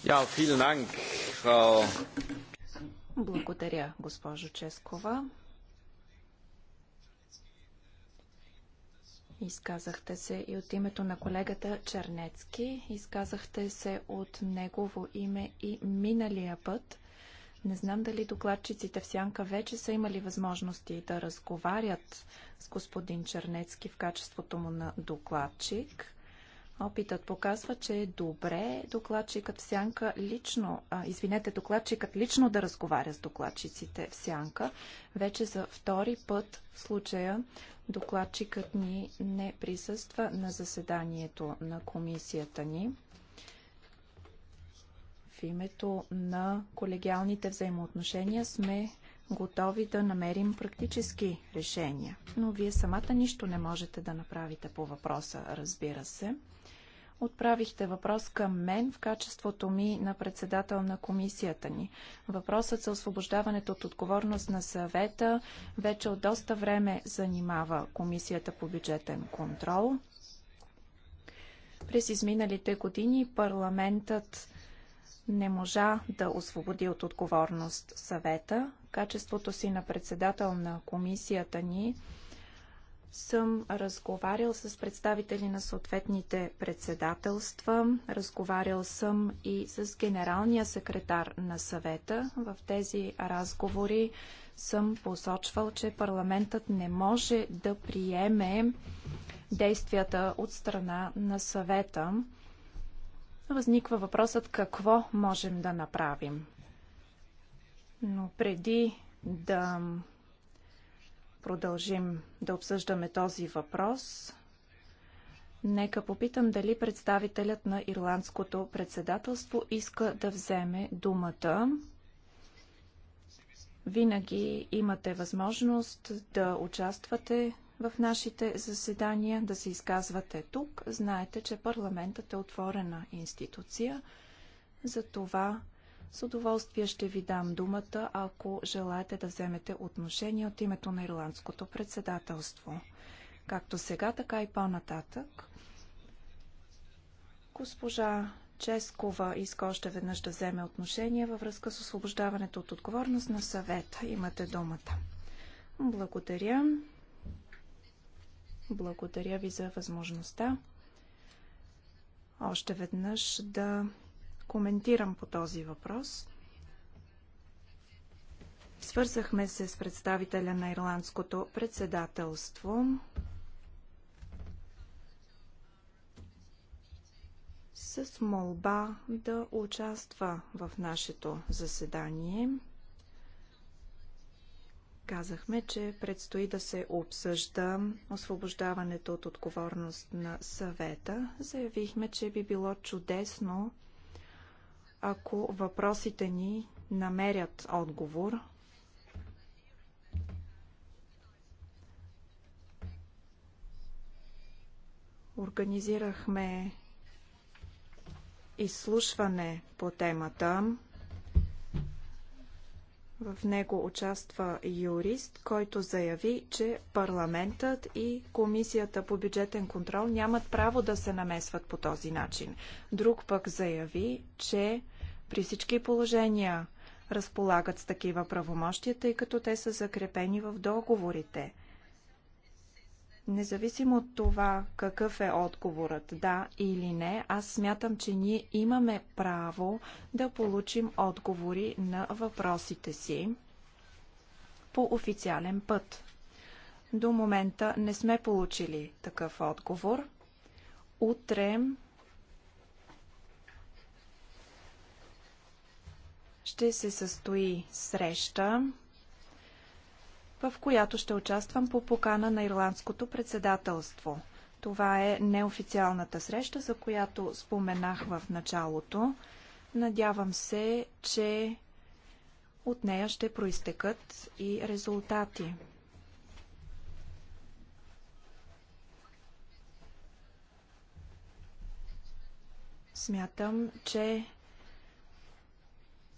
Ja, vielen Dank, Frau благодаря, госпожо Ческова. Изказахте се и от името на колегата Чернецки. Изказахте се от негово име и миналия път. Не знам дали докладчиците в Сянка вече са имали възможности да разговарят с господин Чернецки в качеството му на докладчик. Опитът показва, че е добре докладчикът в сянка лично, а, извинете, докладчикът лично да разговаря с докладчиците в сянка. Вече за втори път в случая докладчикът ни не присъства на заседанието на комисията ни. В името на колегиалните взаимоотношения сме готови да намерим практически решения. Но вие самата нищо не можете да направите по въпроса, разбира се отправихте въпрос към мен в качеството ми на председател на комисията ни. Въпросът за освобождаването от отговорност на съвета вече от доста време занимава комисията по бюджетен контрол. През изминалите години парламентът не можа да освободи от отговорност съвета. Качеството си на председател на комисията ни съм разговарял с представители на съответните председателства, разговарял съм и с генералния секретар на съвета. В тези разговори съм посочвал, че парламентът не може да приеме действията от страна на съвета. Възниква въпросът какво можем да направим. Но преди да продължим да обсъждаме този въпрос. Нека попитам дали представителят на Ирландското председателство иска да вземе думата. Винаги имате възможност да участвате в нашите заседания, да се изказвате тук. Знаете, че парламентът е отворена институция. за това. С удоволствие ще ви дам думата, ако желаете да вземете отношение от името на Ирландското председателство. Както сега, така и по-нататък. Госпожа Ческова иска още веднъж да вземе отношение във връзка с освобождаването от отговорност на съвета. Имате думата. Благодаря. Благодаря ви за възможността още веднъж да коментирам по този въпрос. Свързахме се с представителя на ирландското председателство. с молба да участва в нашето заседание. Казахме, че предстои да се обсъжда освобождаването от отговорност на съвета. Заявихме, че би било чудесно ако въпросите ни намерят отговор. Организирахме изслушване по темата. В него участва юрист, който заяви, че парламентът и комисията по бюджетен контрол нямат право да се намесват по този начин. Друг пък заяви, че при всички положения разполагат с такива правомощия, тъй като те са закрепени в договорите. Независимо от това какъв е отговорът, да или не, аз смятам, че ние имаме право да получим отговори на въпросите си по официален път. До момента не сме получили такъв отговор. Утре ще се състои среща, в която ще участвам по покана на Ирландското председателство. Това е неофициалната среща, за която споменах в началото. Надявам се, че от нея ще проистекат и резултати. Смятам, че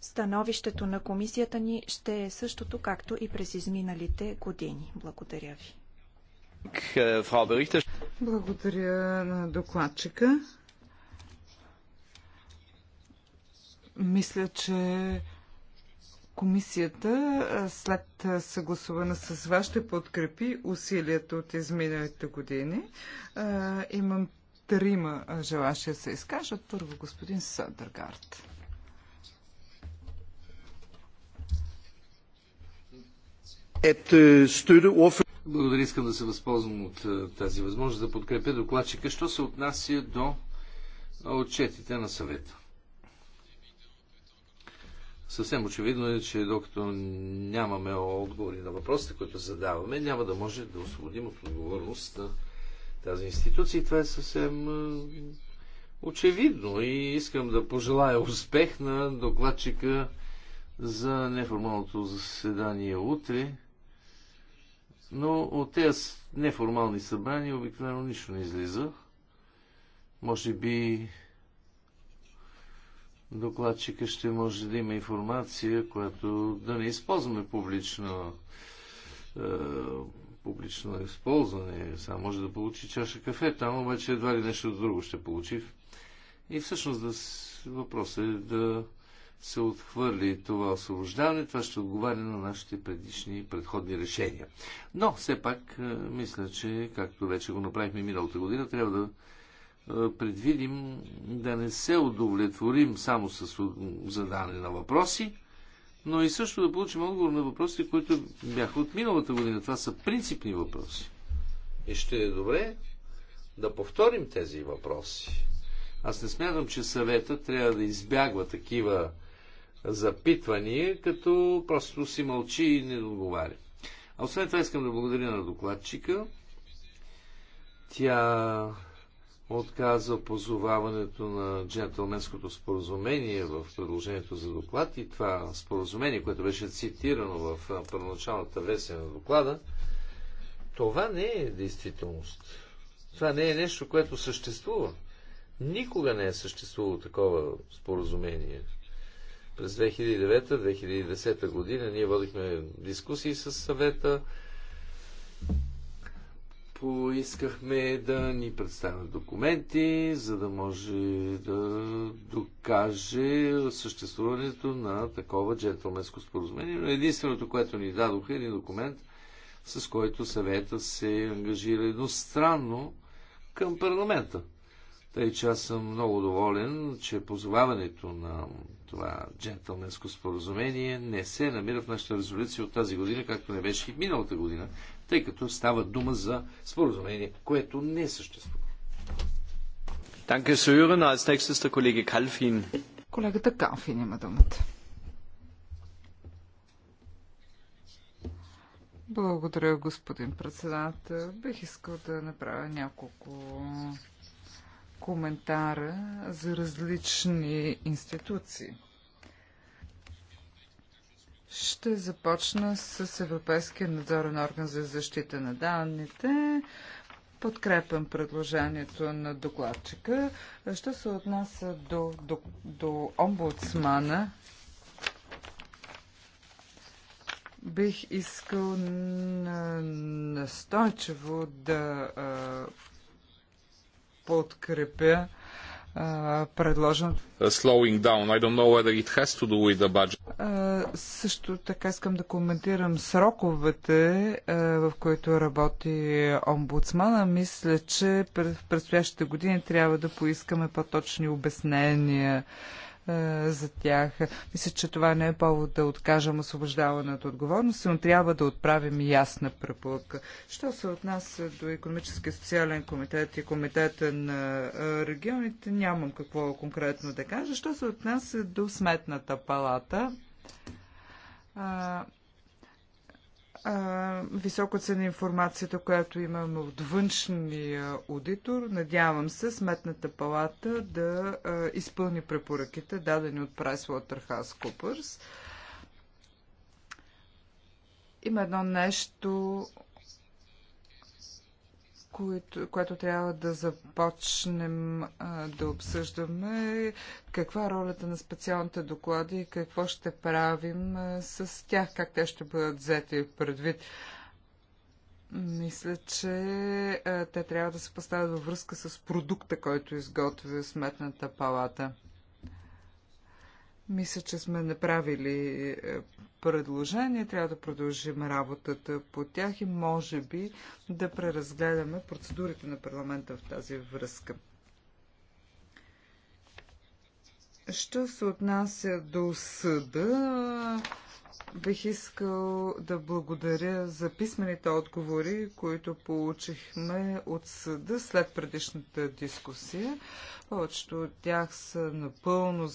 Становището на комисията ни ще е същото, както и през изминалите години. Благодаря ви. Благодаря на докладчика. Мисля, че комисията след съгласуване с вас ще подкрепи усилията от изминалите години. Имам трима желащи да се изкажат. Първо господин Съдъргард. Øh, Благодаря, искам да се възползвам от е, тази възможност да подкрепя докладчика, що се отнася до отчетите на съвета. Съвсем очевидно е, че докато нямаме отговори на въпросите, които задаваме, няма да може да освободим от отговорност на тази институция. И това е съвсем е, очевидно. И искам да пожелая успех на докладчика за неформалното заседание утре. Но от тези неформални събрания обикновено нищо не излиза. Може би докладчика ще може да има информация, която да не използваме публично е, публично използване. само може да получи чаша кафе, там обаче едва ли нещо друго ще получи. И всъщност да, въпросът е да се отхвърли това освобождаване, това ще отговаря на нашите предишни предходни решения. Но, все пак, е, мисля, че, както вече го направихме миналата година, трябва да е, предвидим да не се удовлетворим само с задане на въпроси, но и също да получим отговор на въпросите, които бяха от миналата година. Това са принципни въпроси. И ще е добре да повторим тези въпроси. Аз не смятам, че съвета трябва да избягва такива запитвания, като просто си мълчи и не отговаря. А освен това искам да благодаря на докладчика. Тя отказа позоваването на джентлменското споразумение в предложението за доклад и това споразумение, което беше цитирано в първоначалната версия на доклада, това не е действителност. Това не е нещо, което съществува. Никога не е съществувало такова споразумение през 2009-2010 година ние водихме дискусии с съвета. Поискахме да ни представят документи, за да може да докаже съществуването на такова джентлменско споразумение. Но единственото, което ни дадоха е един документ, с който съвета се ангажира едностранно към парламента. Тъй, че аз съм много доволен, че позоваването на това джентълменско споразумение не се намира в нашата резолюция от тази година, както не беше и миналата година, тъй като става дума за споразумение, което не съществува. Danke, Sören. Als nächstes der Kollege Калфин. Колегата Калфин има думата. Благодаря, господин председател. Бих искал да направя няколко коментара за различни институции. Ще започна с Европейския надзорен орган за защита на данните. Подкрепям предложението на докладчика. Що се отнася до, до, до омбудсмана, бих искал настойчиво да подкрепя предложен. Uh, slowing down. I don't know whether it has to do with the budget. А, също така искам да коментирам сроковете, а, в които работи омбудсмана. Мисля, че в предстоящите години трябва да поискаме по-точни обяснения е, за тях. Мисля, че това не е повод да откажем освобождаването от отговорност, но трябва да отправим ясна препоръка. Що се отнася до економически социален комитет и комитета на е, регионите, нямам какво конкретно да кажа. Що се отнася до сметната палата, е, високо цена информацията, която имаме от външния аудитор. Надявам се Сметната палата да изпълни препоръките, дадени от PricewaterhouseCoopers. Има едно нещо, което, което трябва да започнем а, да обсъждаме, каква е ролята на специалните доклади и какво ще правим а, с тях, как те ще бъдат взети предвид. Мисля, че а, те трябва да се поставят във връзка с продукта, който изготвя Сметната палата. Мисля, че сме направили е, предложение. трябва да продължим работата по тях и може би да преразгледаме процедурите на парламента в тази връзка. Що се отнася до съда, Бих искал да благодаря за писмените отговори, които получихме от съда след предишната дискусия. Повечето от тях са напълно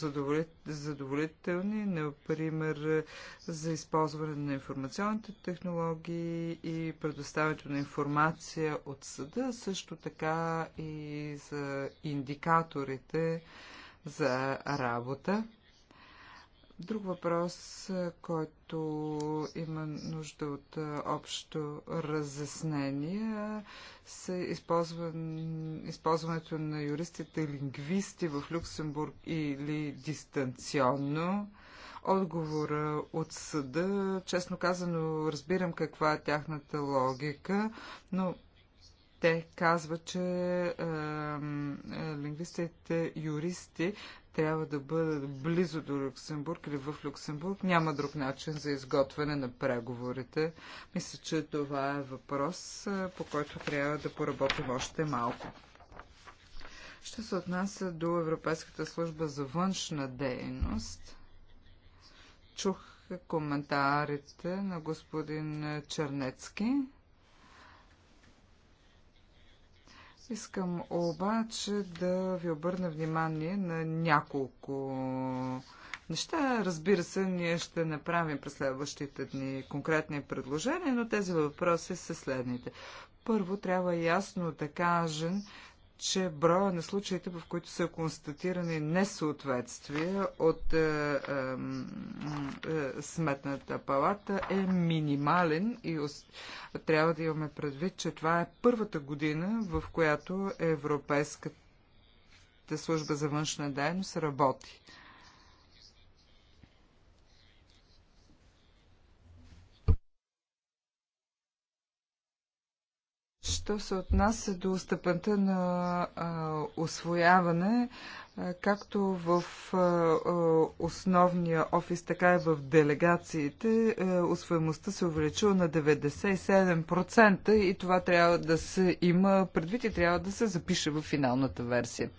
задоволителни, например за използване на информационните технологии и предоставянето на информация от съда, също така и за индикаторите за работа. Друг въпрос, който има нужда от общо разяснение, са използван, използването на юристите лингвисти в Люксембург или дистанционно. Отговора от съда, честно казано, разбирам каква е тяхната логика, но те казват, че е, лингвистите, юристи трябва да бъдат близо до Люксембург или в Люксембург. Няма друг начин за изготвяне на преговорите. Мисля, че това е въпрос, е, по който трябва да поработим още малко. Ще се отнася до Европейската служба за външна дейност, чух коментарите на господин Чернецки. Искам обаче да ви обърна внимание на няколко неща. Разбира се, ние ще направим през следващите дни конкретни предложения, но тези въпроси са следните. Първо трябва ясно да кажем, че броя на случаите, в които са констатирани несъответствия от е, е, е, Сметната палата е минимален и ос... трябва да имаме предвид, че това е първата година, в която Европейската служба за външна дейност работи. що се отнася до степента на а, освояване, а, както в а, основния офис, така и в делегациите, а, освоемостта се увеличила на 97% и това трябва да се има предвид и трябва да се запише в финалната версия.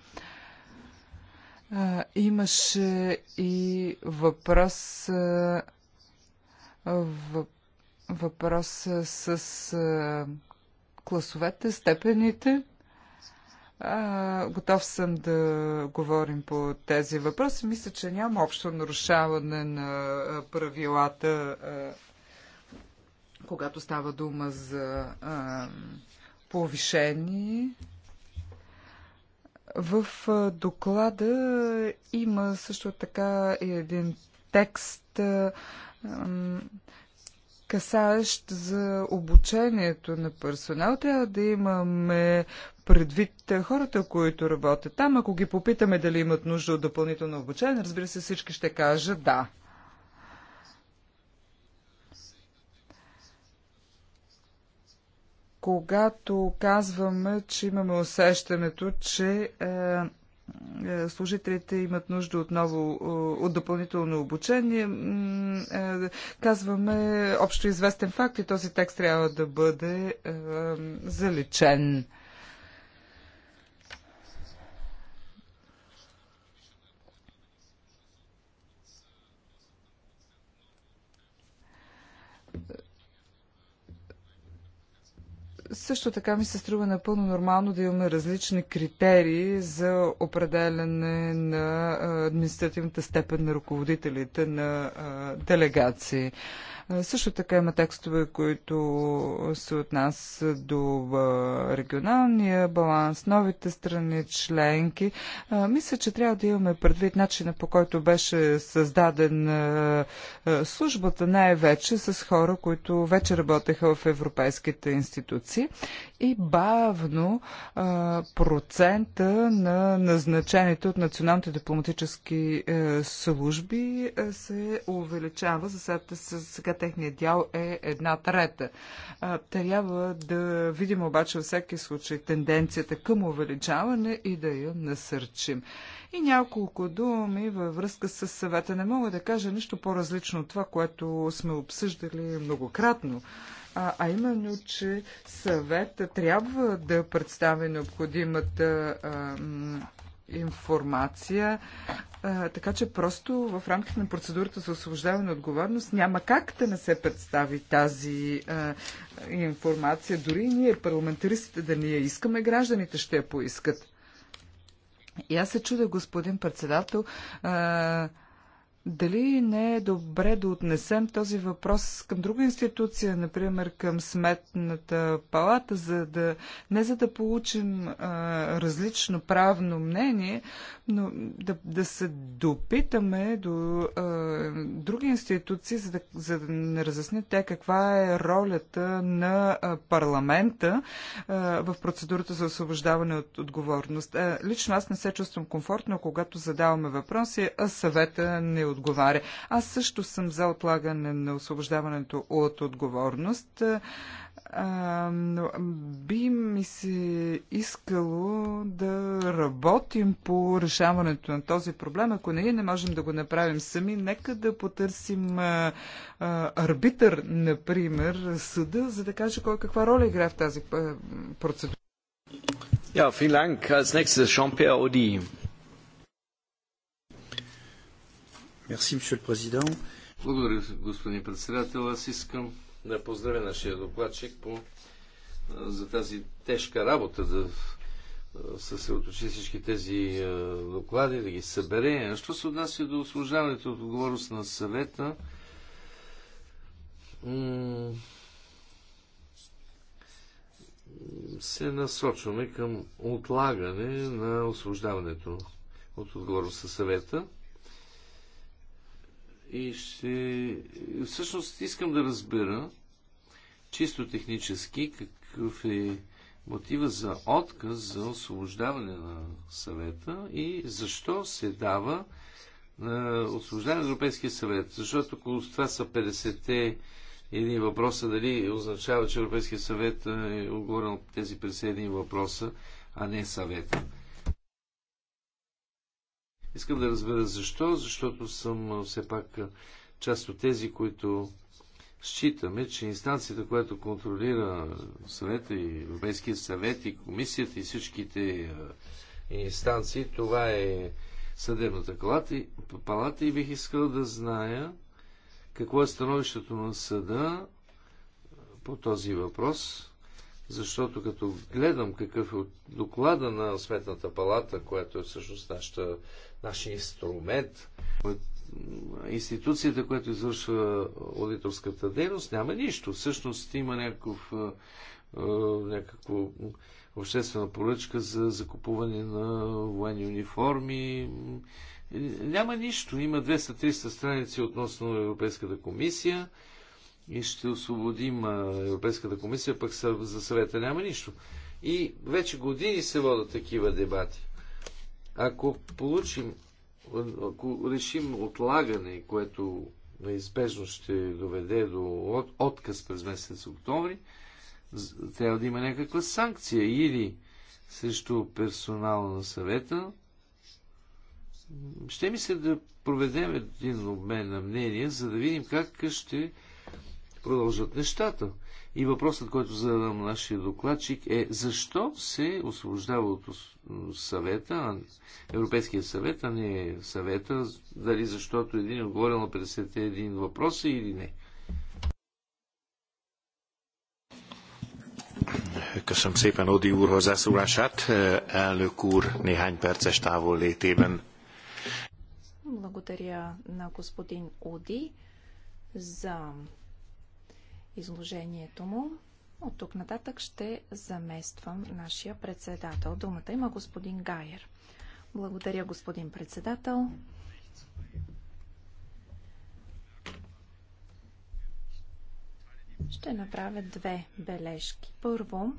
А, имаше и въпрос. А, въпрос с класовете, степените. А, готов съм да говорим по тези въпроси. Мисля, че няма общо нарушаване на правилата, а, когато става дума за а, повишение. В доклада има също така и един текст. А, касаещ за обучението на персонал. Трябва да имаме предвид хората, които работят там. Ако ги попитаме дали имат нужда от допълнително обучение, разбира се, всички ще кажат да. когато казваме, че имаме усещането, че е, е, служителите имат нужда отново е, от допълнително обучение. Е, казваме общо известен факт и този текст трябва да бъде заличен. Също така ми се струва напълно нормално да имаме различни критерии за определяне на административната степен на ръководителите на делегации. Също така има текстове, които се отнас до регионалния баланс, новите страни, членки. Мисля, че трябва да имаме предвид начина по който беше създаден службата най-вече с хора, които вече работеха в европейските институции си и бавно а, процента на назначените от националните дипломатически е, служби е, се увеличава. За сега, сега техният дял е една трета. А, трябва да видим обаче във всеки случай тенденцията към увеличаване и да я насърчим. И няколко думи във връзка с съвета. Не мога да кажа нищо по-различно от това, което сме обсъждали многократно а, а именно, че съвет трябва да представи необходимата а, информация, а, така че просто в рамките на процедурата за освобождаване на отговорност няма как да не се представи тази а, информация. Дори ние, парламентаристите, да я искаме, гражданите ще я поискат. И аз се чудя, господин председател, а, дали не е добре да отнесем този въпрос към друга институция, например към сметната палата, за да, не за да получим а, различно правно мнение, но да, да се допитаме до а, други институции, за да, за да не разясни те каква е ролята на парламента а, в процедурата за освобождаване от отговорност. А, е, лично аз не се чувствам комфортно, когато задаваме въпроси, а съвета не отговаря. Аз също съм за отлагане на освобождаването от отговорност. А, би ми се искало да работим по решаването на този проблем. Ако ние не можем да го направим сами, нека да потърсим а, а, арбитър, например, съда, за да каже кой каква роля играе в тази процедура. Ja, vielen Dank. Als nächstes Jean-Pierre Audi. Благодаря, господин председател. Аз искам да поздравя нашия докладчик по, за тази тежка работа, да съсредоточи всички тези доклади, да ги събере. А що се отнася до служаването от отговорност на съвета, се насочваме към отлагане на освобождаването от отговорност на съвета. И ще... Всъщност искам да разбера чисто технически какъв е мотива за отказ за освобождаване на съвета и защо се дава на е, освобождаване на Европейския съвет. Защото ако това са 50-те или въпроса, дали означава, че Европейския съвет е отговорен от тези 51 въпроса, а не съвета. Искам да разбера защо, защото съм все пак част от тези, които считаме, че инстанцията, която контролира съвета и Европейския съвет и комисията и всичките инстанции, това е съдебната палата и бих искал да зная какво е становището на съда по този въпрос защото като гледам какъв е доклада на Сметната палата, която е всъщност нашата, нашия инструмент, институцията, която извършва аудиторската дейност, няма нищо. Всъщност има някакъв, някакво обществена поръчка за закупуване на военни униформи. Няма нищо. Има 200-300 страници относно Европейската комисия и ще освободим Европейската комисия, пък за съвета няма нищо. И вече години се водят такива дебати. Ако получим, ако решим отлагане, което неизбежно ще доведе до отказ през месец октомври, трябва да има някаква санкция или срещу персонала на съвета. Ще ми се да проведем един обмен на мнения, за да видим как ще продължат нещата. И въпросът, който задам нашия докладчик е защо се освобождава от съвета, Европейския съвет, а не съвета, дали защото един е отговорил на 51 въпроса или не. Köszönöm szépen Odi úr hozzászólását. Elnök úr néhány perces távollétében. Благодаря на господин Оди за изложението му. От тук нататък ще замествам нашия председател. Думата има господин Гайер. Благодаря, господин председател. Ще направя две бележки. Първо,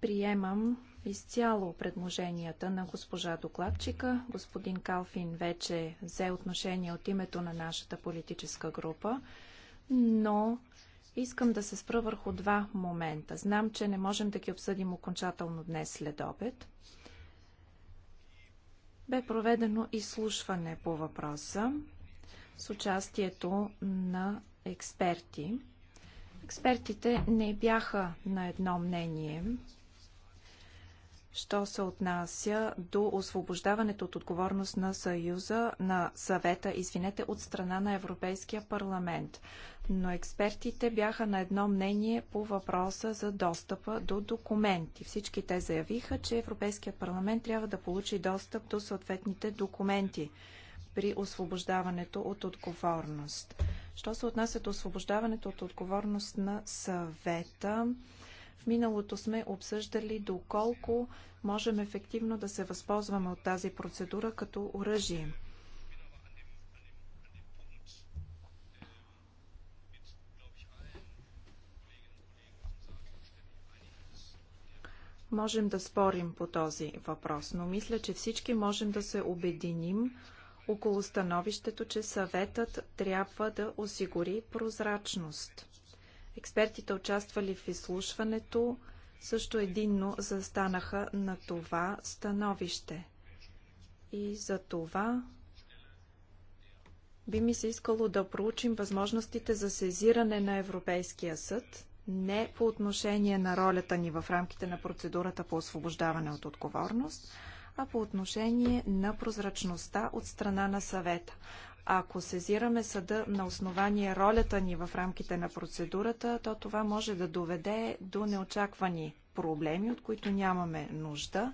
приемам изцяло предложенията на госпожа докладчика. Господин Калфин вече взе отношение от името на нашата политическа група но искам да се спра върху два момента. Знам, че не можем да ги обсъдим окончателно днес след обед. Бе проведено изслушване по въпроса с участието на експерти. Експертите не бяха на едно мнение що се отнася до освобождаването от отговорност на Съюза, на съвета, извинете, от страна на Европейския парламент. Но експертите бяха на едно мнение по въпроса за достъпа до документи. Всички те заявиха, че Европейският парламент трябва да получи достъп до съответните документи при освобождаването от отговорност. Що се отнася до освобождаването от отговорност на съвета, в миналото сме обсъждали доколко можем ефективно да се възползваме от тази процедура като оръжие. Можем да спорим по този въпрос, но мисля, че всички можем да се обединим около становището, че съветът трябва да осигури прозрачност. Експертите, участвали в изслушването, също единно застанаха на това становище. И за това би ми се искало да проучим възможностите за сезиране на Европейския съд, не по отношение на ролята ни в рамките на процедурата по освобождаване от отговорност, а по отношение на прозрачността от страна на съвета. Ако сезираме съда на основание ролята ни в рамките на процедурата, то това може да доведе до неочаквани проблеми, от които нямаме нужда,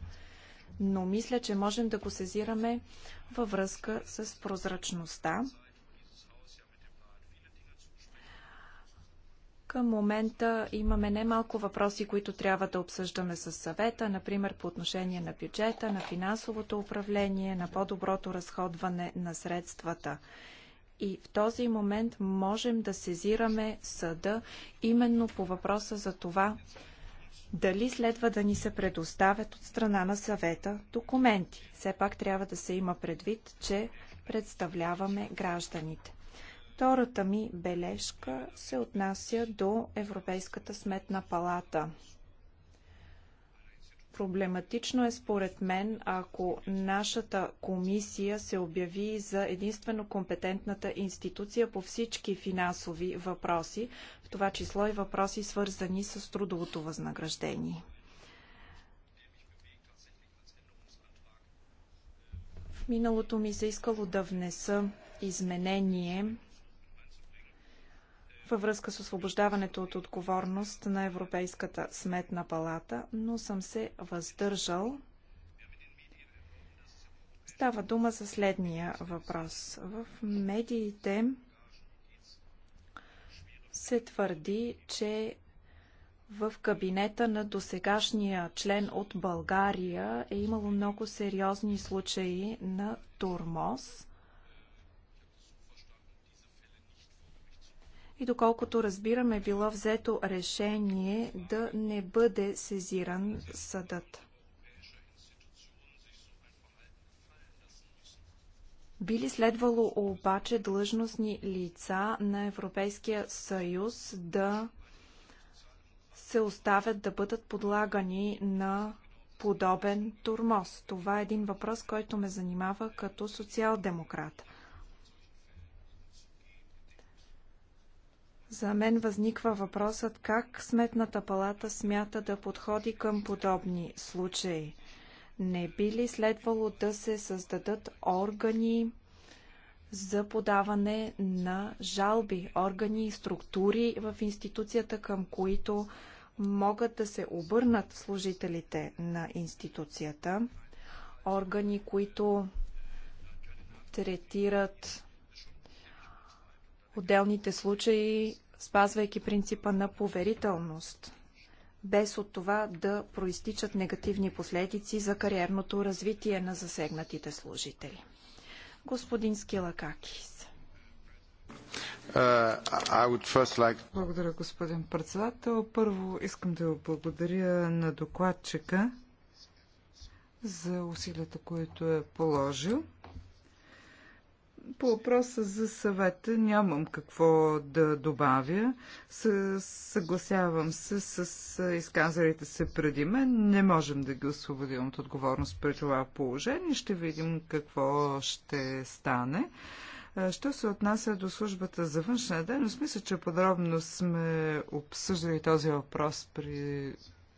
но мисля, че можем да го сезираме във връзка с прозрачността. Към момента имаме немалко въпроси, които трябва да обсъждаме с съвета, например по отношение на бюджета, на финансовото управление, на по-доброто разходване на средствата. И в този момент можем да сезираме съда именно по въпроса за това, дали следва да ни се предоставят от страна на съвета документи. Все пак трябва да се има предвид, че представляваме гражданите. Втората ми бележка се отнася до Европейската сметна палата. Проблематично е според мен, ако нашата комисия се обяви за единствено компетентната институция по всички финансови въпроси, в това число и въпроси свързани с трудовото възнаграждение. В миналото ми се искало да внеса изменение във връзка с освобождаването от отговорност на Европейската сметна палата, но съм се въздържал. Става дума за следния въпрос. В медиите се твърди, че в кабинета на досегашния член от България е имало много сериозни случаи на турмоз. и доколкото разбираме, е било взето решение да не бъде сезиран съдът. Би ли следвало обаче длъжностни лица на Европейския съюз да се оставят да бъдат подлагани на подобен турмоз? Това е един въпрос, който ме занимава като социал-демократ. За мен възниква въпросът как Сметната палата смята да подходи към подобни случаи. Не би ли следвало да се създадат органи за подаване на жалби, органи и структури в институцията, към които могат да се обърнат служителите на институцията, органи, които третират отделните случаи, спазвайки принципа на поверителност, без от това да проистичат негативни последици за кариерното развитие на засегнатите служители. Господин Скилакакис. Е, благодаря, господин председател. Първо искам да благодаря на докладчика за усилията, които е положил. По въпроса за съвета нямам какво да добавя. Съгласявам се с изказалите се преди мен. Не можем да ги освободим от отговорност при това положение. Ще видим какво ще стане. Що се отнася до службата за външна дейност, мисля, че подробно сме обсъждали този въпрос при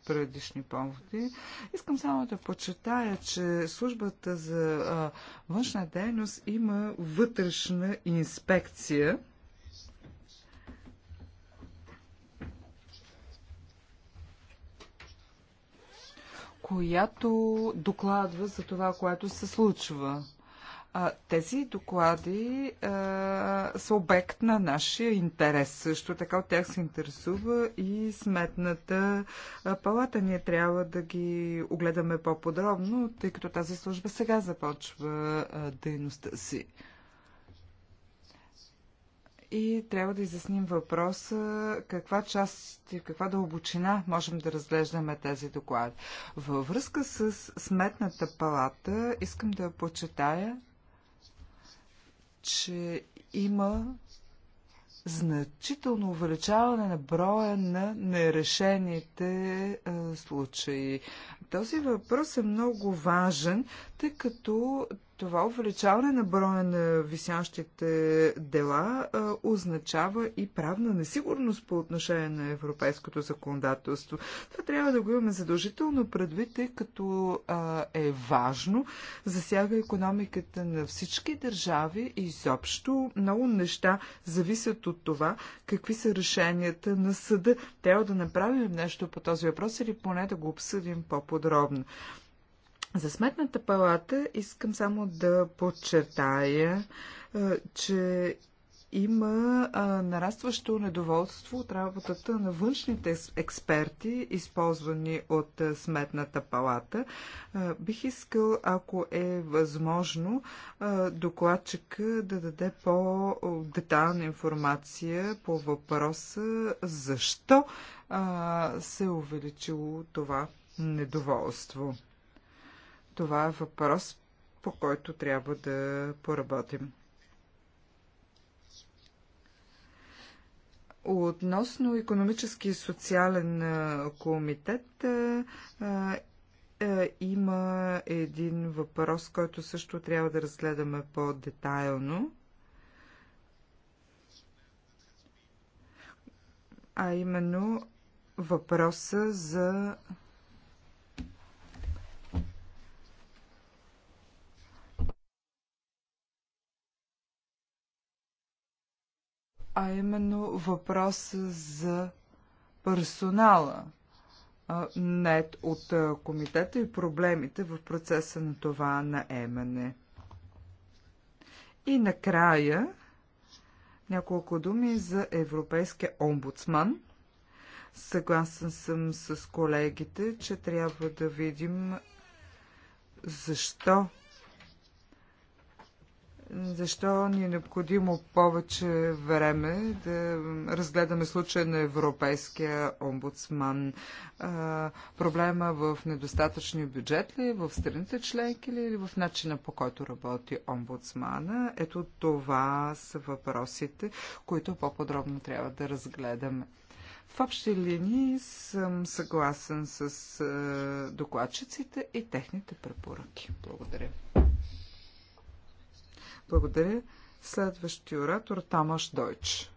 предишни поводи. Искам само да почитая, че службата за външна дейност има вътрешна инспекция. която докладва за това, което се случва. Тези доклади а, са обект на нашия интерес. Също така от тях се интересува и сметната палата. Ние трябва да ги огледаме по-подробно, тъй като тази служба сега започва а, дейността си. И трябва да изясним въпроса каква част и каква дълбочина можем да разглеждаме тези доклади. Във връзка с Сметната палата искам да почитая че има значително увеличаване на броя на нерешените а, е, случаи. Този въпрос е много важен, тъй като това увеличаване на броя на висящите дела а, означава и правна несигурност по отношение на европейското законодателство. Това трябва да го имаме задължително предвид, тъй като а, е важно, засяга економиката на всички държави и изобщо много неща зависят от това какви са решенията на съда. Трябва да направим нещо по този въпрос или поне да го обсъдим по-подробно. За сметната палата искам само да подчертая, е, че има нарастващо недоволство от работата на външните експерти, използвани от е, Сметната палата. Е, бих искал, ако е възможно, докладчика да даде по-детална информация по въпроса защо се е увеличило това недоволство. Това е въпрос, по който трябва да поработим. Относно економически и социален комитет има един въпрос, който също трябва да разгледаме по-детайлно. А именно въпроса за а именно въпроса за персонала нет от комитета и проблемите в процеса на това наемане. И накрая няколко думи за Европейския омбудсман. Съгласен съм с колегите, че трябва да видим защо защо ни е необходимо повече време да разгледаме случая на Европейския омбудсман? А, проблема в недостатъчния бюджет ли, е в страните членки ли или в начина по който работи омбудсмана? Ето това са въпросите, които по-подробно трябва да разгледаме. В общи линии съм съгласен с докладчиците и техните препоръки. Благодаря. Благодаря. Следващия оратор Тамаш Дойч.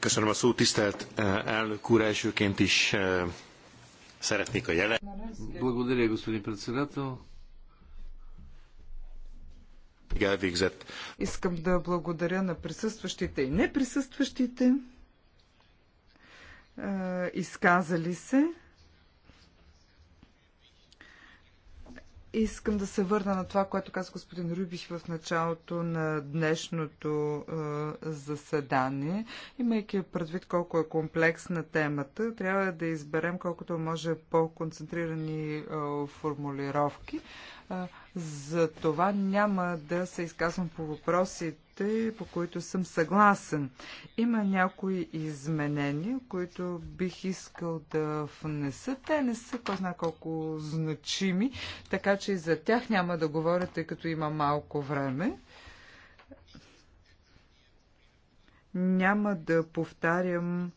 Köszönöm a szót, tisztelt eh, elnök úr, elsőként is eh, szeretnék a jelen. Благодаря, господин председател. Искам да благодаря на присъстващите и неприсъстващите, е, изказали се. Искам да се върна на това, което каза господин Рубиш в началото на днешното е, заседание. Имайки предвид колко е комплексна темата, трябва да изберем колкото може по-концентрирани е, формулировки. За това няма да се изказвам по въпросите точките, по които съм съгласен. Има някои изменения, които бих искал да внеса. Те не са кой знае колко значими, така че и за тях няма да говоря, тъй като има малко време. Няма да повтарям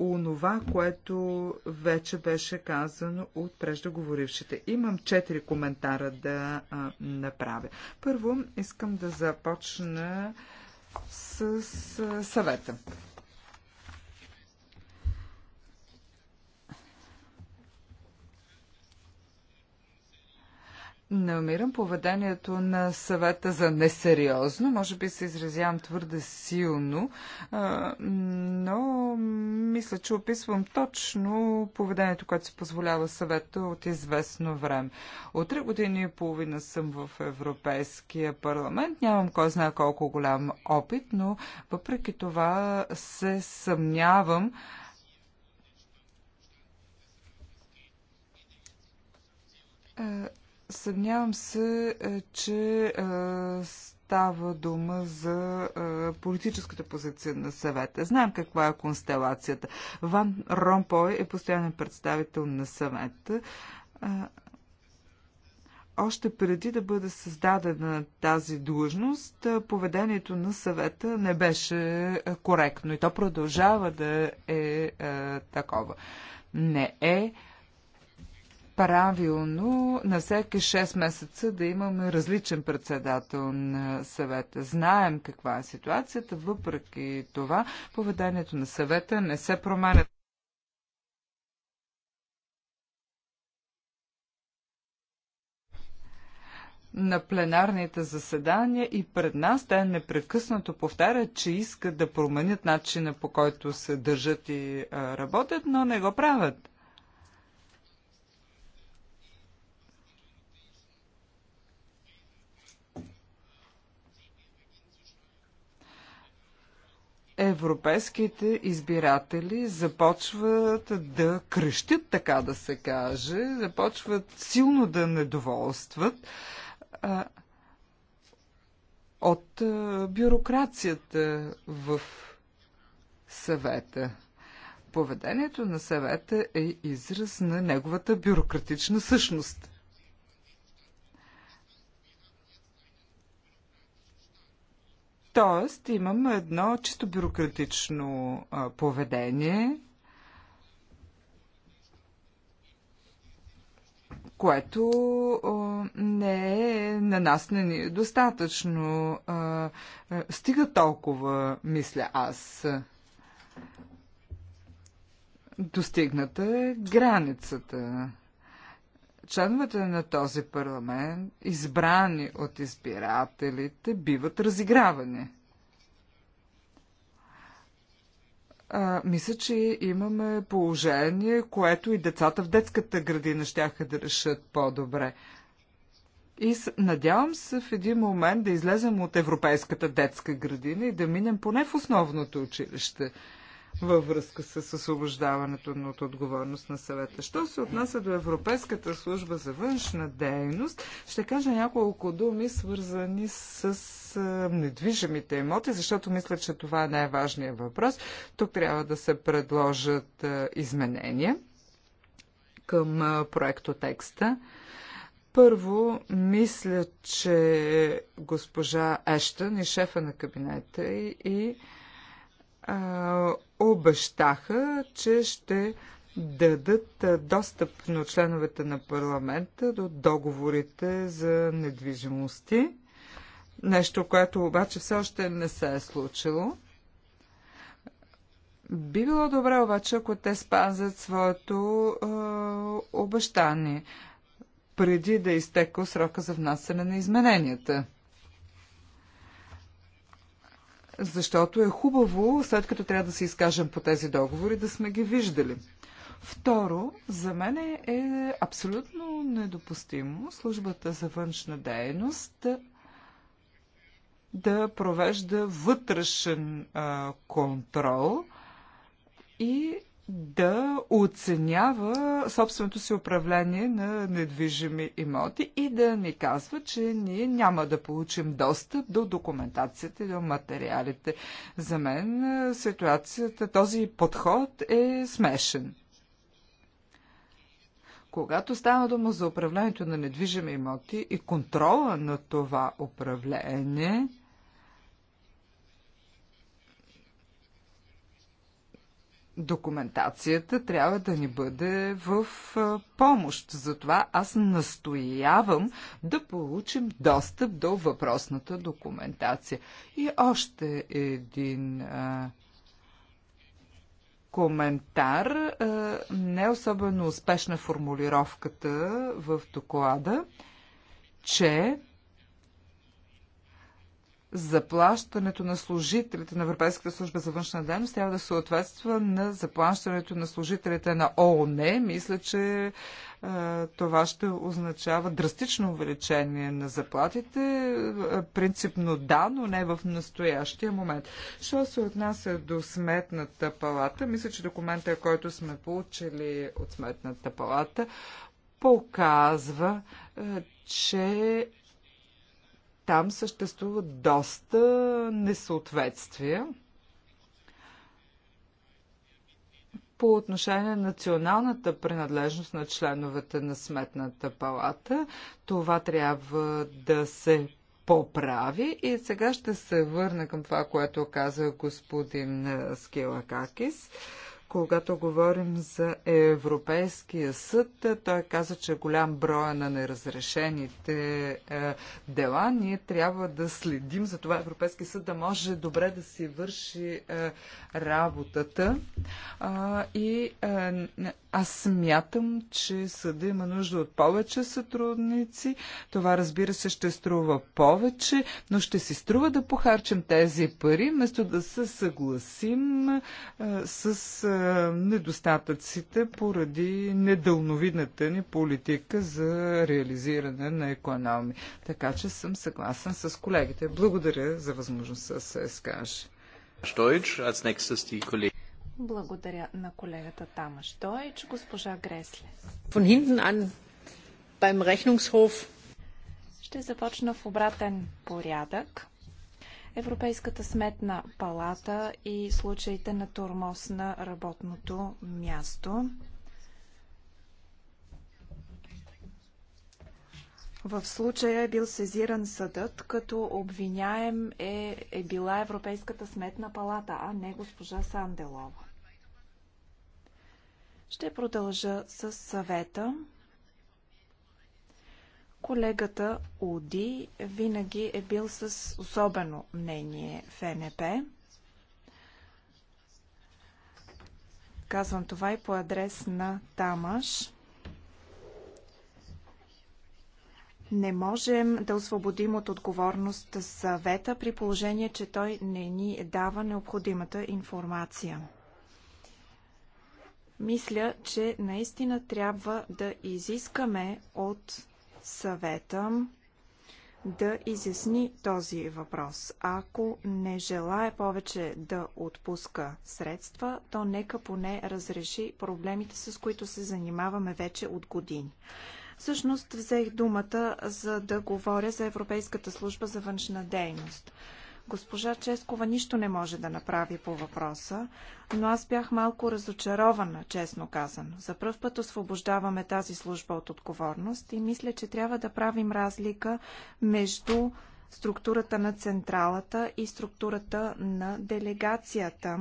онова, което вече беше казано от преждоговорившите. Имам четири коментара да а, направя. Първо, искам да започна с, с съвета. намирам поведението на съвета за несериозно. Може би се изразявам твърде силно, но мисля, че описвам точно поведението, което се позволява съвета от известно време. От три години и половина съм в Европейския парламент. Нямам кой знае колко голям опит, но въпреки това се съмнявам, Съмнявам се, е, че е, става дума за е, политическата позиция на съвета. Знаем каква е констелацията. Ван Ромпой е постоянен представител на съвета. Още преди да бъде създадена тази длъжност, поведението на съвета не беше коректно и то продължава да е такова. Не е правилно на всеки 6 месеца да имаме различен председател на съвета. Знаем каква е ситуацията, въпреки това поведението на съвета не се променя. на пленарните заседания и пред нас те непрекъснато повтарят, че искат да променят начина по който се държат и работят, но не го правят. европейските избиратели започват да крещят, така да се каже, започват силно да недоволстват а, от а, бюрокрацията в съвета. Поведението на съвета е израз на неговата бюрократична същност. Тоест, имам едно чисто бюрократично а, поведение, което а, не е на нас не ни е достатъчно. А, а, стига толкова, мисля аз. Достигната е границата членовете на този парламент, избрани от избирателите, биват разигравани. А, мисля, че имаме положение, което и децата в детската градина щяха да решат по-добре. И с... надявам се в един момент да излезем от европейската детска градина и да минем поне в основното училище във връзка с освобождаването от отговорност на съвета. Що се отнася до Европейската служба за външна дейност, ще кажа няколко думи, свързани с недвижимите имоти, защото мисля, че това е най-важният въпрос. Тук трябва да се предложат изменения към проекто текста. Първо, мисля, че госпожа Ештън и шефа на кабинета и, и а, обещаха, че ще дадат достъп на членовете на парламента до договорите за недвижимости. Нещо, което обаче все още не се е случило. Би било добре обаче, ако те спазят своето е, обещание преди да изтекло срока за внасяне на измененията. Защото е хубаво, след като трябва да се изкажем по тези договори, да сме ги виждали. Второ, за мен е абсолютно недопустимо службата за външна дейност да провежда вътрешен а, контрол и да оценява собственото си управление на недвижими имоти и да ни казва, че ние няма да получим достъп до документацията и до материалите. За мен е, ситуацията, този подход е смешен. Когато става дума за управлението на недвижими имоти и контрола на това управление, документацията трябва да ни бъде в помощ. Затова аз настоявам да получим достъп до въпросната документация. И още един а, коментар. А, не особено успешна формулировката в доклада, че заплащането на служителите на Европейската служба за външна дейност трябва да съответства на заплащането на служителите на ООН. Мисля, че това ще означава драстично увеличение на заплатите. Принципно да, но не в настоящия момент. Що се отнася до Сметната палата, мисля, че документа, който сме получили от Сметната палата, показва, че там съществуват доста несъответствия по отношение на националната принадлежност на членовете на Сметната палата. Това трябва да се поправи. И сега ще се върна към това, което каза господин Скилакакис. Когато говорим за Европейския съд, той каза, че голям броя на неразрешените е, дела. Ние трябва да следим за това Европейския съд да може добре да си върши е, работата. И е, аз смятам, че съда има нужда от повече сътрудници. Това, разбира се, ще струва повече, но ще си струва да похарчим тези пари, вместо да се съгласим с недостатъците поради недълновидната ни политика за реализиране на економи. Така че съм съгласен с колегите. Благодаря за възможността да се изкаже. Благодаря на колегата Тамаш Дойч, госпожа Гресле. Ще започна в обратен порядък. Европейската сметна палата и случаите на турмоз на работното място. В случая е бил сезиран съдът, като обвиняем е, е била Европейската сметна палата, а не госпожа Санделова. Ще продължа с съвета. Колегата Уди винаги е бил с особено мнение в НП. Казвам това и по адрес на Тамаш. Не можем да освободим от отговорност съвета при положение, че той не ни дава необходимата информация. Мисля, че наистина трябва да изискаме от съвета да изясни този въпрос. Ако не желая повече да отпуска средства, то нека поне разреши проблемите, с които се занимаваме вече от години. Всъщност взех думата, за да говоря за Европейската служба за външна дейност. Госпожа Ческова нищо не може да направи по въпроса, но аз бях малко разочарована, честно казано. За пръв път освобождаваме тази служба от отговорност и мисля, че трябва да правим разлика между структурата на централата и структурата на делегацията.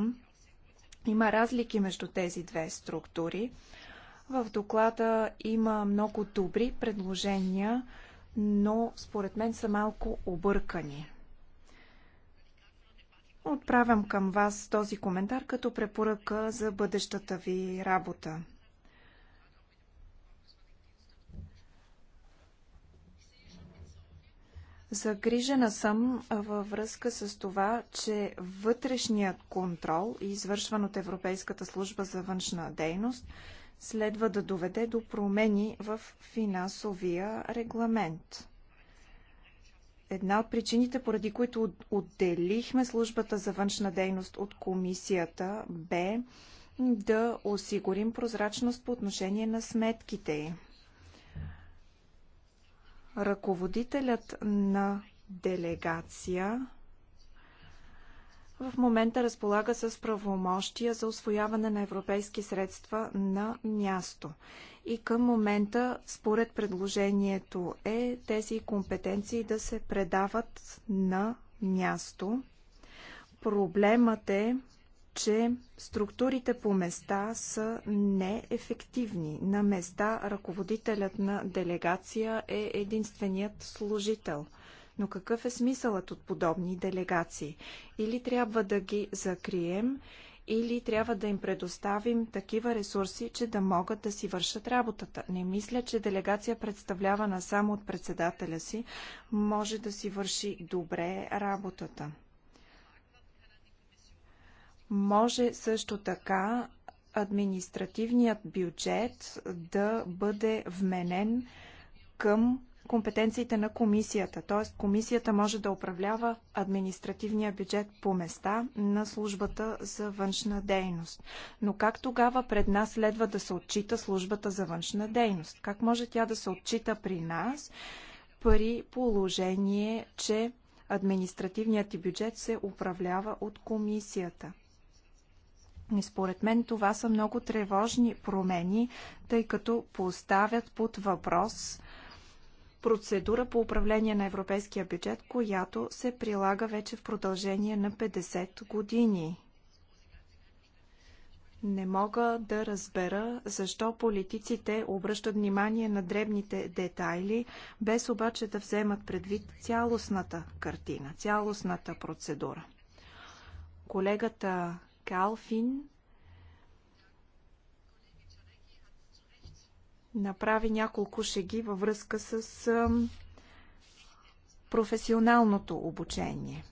Има разлики между тези две структури. В доклада има много добри предложения, но според мен са малко объркани. Отправям към вас този коментар като препоръка за бъдещата ви работа. Загрижена съм във връзка с това, че вътрешният контрол, извършван от Европейската служба за външна дейност, следва да доведе до промени в финансовия регламент една от причините, поради които отделихме службата за външна дейност от комисията, бе да осигурим прозрачност по отношение на сметките Ръководителят на делегация в момента разполага с правомощия за освояване на европейски средства на място. И към момента, според предложението е тези компетенции да се предават на място. Проблемът е, че структурите по места са неефективни. На места ръководителят на делегация е единственият служител – но какъв е смисълът от подобни делегации? Или трябва да ги закрием, или трябва да им предоставим такива ресурси, че да могат да си вършат работата. Не мисля, че делегация представлявана само от председателя си може да си върши добре работата. Може също така административният бюджет да бъде вменен към компетенциите на комисията, т.е. комисията може да управлява административния бюджет по места на службата за външна дейност. Но как тогава пред нас следва да се отчита службата за външна дейност? Как може тя да се отчита при нас при положение, че административният ти бюджет се управлява от комисията? И според мен това са много тревожни промени, тъй като поставят под въпрос процедура по управление на европейския бюджет, която се прилага вече в продължение на 50 години. Не мога да разбера защо политиците обръщат внимание на дребните детайли, без обаче да вземат предвид цялостната картина, цялостната процедура. Колегата Калфин направи няколко шеги във връзка с професионалното обучение.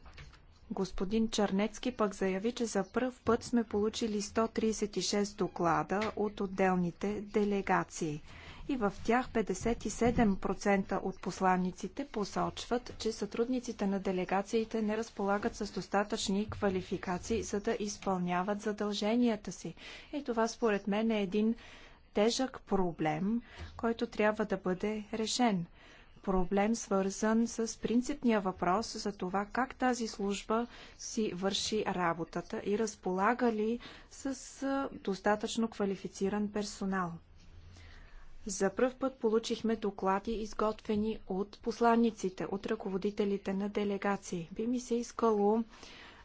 Господин Чернецки пък заяви, че за първ път сме получили 136 доклада от отделните делегации. И в тях 57% от посланниците посочват, че сътрудниците на делегациите не разполагат с достатъчни квалификации, за да изпълняват задълженията си. И това според мен е един тежък проблем, който трябва да бъде решен. Проблем свързан с принципния въпрос за това как тази служба си върши работата и разполага ли с достатъчно квалифициран персонал. За пръв път получихме доклади, изготвени от посланниците, от ръководителите на делегации. Би ми се искало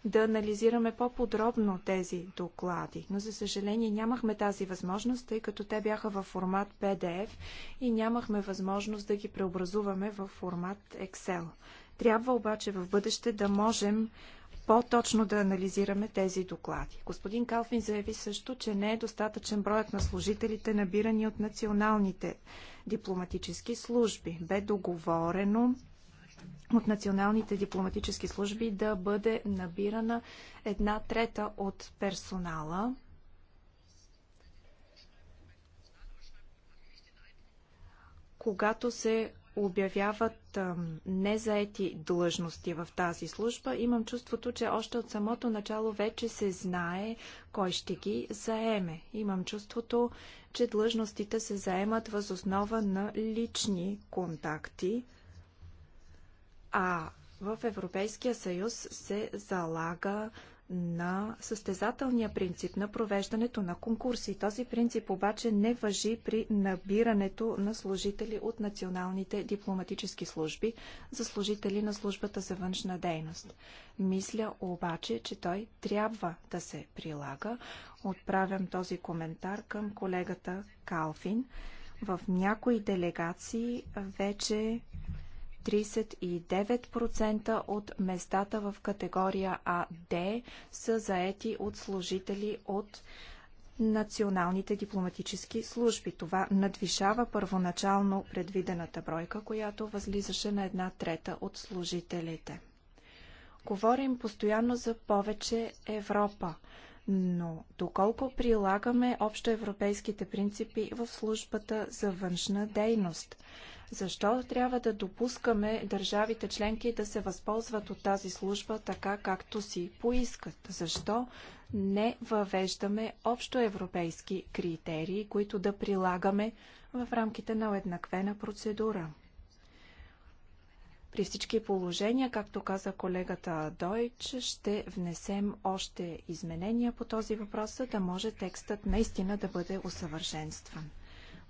да анализираме по-подробно тези доклади. Но, за съжаление, нямахме тази възможност, тъй като те бяха в формат PDF и нямахме възможност да ги преобразуваме в формат Excel. Трябва обаче в бъдеще да можем по-точно да анализираме тези доклади. Господин Калфин заяви също, че не е достатъчен броят на служителите, набирани от националните дипломатически служби. Бе договорено от националните дипломатически служби да бъде набирана една трета от персонала. Когато се обявяват незаети длъжности в тази служба, имам чувството, че още от самото начало вече се знае кой ще ги заеме. Имам чувството, че длъжностите се заемат възоснова на лични контакти – а в Европейския съюз се залага на състезателния принцип на провеждането на конкурси. Този принцип обаче не въжи при набирането на служители от националните дипломатически служби за служители на службата за външна дейност. Мисля обаче, че той трябва да се прилага. Отправям този коментар към колегата Калфин. В някои делегации вече 39% от местата в категория АД са заети от служители от националните дипломатически служби. Това надвишава първоначално предвидената бройка, която възлизаше на една трета от служителите. Говорим постоянно за повече Европа, но доколко прилагаме общоевропейските принципи в службата за външна дейност? Защо трябва да допускаме държавите членки да се възползват от тази служба така, както си поискат? Защо не въвеждаме общо европейски критерии, които да прилагаме в рамките на уеднаквена процедура? При всички положения, както каза колегата Дойч, ще внесем още изменения по този въпрос, за да може текстът наистина да бъде усъвършенстван.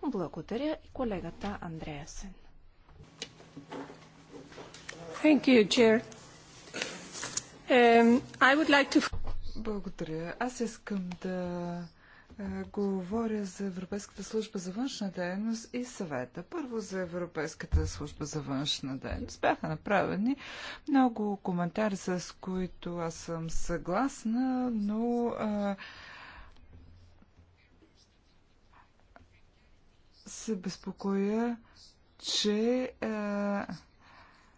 Благодаря и колегата Андреасен. Thank you, Chair. Um, I would like to... Благодаря. Аз искам да е, говоря за Европейската служба за външна дейност и съвета. Първо за Европейската служба за външна дейност. Бяха направени много коментари, с които аз съм съгласна, но а, е, се безпокоя, че е,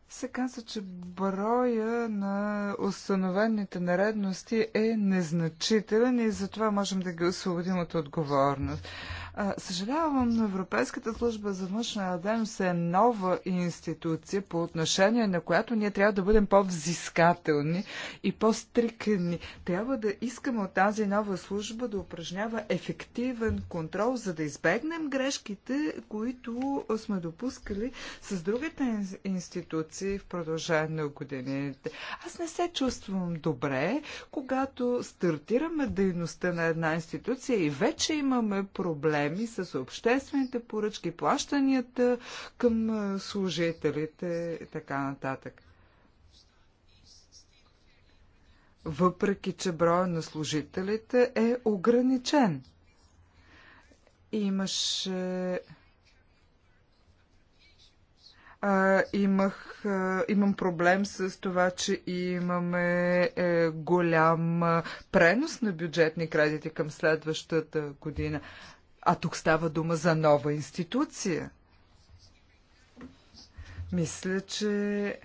се казва, че броя на установените наредности е незначителен и затова можем да ги освободим от отговорност. Съжалявам, но Европейската служба за външна дейност е нова институция, по отношение на която ние трябва да бъдем по-взискателни и по-стрикни. Трябва да искаме от тази нова служба да упражнява ефективен контрол, за да избегнем грешките, които сме допускали с другите институции в продължение на годините. Аз не се чувствам добре, когато стартираме дейността на една институция и вече имаме проблем проблеми с обществените поръчки, плащанията към служителите и така нататък. Въпреки, че броя на служителите е ограничен. Имаше а, имах, а, имам проблем с това, че имаме е, голям пренос на бюджетни кредити към следващата година. А тук става дума за нова институция. Мисля, че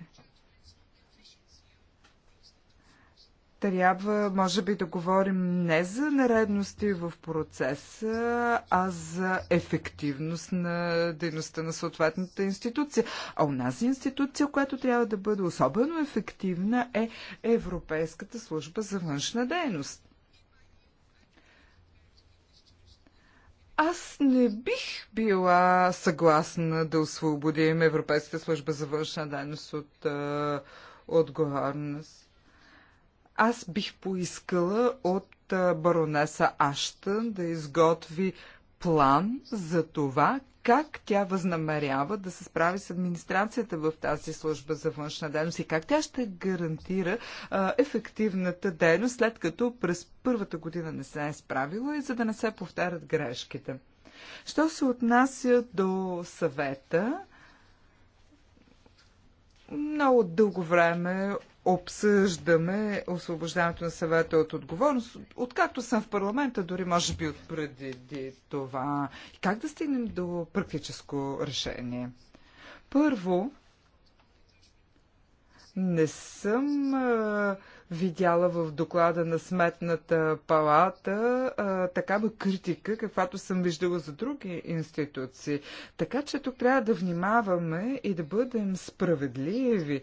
трябва, може би, да говорим не за наредности в процеса, а за ефективност на дейността на съответната институция. А у нас институция, която трябва да бъде особено ефективна, е Европейската служба за външна дейност. Аз не бих била съгласна да освободим Европейската служба за външна дейност от отговорност. Аз бих поискала от баронеса Аштън да изготви план за това как тя възнамерява да се справи с администрацията в тази служба за външна дейност и как тя ще гарантира а, ефективната дейност, след като през първата година не се е справила и за да не се повтарят грешките. Що се отнася до съвета, много дълго време обсъждаме освобождаването на съвета от отговорност, откакто съм в парламента, дори може би от преди това. Как да стигнем до практическо решение? Първо, не съм а, видяла в доклада на Сметната палата а, такава критика, каквато съм виждала за други институции. Така че тук трябва да внимаваме и да бъдем справедливи.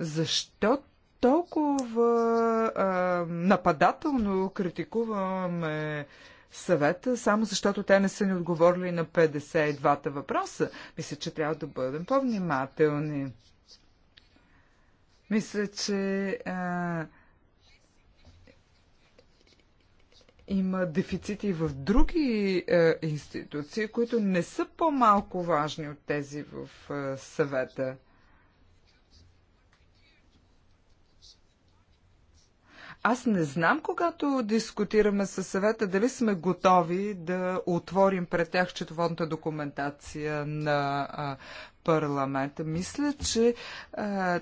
Защо толкова а, нападателно критикуваме съвета, само защото те не са ни отговорили на 52-та въпроса? Мисля, че трябва да бъдем по-внимателни. Мисля, че а, има дефицити в други а, институции, които не са по-малко важни от тези в а, съвета. Аз не знам, когато дискутираме със съвета, дали сме готови да отворим пред тях четоводната документация на а, парламента. Мисля, че а,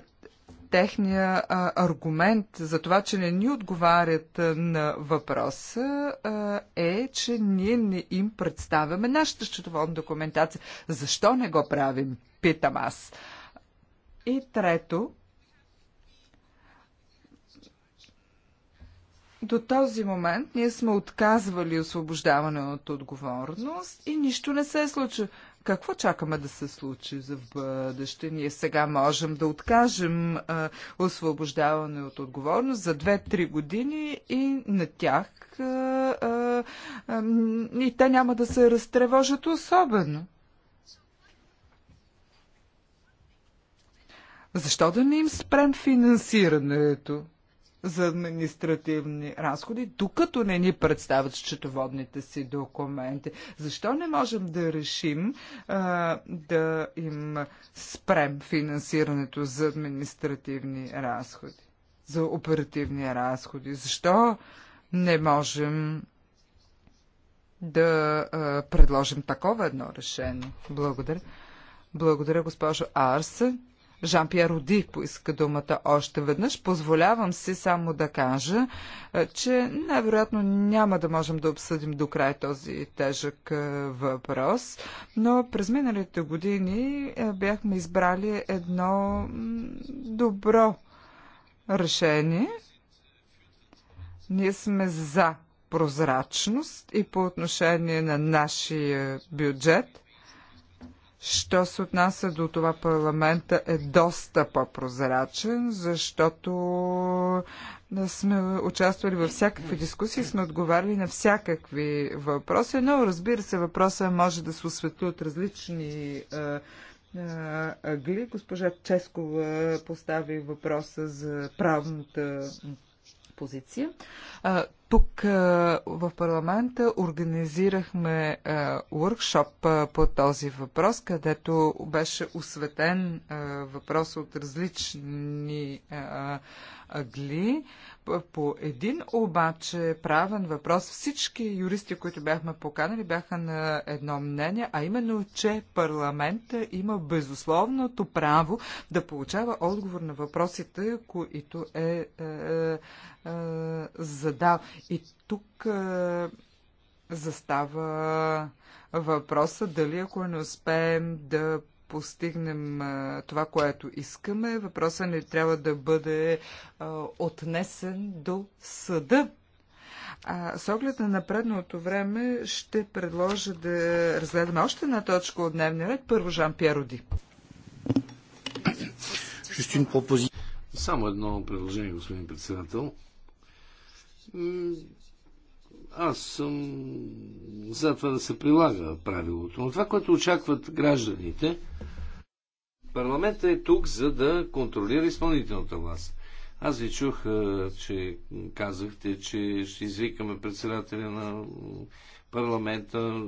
техния а, аргумент за това, че не ни отговарят а, на въпроса, а, е, че ние не им представяме нашата счетоводна документация. Защо не го правим? Питам аз. И трето, До този момент ние сме отказвали освобождаване от отговорност и нищо не се е случило. Какво чакаме да се случи за в бъдеще? Ние сега можем да откажем а, освобождаване от отговорност за 2-3 години и на тях а, а, и те няма да се разтревожат особено. Защо да не им спрем финансирането? за административни разходи, докато не ни представят счетоводните си документи. Защо не можем да решим а, да им спрем финансирането за административни разходи, за оперативни разходи? Защо не можем да а, предложим такова едно решение? Благодаря. Благодаря, госпожо Арсен. Жан-Пьер Оди поиска думата още веднъж. Позволявам си само да кажа, че най-вероятно няма да можем да обсъдим до край този тежък въпрос, но през миналите години бяхме избрали едно добро решение. Ние сме за прозрачност и по отношение на нашия бюджет – Що се отнася до това парламента е доста по-прозрачен, защото сме участвали във всякакви дискусии, сме отговаряли на всякакви въпроси, но разбира се, въпроса е, може да се осветли от различни агли. Госпожа Ческова постави въпроса за правната позиция. Тук в парламента организирахме уркшоп по този въпрос, където беше осветен въпрос от различни агли. По един обаче правен въпрос всички юристи, които бяхме поканали, бяха на едно мнение, а именно, че парламента има безусловното право да получава отговор на въпросите, които е, е, е задал. И тук е, застава въпроса дали ако не успеем да постигнем това, което искаме, въпросът не трябва да бъде отнесен до съда. А, с оглед на напредното време ще предложа да разгледаме още една точка от дневния ред. Първо Жан Пьероди. Само едно предложение, господин председател. Аз съм за това да се прилага правилото. Но това, което очакват гражданите, парламентът е тук, за да контролира изпълнителната власт. Аз ви чух, че казахте, че ще извикаме председателя на парламента.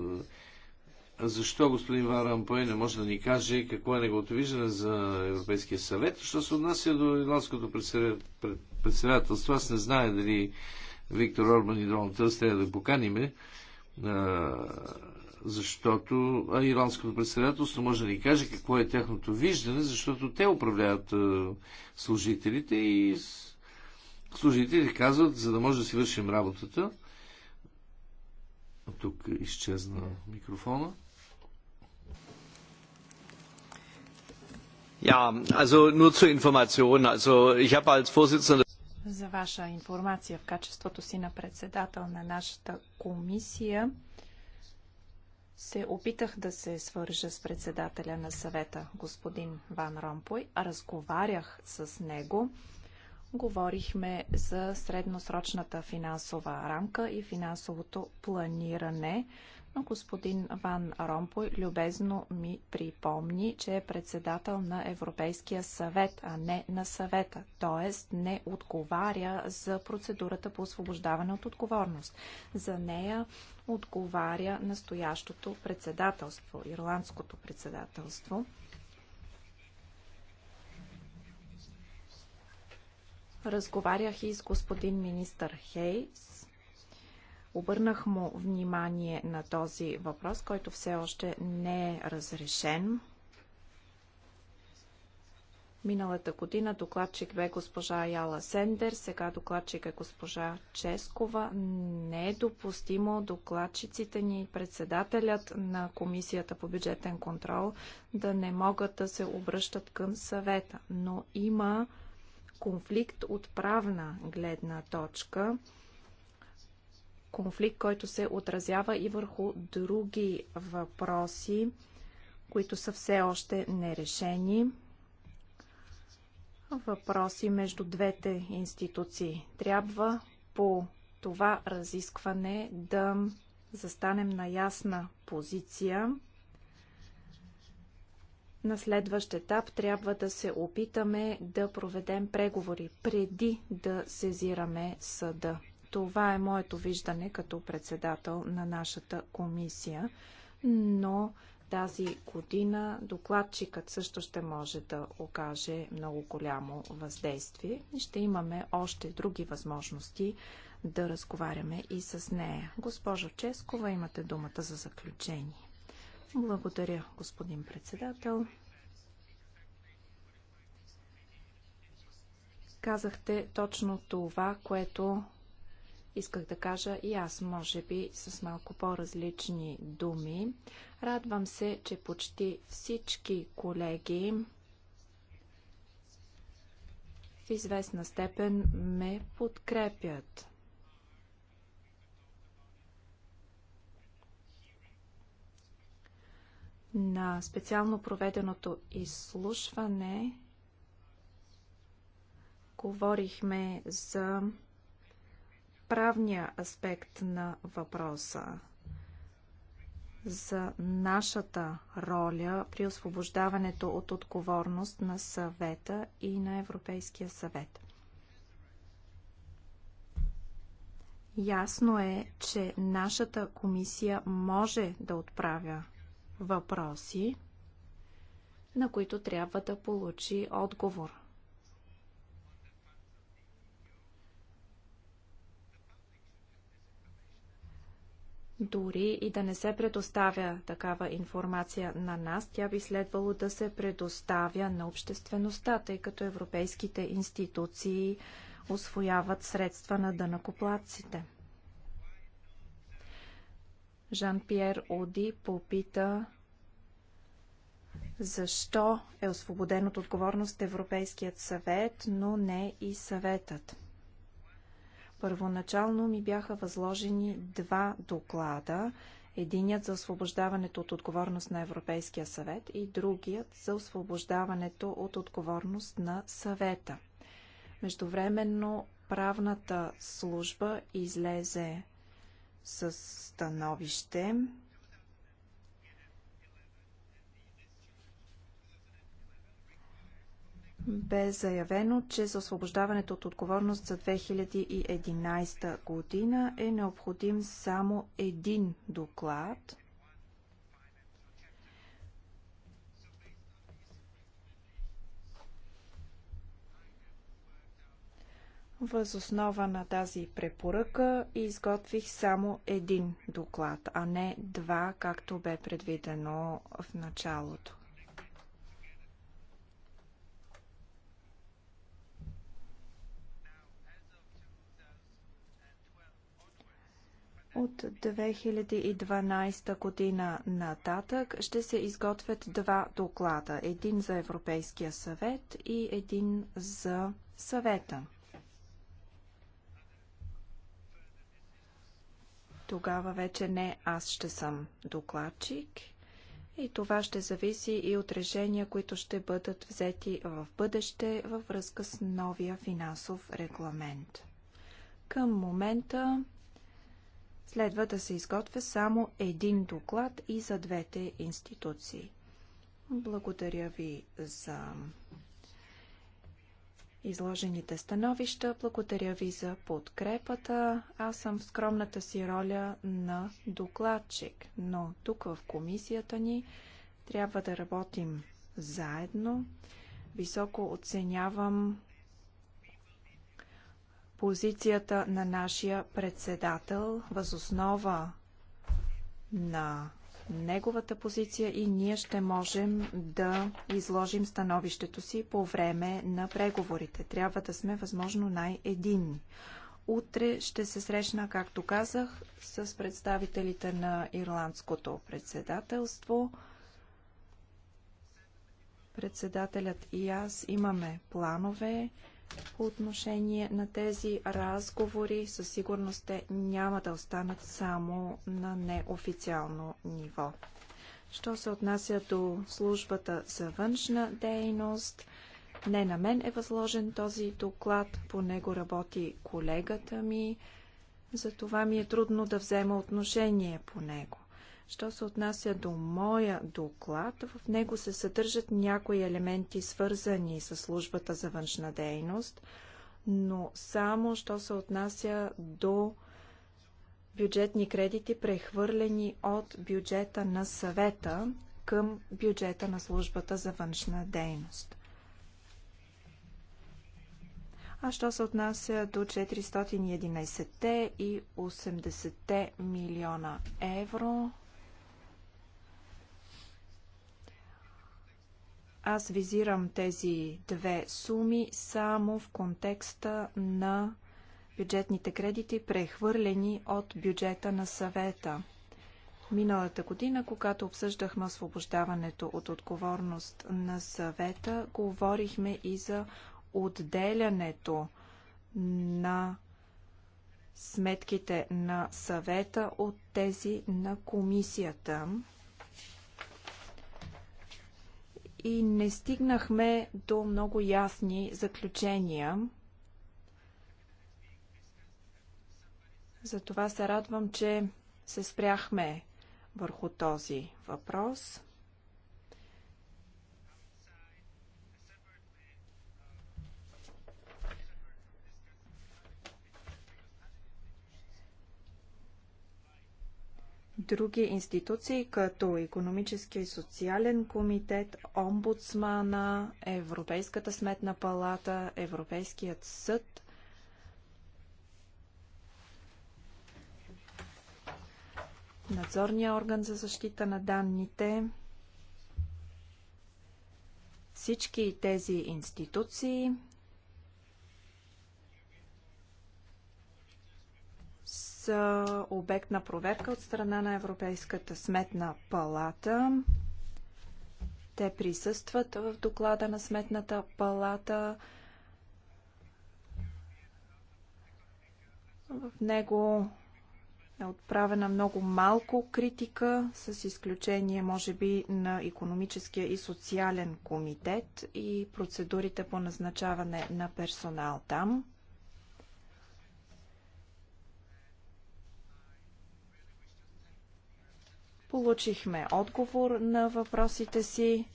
Защо господин Ван не може да ни каже какво е неговото виждане за Европейския съвет? Що се отнася до ирландското председателство, аз не знае дали Виктор Орбан и Донald трябва да поканиме, защото а иранското председателство може да ни каже какво е тяхното виждане, защото те управляват служителите и служителите казват, за да може да си вършим работата. Тук изчезна микрофона. Ja, also nur zur Information. Also ich habe als Vorsitzender за ваша информация в качеството си на председател на нашата комисия. Се опитах да се свържа с председателя на съвета, господин Ван Ромпой. Разговарях с него. Говорихме за средносрочната финансова рамка и финансовото планиране но господин Ван Ромпой любезно ми припомни, че е председател на Европейския съвет, а не на съвета, т.е. не отговаря за процедурата по освобождаване от отговорност. За нея отговаря настоящото председателство, ирландското председателство. Разговарях и с господин министър Хейс Обърнах му внимание на този въпрос, който все още не е разрешен. Миналата година докладчик бе госпожа Яла Сендер, сега докладчик е госпожа Ческова. Не е допустимо докладчиците ни, председателят на Комисията по бюджетен контрол, да не могат да се обръщат към съвета. Но има конфликт от правна гледна точка – конфликт, който се отразява и върху други въпроси, които са все още нерешени. Въпроси между двете институции. Трябва по това разискване да застанем на ясна позиция. На следващ етап трябва да се опитаме да проведем преговори преди да сезираме съда. Това е моето виждане като председател на нашата комисия, но тази година докладчикът също ще може да окаже много голямо въздействие и ще имаме още други възможности да разговаряме и с нея. Госпожо Ческова, имате думата за заключение. Благодаря, господин председател. Казахте точно това, което Исках да кажа и аз, може би, с малко по-различни думи. Радвам се, че почти всички колеги в известна степен ме подкрепят. На специално проведеното изслушване говорихме за правния аспект на въпроса за нашата роля при освобождаването от отговорност на съвета и на Европейския съвет. Ясно е, че нашата комисия може да отправя въпроси, на които трябва да получи отговор. Дори и да не се предоставя такава информация на нас, тя би следвало да се предоставя на обществеността, тъй като европейските институции освояват средства на дънакоплатците. Жан-Пьер Оди попита защо е освободен от отговорност Европейският съвет, но не и съветът. Първоначално ми бяха възложени два доклада. Единият за освобождаването от отговорност на Европейския съвет и другият за освобождаването от отговорност на съвета. Междувременно правната служба излезе с становище, бе заявено, че за освобождаването от отговорност за 2011 година е необходим само един доклад. Възоснова на тази препоръка изготвих само един доклад, а не два, както бе предвидено в началото. От 2012 година нататък ще се изготвят два доклада. Един за Европейския съвет и един за съвета. Тогава вече не аз ще съм докладчик и това ще зависи и от решения, които ще бъдат взети в бъдеще във връзка с новия финансов регламент. Към момента Следва да се изготвя само един доклад и за двете институции. Благодаря ви за изложените становища. Благодаря ви за подкрепата. Аз съм в скромната си роля на докладчик, но тук в комисията ни трябва да работим заедно. Високо оценявам позицията на нашия председател възоснова на неговата позиция и ние ще можем да изложим становището си по време на преговорите. Трябва да сме възможно най-единни. Утре ще се срещна, както казах, с представителите на Ирландското председателство. Председателят и аз имаме планове по отношение на тези разговори със сигурност те няма да останат само на неофициално ниво. Що се отнася до службата за външна дейност, не на мен е възложен този доклад, по него работи колегата ми, затова ми е трудно да взема отношение по него. Що се отнася до моя доклад, в него се съдържат някои елементи, свързани с службата за външна дейност, но само що се отнася до бюджетни кредити, прехвърлени от бюджета на съвета към бюджета на службата за външна дейност. А що се отнася до 411 и 80 милиона евро, Аз визирам тези две суми само в контекста на бюджетните кредити, прехвърлени от бюджета на съвета. Миналата година, когато обсъждахме освобождаването от отговорност на съвета, говорихме и за отделянето на сметките на съвета от тези на комисията и не стигнахме до много ясни заключения. Затова се радвам, че се спряхме върху този въпрос. други институции, като Економическия и социален комитет, Омбудсмана, Европейската сметна палата, Европейският съд. Надзорния орган за защита на данните. Всички тези институции са обект на проверка от страна на Европейската сметна палата. Те присъстват в доклада на сметната палата. В него е отправена много малко критика, с изключение, може би, на економическия и социален комитет и процедурите по назначаване на персонал там. Получихме отговор на въпросите си,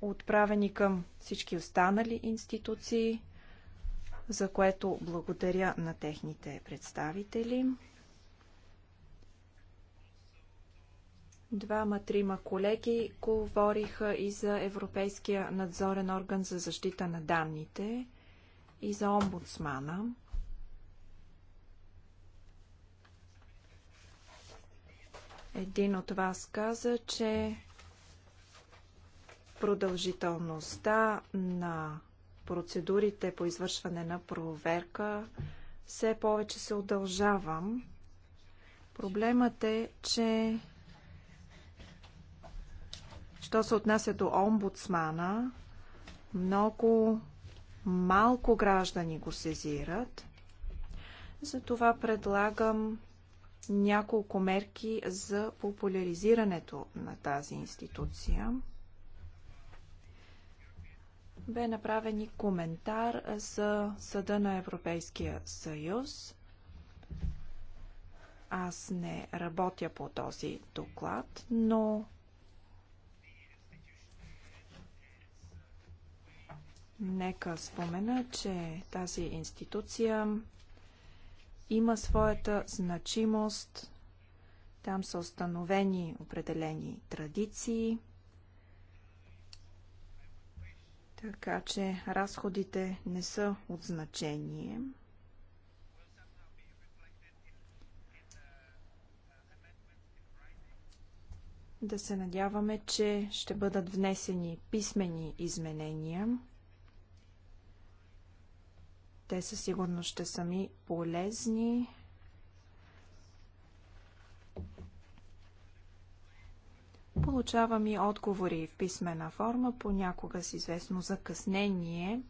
отправени към всички останали институции, за което благодаря на техните представители. Двама-трима колеги говориха и за Европейския надзорен орган за защита на данните и за омбудсмана. Един от вас каза, че продължителността на процедурите по извършване на проверка все повече се удължавам. Проблемът е, че що се отнася до омбудсмана, много малко граждани го сезират. Затова предлагам няколко мерки за популяризирането на тази институция. Бе направен и коментар за Съда на Европейския съюз. Аз не работя по този доклад, но нека спомена, че тази институция има своята значимост. Там са установени определени традиции. Така че разходите не са от значение. Да се надяваме, че ще бъдат внесени писмени изменения. Те със сигурност ще са ми полезни. Получавам и отговори в писмена форма, понякога с известно закъснение.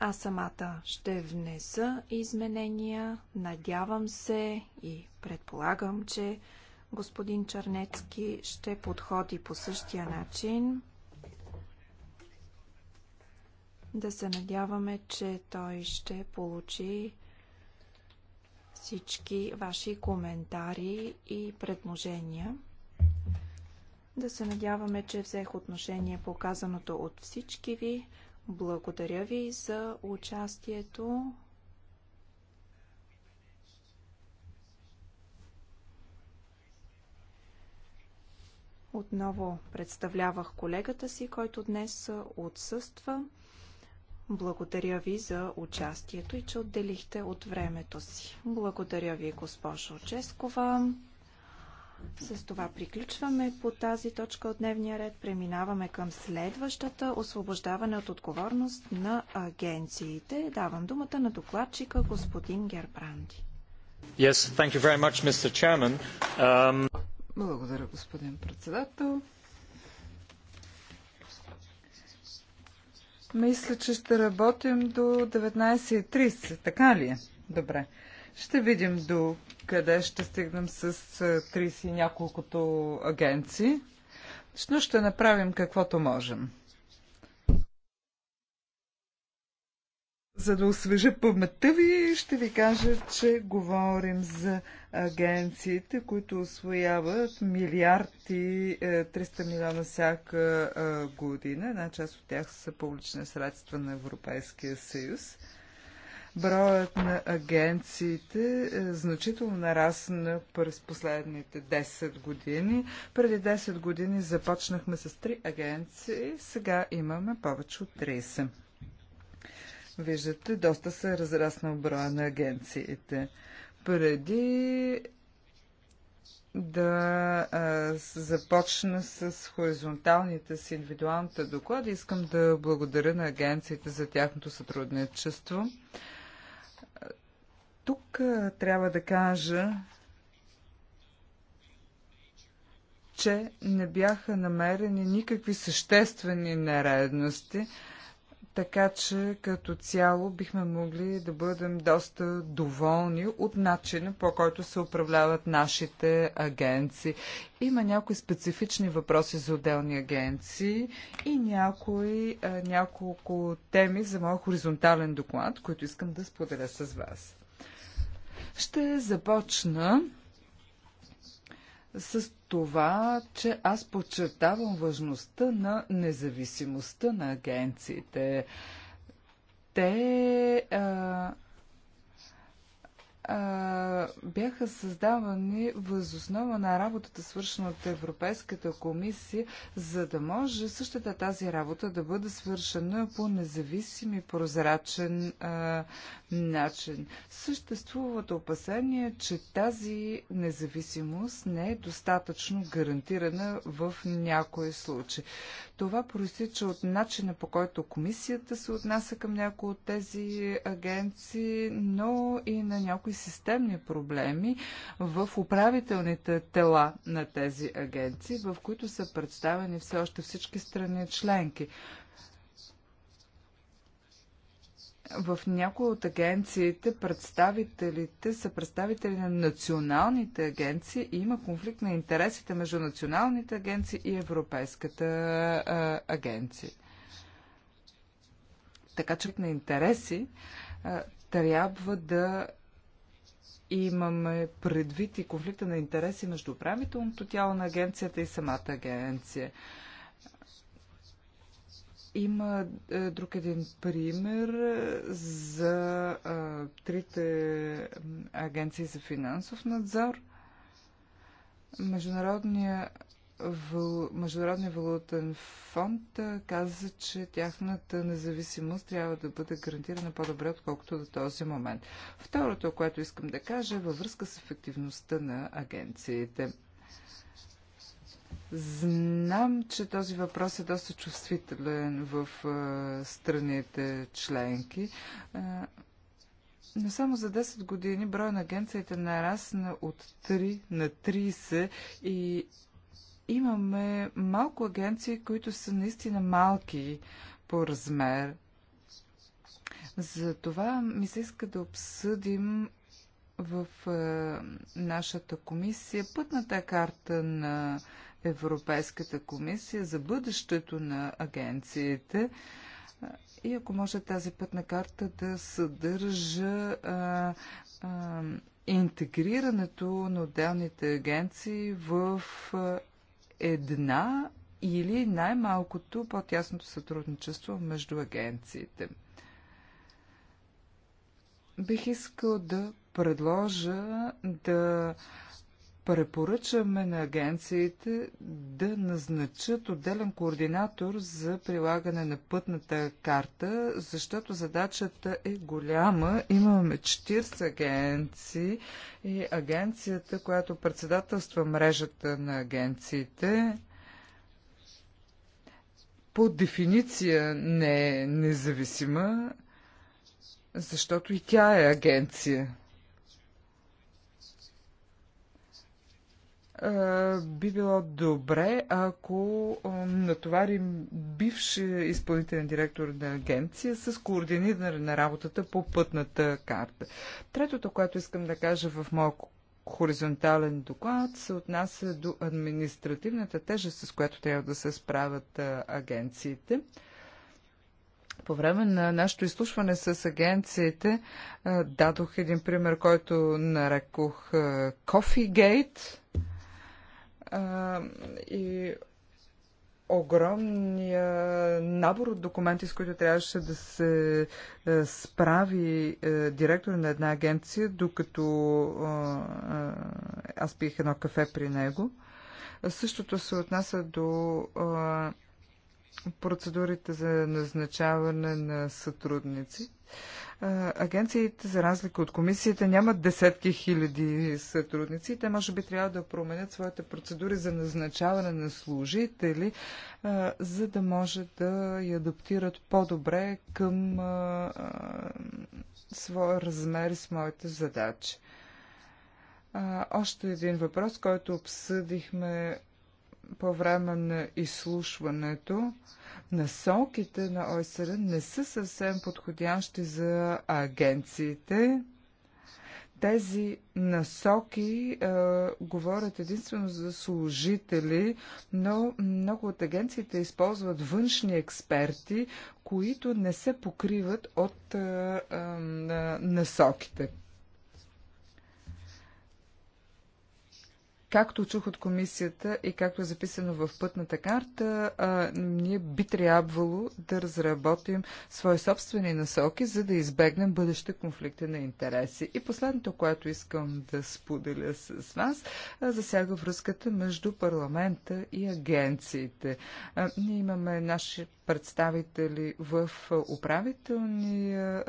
Аз самата ще внеса изменения. Надявам се и предполагам, че господин Чернецки ще подходи по същия начин. Да се надяваме, че той ще получи всички ваши коментари и предложения. Да се надяваме, че взех отношение по казаното от всички ви. Благодаря ви за участието. Отново представлявах колегата си, който днес отсъства. Благодаря ви за участието и че отделихте от времето си. Благодаря ви, госпожо Ческова. С това приключваме по тази точка от дневния ред. Преминаваме към следващата освобождаване от отговорност на агенциите. Давам думата на докладчика господин Гербранди. Yes, much, um... Благодаря, господин председател. Мисля, че ще работим до 19.30, така ли е? Добре. Ще видим до къде ще стигнем с 30 и няколкото агенции, но ще направим каквото можем. За да освежа паметта ви, ще ви кажа, че говорим за агенциите, които освояват милиарди 300 е, милиона всяка е, година. Една част от тях са публични средства на Европейския съюз. Броят на агенциите е значително нарасна през последните 10 години. Преди 10 години започнахме с 3 агенции, сега имаме повече от 30. Виждате, доста се е разраснал броя на агенциите. Преди да а, започна с хоризонталните си индивидуалните доклади, искам да благодаря на агенциите за тяхното сътрудничество. Тук а, трябва да кажа, че не бяха намерени никакви съществени нередности. А, така че като цяло бихме могли да бъдем доста доволни от начина по който се управляват нашите агенции. Има някои специфични въпроси за отделни агенции и някои, няколко теми за моят хоризонтален доклад, които искам да споделя с вас. Ще започна с това, че аз подчертавам важността на независимостта на агенциите. Те а, а, бяха създавани възоснова на работата, свършена от Европейската комисия, за да може същата тази работа да бъде свършена по независим и прозрачен а, начин. Съществуват опасения, че тази независимост не е достатъчно гарантирана в някои случаи. Това проистича от начина по който комисията се отнася към някои от тези агенции, но и на някои системни проблеми в управителните тела на тези агенции, в които са представени все още всички страни членки. в някои от агенциите представителите са представители на националните агенции и има конфликт на интересите между националните агенции и Европейската а, агенция. Така че на интереси а, трябва да имаме предвид и конфликта на интереси между управителното тяло на агенцията и самата агенция. Има е, друг един пример за е, трите агенции за финансов надзор. Международния Международния валутен фонд е, каза, че тяхната независимост трябва да бъде гарантирана по-добре, отколкото до този момент. Второто, което искам да кажа, е във връзка с ефективността на агенциите. Знам, че този въпрос е доста чувствителен в страните членки. Но само за 10 години брой на агенциите нарасна от 3 на 30 и имаме малко агенции, които са наистина малки по размер. За това ми се иска да обсъдим в нашата комисия пътната карта на Европейската комисия за бъдещето на агенциите. И ако може тази пътна карта да съдържа а, а, интегрирането на отделните агенции в една или най-малкото по-тясното сътрудничество между агенциите. Бих искал да предложа да препоръчваме на агенциите да назначат отделен координатор за прилагане на пътната карта, защото задачата е голяма. Имаме 40 агенции и агенцията, която председателства мрежата на агенциите, по дефиниция не е независима, защото и тя е агенция. би било добре, ако натоварим бивш изпълнителен директор на агенция с координиране на работата по пътната карта. Третото, което искам да кажа в моя хоризонтален доклад, се отнася до административната тежест, с която трябва да се справят агенциите. По време на нашето изслушване с агенциите дадох един пример, който нарекох Coffee Gate – а, и огромния набор от документи, с които трябваше да се е, справи е, директор на една агенция, докато аз пих едно кафе при него. Същото се отнася до процедурите за назначаване на сътрудници. Агенциите, за разлика от комисията, нямат десетки хиляди сътрудници. Те може би трябва да променят своите процедури за назначаване на служители, за да може да я адаптират по-добре към своя размер и своите задачи. Още един въпрос, който обсъдихме по време на изслушването. А, насоките на ОСР не са съвсем подходящи за агенциите. Тези насоки е, говорят единствено за служители, но много от агенциите използват външни експерти, които не се покриват от е, е, насоките. Както чух от комисията и както е записано в пътната карта, а, ние би трябвало да разработим свои собствени насоки, за да избегнем бъдещи конфликти на интереси. И последното, което искам да споделя с вас, а, засяга връзката между парламента и агенциите. А, ние имаме наши представители в управителния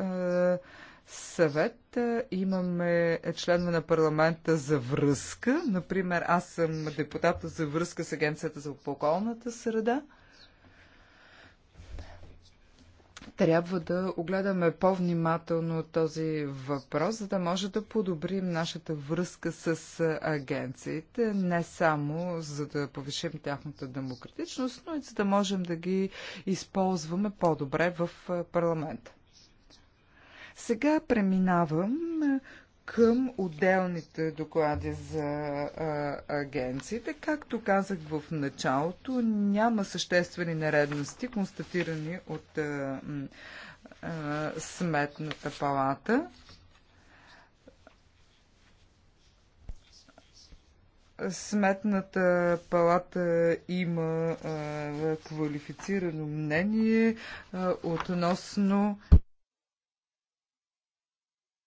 съвет е, имаме членове на парламента за връзка. Например, аз съм депутат за връзка с Агенцията за околната среда. Трябва да огледаме по-внимателно този въпрос, за да може да подобрим нашата връзка с агенциите, не само за да повишим тяхната демократичност, но и за да можем да ги използваме по-добре в е, парламента. Сега преминавам към отделните доклади за а, агенциите. Както казах в началото, няма съществени нередности, констатирани от а, а, Сметната палата. Сметната палата има а, квалифицирано мнение а, относно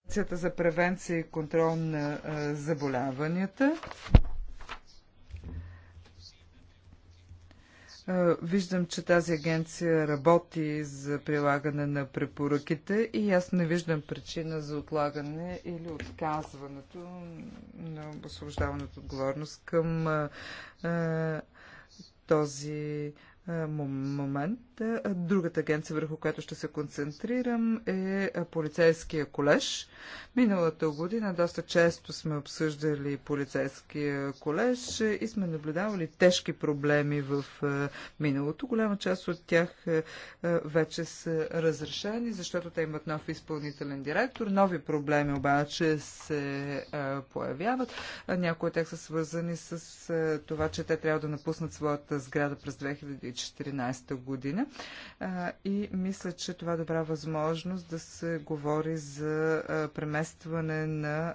Организацията за превенция и контрол на заболяванията. Виждам, че тази агенция работи за прилагане на препоръките и аз не виждам причина за отлагане или отказването на освобождаването отговорност към този момент. Та, другата агенция, върху която ще се концентрирам, е полицейския колеж. Миналата година доста често сме обсъждали полицейския колеж и сме наблюдавали тежки проблеми в миналото. Голяма част от тях вече са разрешени, защото те имат нов изпълнителен директор. Нови проблеми обаче се появяват. Някои от тях са свързани с това, че те трябва да напуснат своята сграда през 2014 година и мисля, че това е добра възможност да се говори за преместване на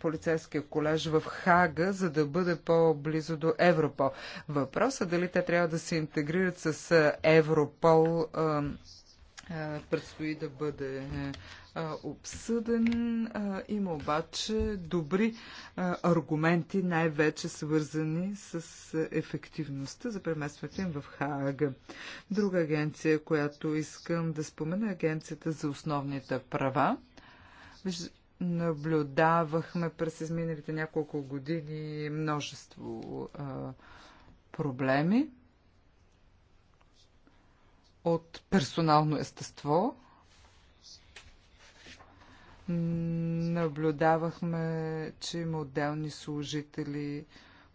полицейския колеж в Хага, за да бъде по-близо до Европол. Въпросът е дали те трябва да се интегрират с Европол е, предстои да бъде е, е, обсъден. Има обаче добри аргументи, най-вече свързани с ефективността за преместването им в Хага. Друга агенция, която искам да спомена, е Агенцията за основните права. Наблюдавахме през изминалите няколко години множество проблеми от персонално естество. Наблюдавахме, че има отделни служители,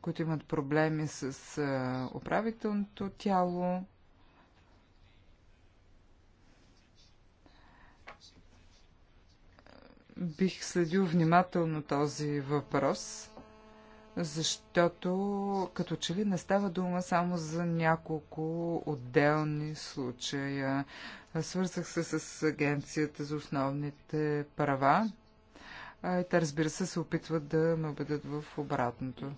които имат проблеми с управителното тяло. Бих следил внимателно този въпрос защото като че ли не става дума само за няколко отделни случая. Свързах се с Агенцията за основните права и те, разбира се, се опитват да ме убедят в обратното.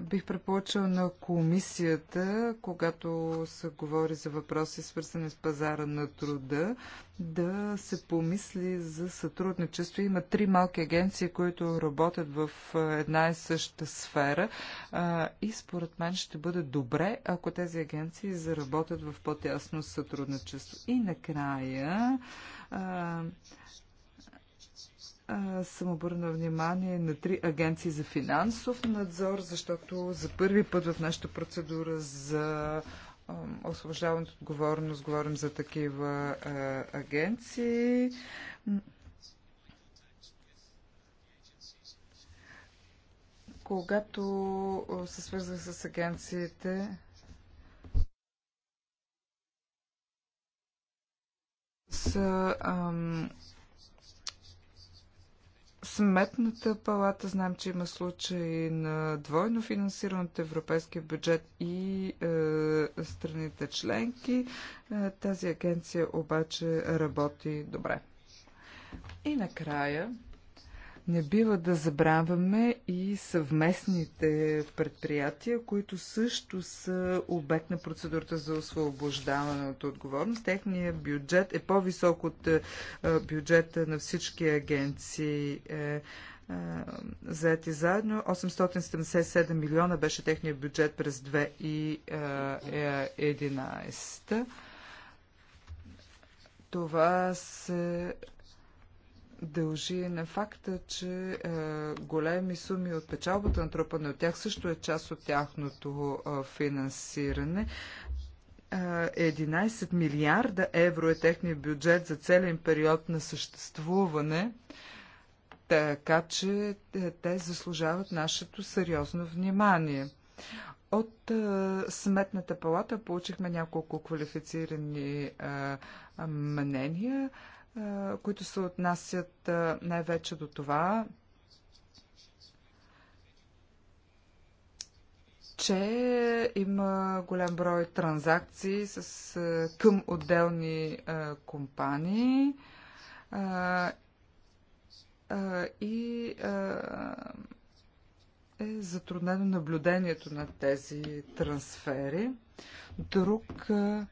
бих препоръчал на комисията, когато се говори за въпроси, свързани с пазара на труда, да се помисли за сътрудничество. Има три малки агенции, които работят в една и съща сфера и според мен ще бъде добре, ако тези агенции заработят в по-тясно сътрудничество. И накрая съм обърнал внимание на три агенции за финансов надзор, защото за първи път в нашата процедура за освобождаването отговорност говорим за такива агенции. Когато се свързах с агенциите, с ам, Сметната палата, знаем, че има случаи на двойно финансиране от европейския бюджет и е, страните членки. Е, тази агенция обаче работи добре. И накрая не бива да забравяме и съвместните предприятия, които също са обект на процедурата за освобождаване от отговорност. Техният бюджет е по-висок от е, бюджета на всички агенции е, е, заети заедно. 877 милиона беше техният бюджет през 2011. Това се дължи на факта, че е, големи суми от печалбата на натрупана от тях също е част от тяхното е, финансиране. 11 е, милиарда евро е техния бюджет за целен период на съществуване, така че е, те заслужават нашето сериозно внимание. От е, Сметната палата получихме няколко квалифицирани мнения. Е, които се отнасят е, най-вече до това, че има голям брой транзакции с, е, към отделни а, компании а, а, и а, е затруднено наблюдението на тези трансфери. Друг а,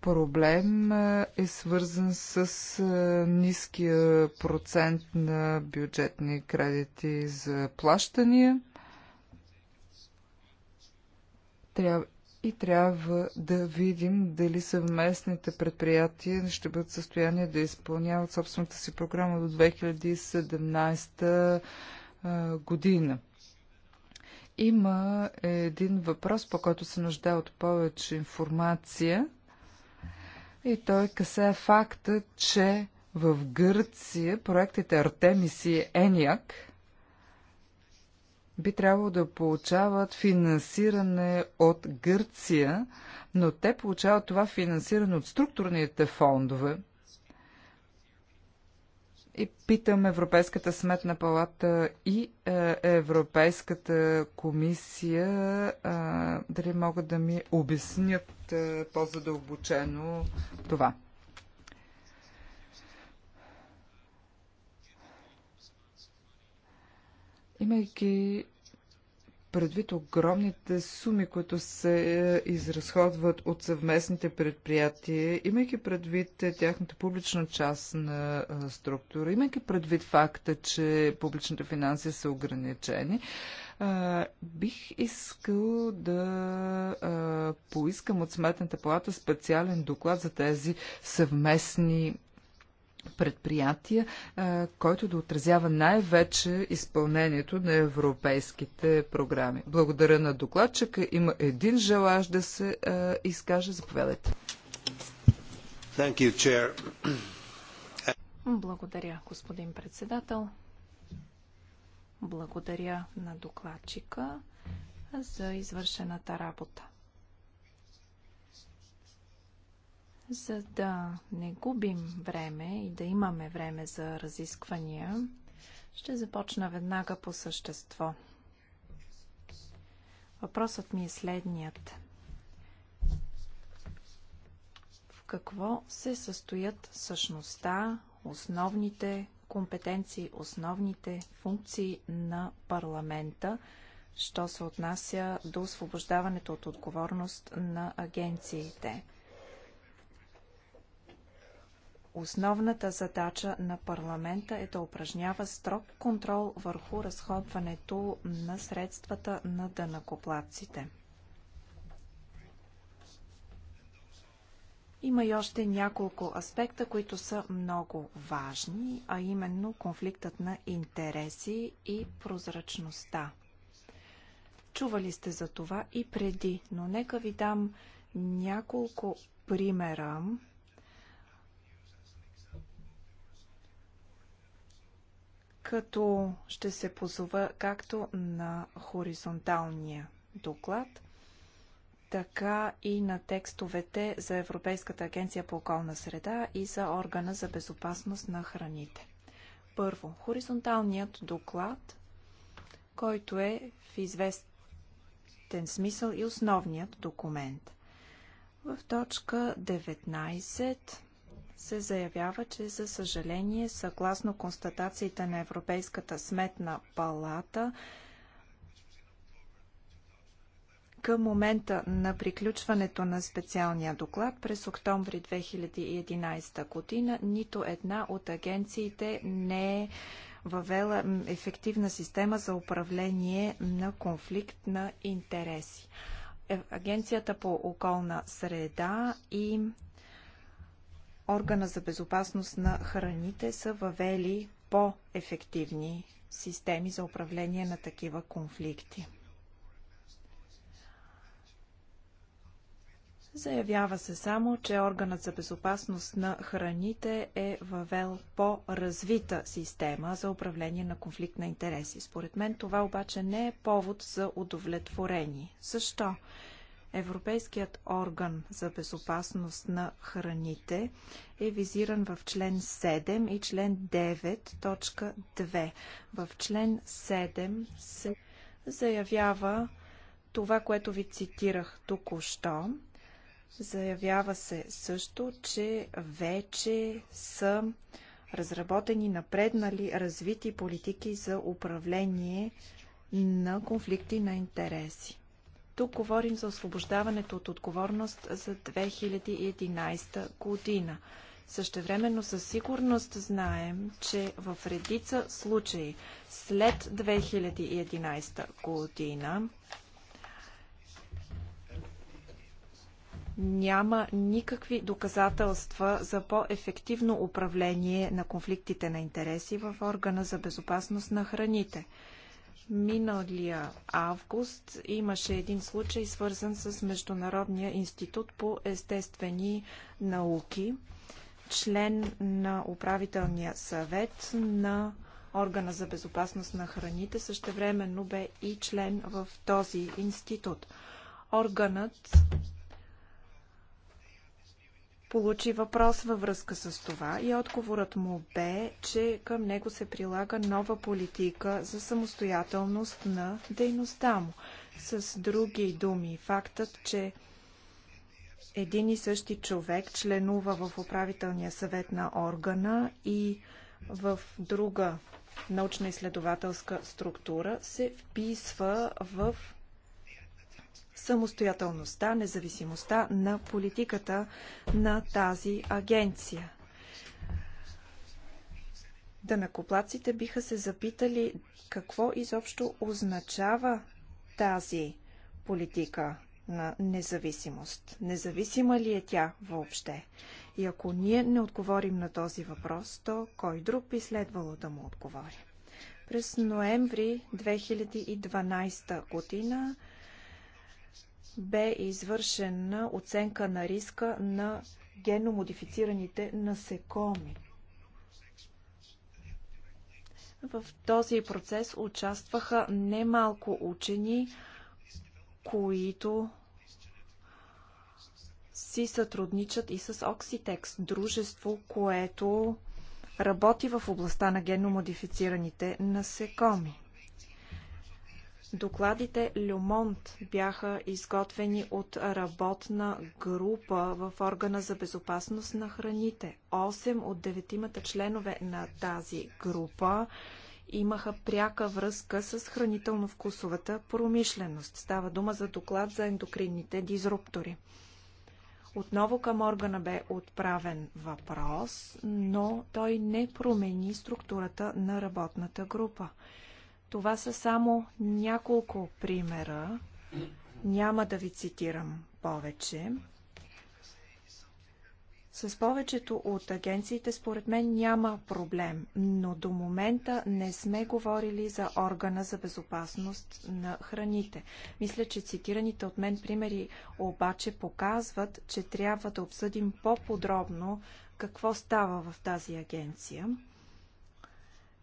проблем е, е свързан с е, ниския процент на бюджетни кредити за плащания. Трябва, и трябва да видим дали съвместните предприятия ще бъдат в състояние да изпълняват собствената си програма до 2017 е, година. Има един въпрос, по който се нуждае от повече информация – и той касае факта, че в Гърция проектите Артемис и Ениак би трябвало да получават финансиране от Гърция, но те получават това финансиране от структурните фондове. И питам Европейската сметна палата и е, Европейската комисия е, дали могат да ми обяснят е, по-задълбочено това. Имайки предвид огромните суми, които се е, изразходват от съвместните предприятия, имайки предвид е, тяхната публична част на е, структура, имайки предвид факта, че публичните финанси са ограничени, бих искал да поискам от Сметната палата специален доклад за тези съвместни предприятия, който да отразява най-вече изпълнението на европейските програми. Благодаря на докладчика. Има един желаж да се изкаже. Заповядайте. You, Благодаря, господин председател. Благодаря на докладчика за извършената работа. За да не губим време и да имаме време за разисквания, ще започна веднага по същество. Въпросът ми е следният. В какво се състоят същността, основните компетенции, основните функции на парламента, що се отнася до освобождаването от отговорност на агенциите? Основната задача на парламента е да упражнява строг контрол върху разходването на средствата на дънакоплатците. Има и още няколко аспекта, които са много важни, а именно конфликтът на интереси и прозрачността. Чували сте за това и преди, но нека ви дам няколко примера като ще се позова както на хоризонталния доклад, така и на текстовете за Европейската агенция по околна среда и за органа за безопасност на храните. Първо, хоризонталният доклад, който е в известен смисъл и основният документ. В точка 19 се заявява, че за съжаление, съгласно констатациите на Европейската сметна палата, към момента на приключването на специалния доклад през октомври 2011 година нито една от агенциите не е въвела ефективна система за управление на конфликт на интереси. Е, Агенцията по околна среда и органа за безопасност на храните са въвели по-ефективни системи за управление на такива конфликти. Заявява се само, че органът за безопасност на храните е въвел по-развита система за управление на конфликт на интереси. Според мен това обаче не е повод за удовлетворение. Защо? Европейският орган за безопасност на храните е визиран в член 7 и член 9, точка 2. В член 7 се заявява това, което ви цитирах току-що. Заявява се също, че вече са разработени, напреднали, развити политики за управление на конфликти на интереси. Тук говорим за освобождаването от отговорност за 2011 година. Същевременно със сигурност знаем, че в редица случаи след 2011 година няма никакви доказателства за по-ефективно управление на конфликтите на интереси в органа за безопасност на храните. Миналия август имаше един случай, свързан с Международния институт по естествени науки, член на управителния съвет на органа за безопасност на храните, същевременно бе и член в този институт. Органът получи въпрос във връзка с това и отговорът му бе, че към него се прилага нова политика за самостоятелност на дейността му. С други думи, фактът, че един и същи човек членува в управителния съвет на органа и в друга научно-изследователска структура се вписва в самостоятелността, независимостта на политиката на тази агенция. Данакоплаците биха се запитали какво изобщо означава тази политика на независимост. Независима ли е тя въобще? И ако ние не отговорим на този въпрос, то кой друг би следвало да му отговори? През ноември 2012 година бе извършена оценка на риска на геномодифицираните насекоми. В този процес участваха немалко учени, които си сътрудничат и с Oxitex, дружество, което работи в областта на генномодифицираните насекоми. Докладите Люмонт бяха изготвени от работна група в органа за безопасност на храните. Осем от деветимата членове на тази група имаха пряка връзка с хранително-вкусовата промишленост. Става дума за доклад за ендокринните дизруптори. Отново към органа бе отправен въпрос, но той не промени структурата на работната група. Това са само няколко примера. Няма да ви цитирам повече. С повечето от агенциите, според мен, няма проблем, но до момента не сме говорили за органа за безопасност на храните. Мисля, че цитираните от мен примери обаче показват, че трябва да обсъдим по-подробно какво става в тази агенция.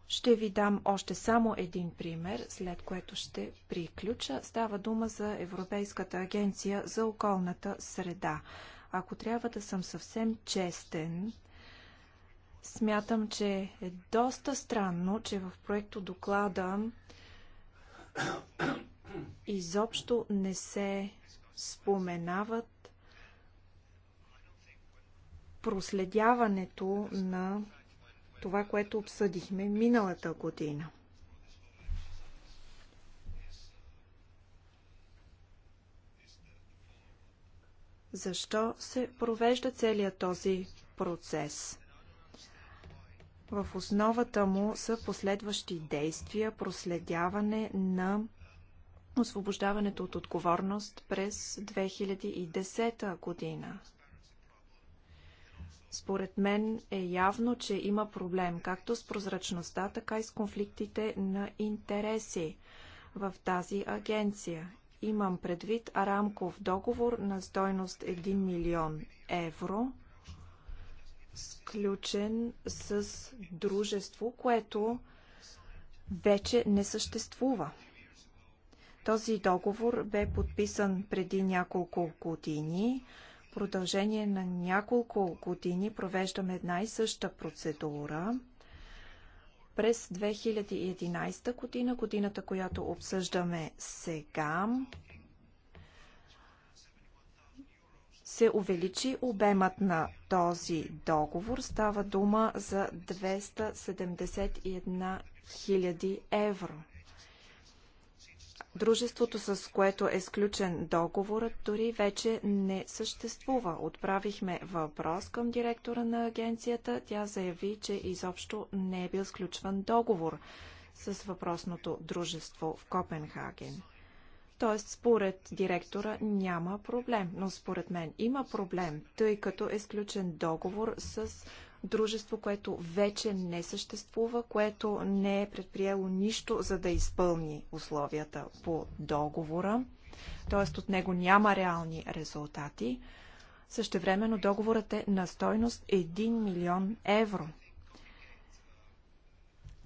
Ще ви дам още само един пример, след което ще приключа. Става дума за Европейската агенция за околната среда. Ако трябва да съм съвсем честен, смятам, че е доста странно, че в проекто доклада изобщо не се споменават проследяването на това, което обсъдихме миналата година. Защо се провежда целият този процес? В основата му са последващи действия, проследяване на освобождаването от отговорност през 2010 година. Според мен е явно, че има проблем както с прозрачността, така и с конфликтите на интереси в тази агенция. Имам предвид рамков договор на стойност 1 милион евро, сключен с дружество, което вече не съществува. Този договор бе подписан преди няколко години продължение на няколко години провеждаме една и съща процедура. През 2011 година, годината, която обсъждаме сега, се увеличи обемът на този договор. Става дума за 271 000 евро. Дружеството, с което е сключен договорът, дори вече не съществува. Отправихме въпрос към директора на агенцията. Тя заяви, че изобщо не е бил сключван договор с въпросното дружество в Копенхаген. Тоест, според директора няма проблем, но според мен има проблем, тъй като е сключен договор с дружество, което вече не съществува, което не е предприело нищо, за да изпълни условията по договора, т.е. от него няма реални резултати. Същевременно договорът е на стойност 1 милион евро.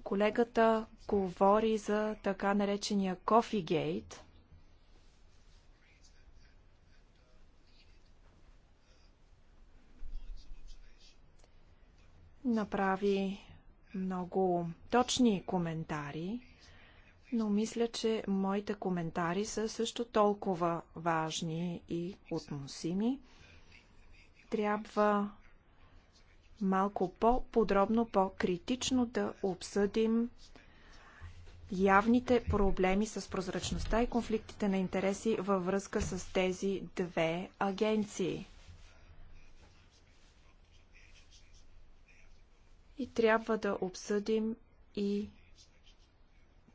Колегата говори за така наречения Кофигейт – направи много точни коментари, но мисля, че моите коментари са също толкова важни и относими. Трябва малко по-подробно, по-критично да обсъдим явните проблеми с прозрачността и конфликтите на интереси във връзка с тези две агенции. И трябва да обсъдим и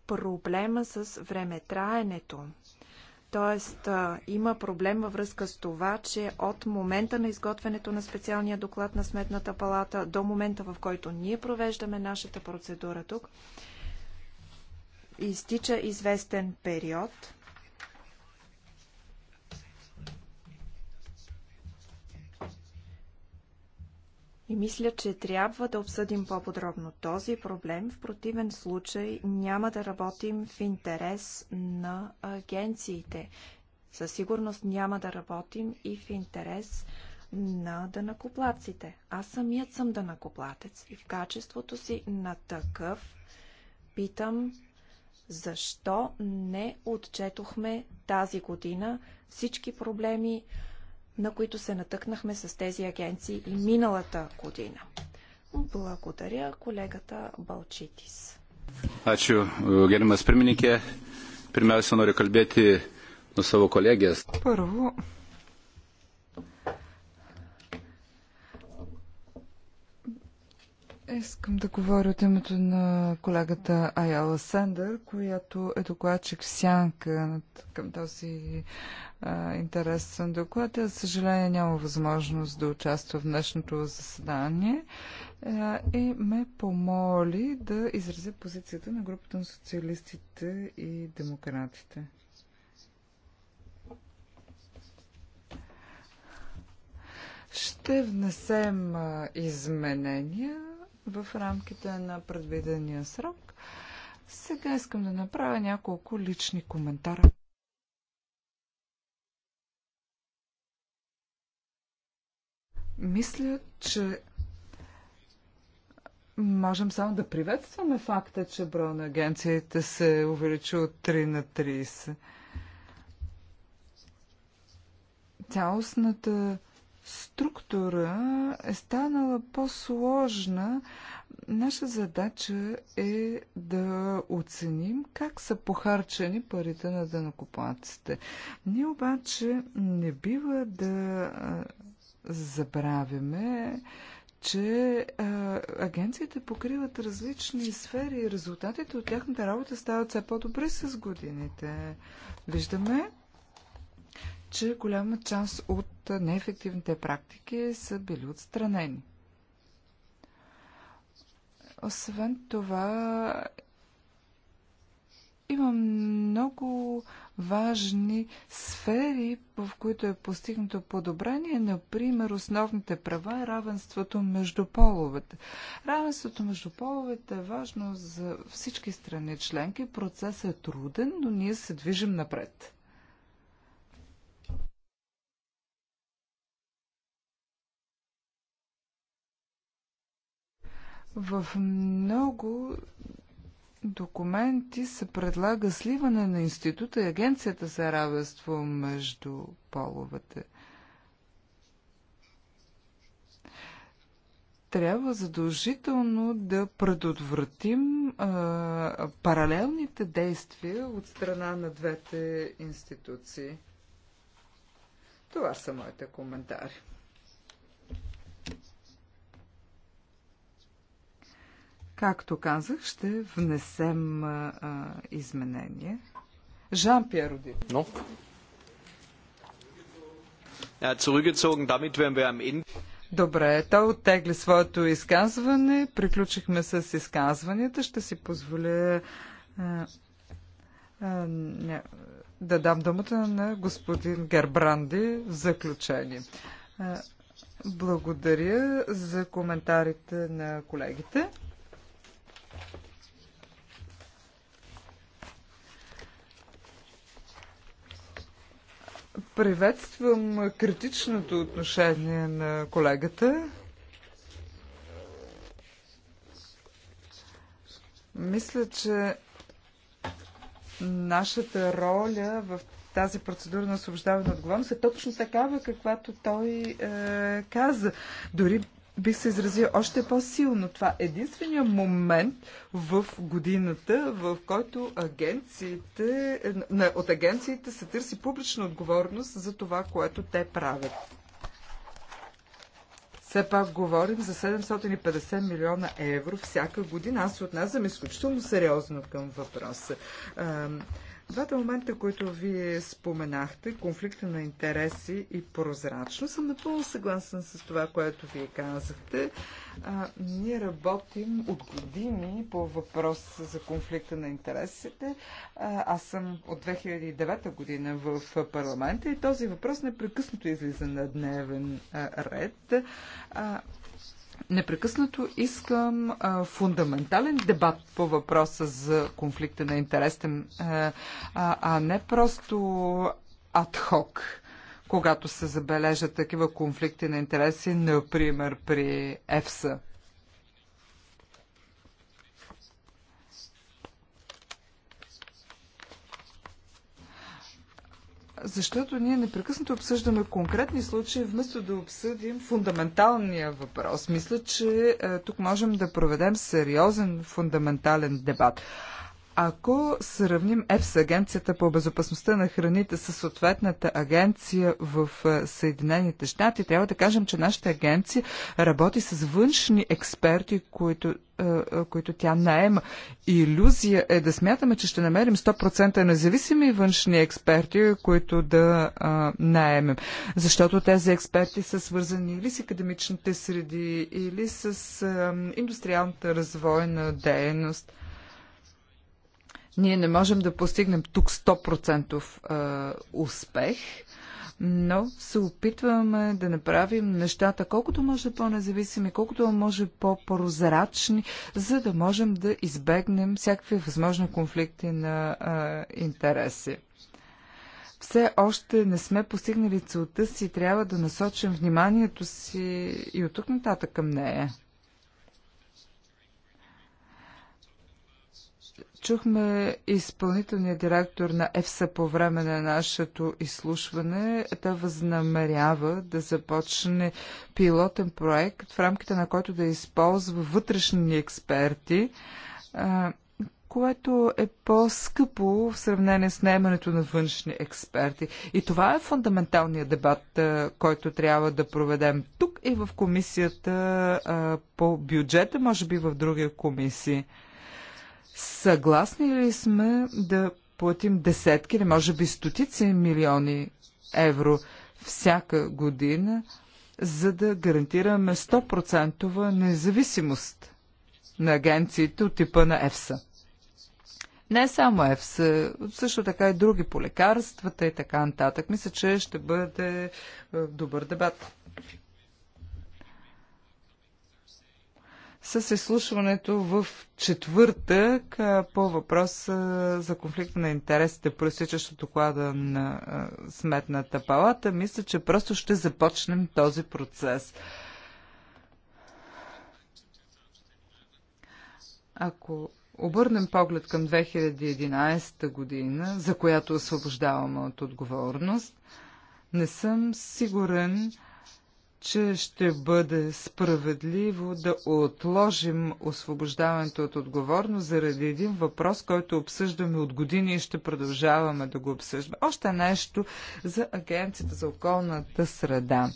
проблема с времетраенето. Тоест, има проблем във връзка с това, че от момента на изготвянето на специалния доклад на Сметната палата до момента, в който ние провеждаме нашата процедура тук, изтича известен период. И мисля, че трябва да обсъдим по-подробно този проблем. В противен случай няма да работим в интерес на агенциите. Със сигурност няма да работим и в интерес на дънакоплаците. Аз самият съм дънакоплатец и в качеството си на такъв питам защо не отчетохме тази година всички проблеми, на които се натъкнахме с тези агенции и миналата година. Благодаря колегата Балчитис. Ačiū, gerimas pirmininkė. Pirmiausia, noriu kalbėti nuo savo kolegės. Първо, Искам да говоря от името на колегата Аяла Сендър, която е докладчик сянка към този а, интересен доклад. Тя, за съжаление, няма възможност да участва в днешното заседание а, и ме помоли да изразя позицията на групата на социалистите и демократите. Ще внесем а, изменения в рамките на предвидения срок. Сега искам да направя няколко лични коментара. Мисля, че можем само да приветстваме факта, че броя на агенциите се увеличи от 3 на 30. Цялостната структура е станала по-сложна, наша задача е да оценим как са похарчени парите на данакоплатците. Ние обаче не бива да забравяме, че а, агенциите покриват различни сфери и резултатите от тяхната работа стават все по-добри с годините. Виждаме, че голяма част от неефективните практики са били отстранени. Освен това, има много важни сфери, в които е постигнато подобрение, например основните права и равенството между половете. Равенството между половете е важно за всички страни членки. Процесът е труден, но ние се движим напред. В много документи се предлага сливане на института и агенцията за равенство между половете. Трябва задължително да предотвратим а, паралелните действия от страна на двете институции. Това са моите коментари. Както казах, ще внесем а, а, изменение. Жан Пьер Оди. Но? Е, Добре, той оттегли своето изказване. Приключихме с изказванията. Ще си позволя а, а, да дам думата на господин Гербранди в заключение. А, благодаря за коментарите на колегите. Приветствам критичното отношение на колегата. Мисля, че нашата роля в тази процедура на освобождаване на отговорност е точно такава, каквато той е, каза. Дори бих се изразил още по-силно. Това е единствения момент в годината, в който агенциите, от агенциите се търси публична отговорност за това, което те правят. Все пак говорим за 750 милиона евро всяка година. Аз се отнасям изключително сериозно към въпроса. Двата момента, които вие споменахте, конфликта на интереси и прозрачност, съм напълно съгласен с това, което вие казахте. А, ние работим от години по въпрос за конфликта на интересите. А, аз съм от 2009 година в парламента и този въпрос непрекъснато излиза на дневен а, ред. А, Непрекъснато искам а, фундаментален дебат по въпроса за конфликта на интересите, а, а не просто адхок, когато се забележат такива конфликти на интереси, например при ЕФСА. защото ние непрекъснато обсъждаме конкретни случаи, вместо да обсъдим фундаменталния въпрос. Мисля, че е, тук можем да проведем сериозен фундаментален дебат. Ако сравним ЕФС, Агенцията по безопасността на храните, с съответната агенция в е, Съединените щати, трябва да кажем, че нашата агенция работи с външни експерти, които, е, е, които тя наема. Иллюзия е да смятаме, че ще намерим 100% независими външни експерти, които да а, наемем. Защото тези експерти са свързани или с академичните среди, или с а, индустриалната развойна дейност. Ние не можем да постигнем тук 100% успех, но се опитваме да направим нещата колкото може по-независими, колкото може по-прозрачни, за да можем да избегнем всякакви възможни конфликти на а, интереси. Все още не сме постигнали целта си, трябва да насочим вниманието си и от тук нататък към нея. Чухме изпълнителния директор на ЕФСА по време на нашето изслушване да възнамерява да започне пилотен проект, в рамките на който да използва вътрешни експерти, което е по-скъпо в сравнение с наемането на външни експерти. И това е фундаменталният дебат, който трябва да проведем тук и в комисията по бюджета, може би в други комисии. Съгласни ли сме да платим десетки или може би стотици милиони евро всяка година, за да гарантираме 100% независимост на агенциите от типа на ЕФСА? Не само ЕФСА, също така и други по лекарствата и така нататък. Мисля, че ще бъде е, добър дебат. с изслушването в четвъртък по въпрос за конфликт на интересите, проистичащ от доклада на Сметната палата. Мисля, че просто ще започнем този процес. Ако обърнем поглед към 2011 година, за която освобождаваме от отговорност, не съм сигурен, че ще бъде справедливо да отложим освобождаването от отговорност заради един въпрос, който обсъждаме от години и ще продължаваме да го обсъждаме. Още нещо за Агенцията за околната среда.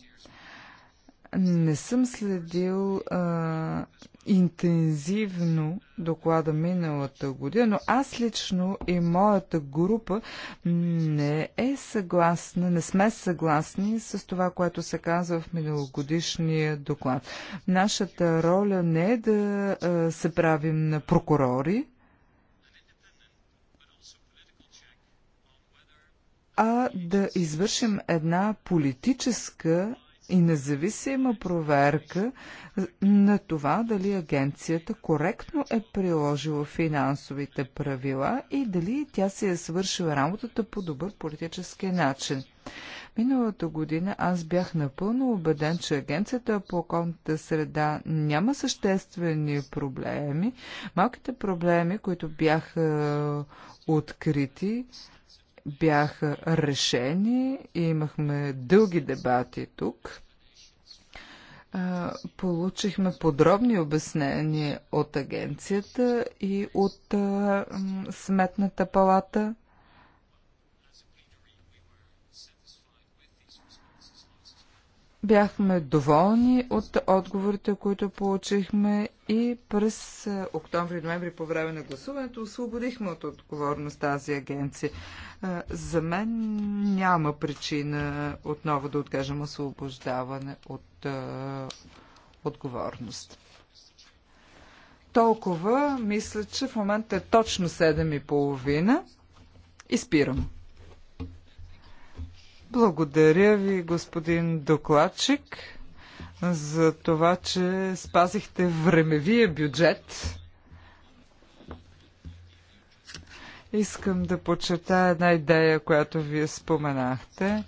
Не съм следил а, интензивно доклада миналата година, но аз лично и моята група не е съгласна, не сме съгласни с това, което се казва в миналогодишния доклад. Нашата роля не е да а, се правим на прокурори, а да извършим една политическа и независима проверка на това дали агенцията коректно е приложила финансовите правила и дали тя си е свършила работата по добър политически начин. Миналата година аз бях напълно убеден, че Агенцията по околната среда няма съществени проблеми. Малките проблеми, които бяха открити, бяха решени и имахме дълги дебати тук. Получихме подробни обяснения от агенцията и от Сметната палата – Бяхме доволни от отговорите, които получихме и през е, октомври-ноември по време на гласуването освободихме от отговорност тази агенция. Е, за мен няма причина отново да откажем освобождаване от е, отговорност. Толкова, мисля, че в момента е точно 7.30 и спирам. Благодаря ви, господин докладчик, за това, че спазихте времевия бюджет. Искам да почета една идея, която вие споменахте,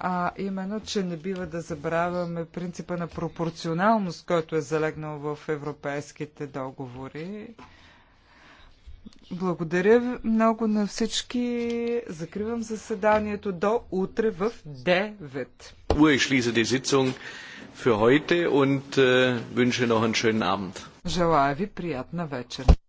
а именно, че не бива да забравяме принципа на пропорционалност, който е залегнал в европейските договори. Благодаря много на всички. Закривам заседанието до утре в 9. Uhr, ich schließe die Sitzung für heute und äh, wünsche noch einen schönen Abend. Желая ви приятна вечер.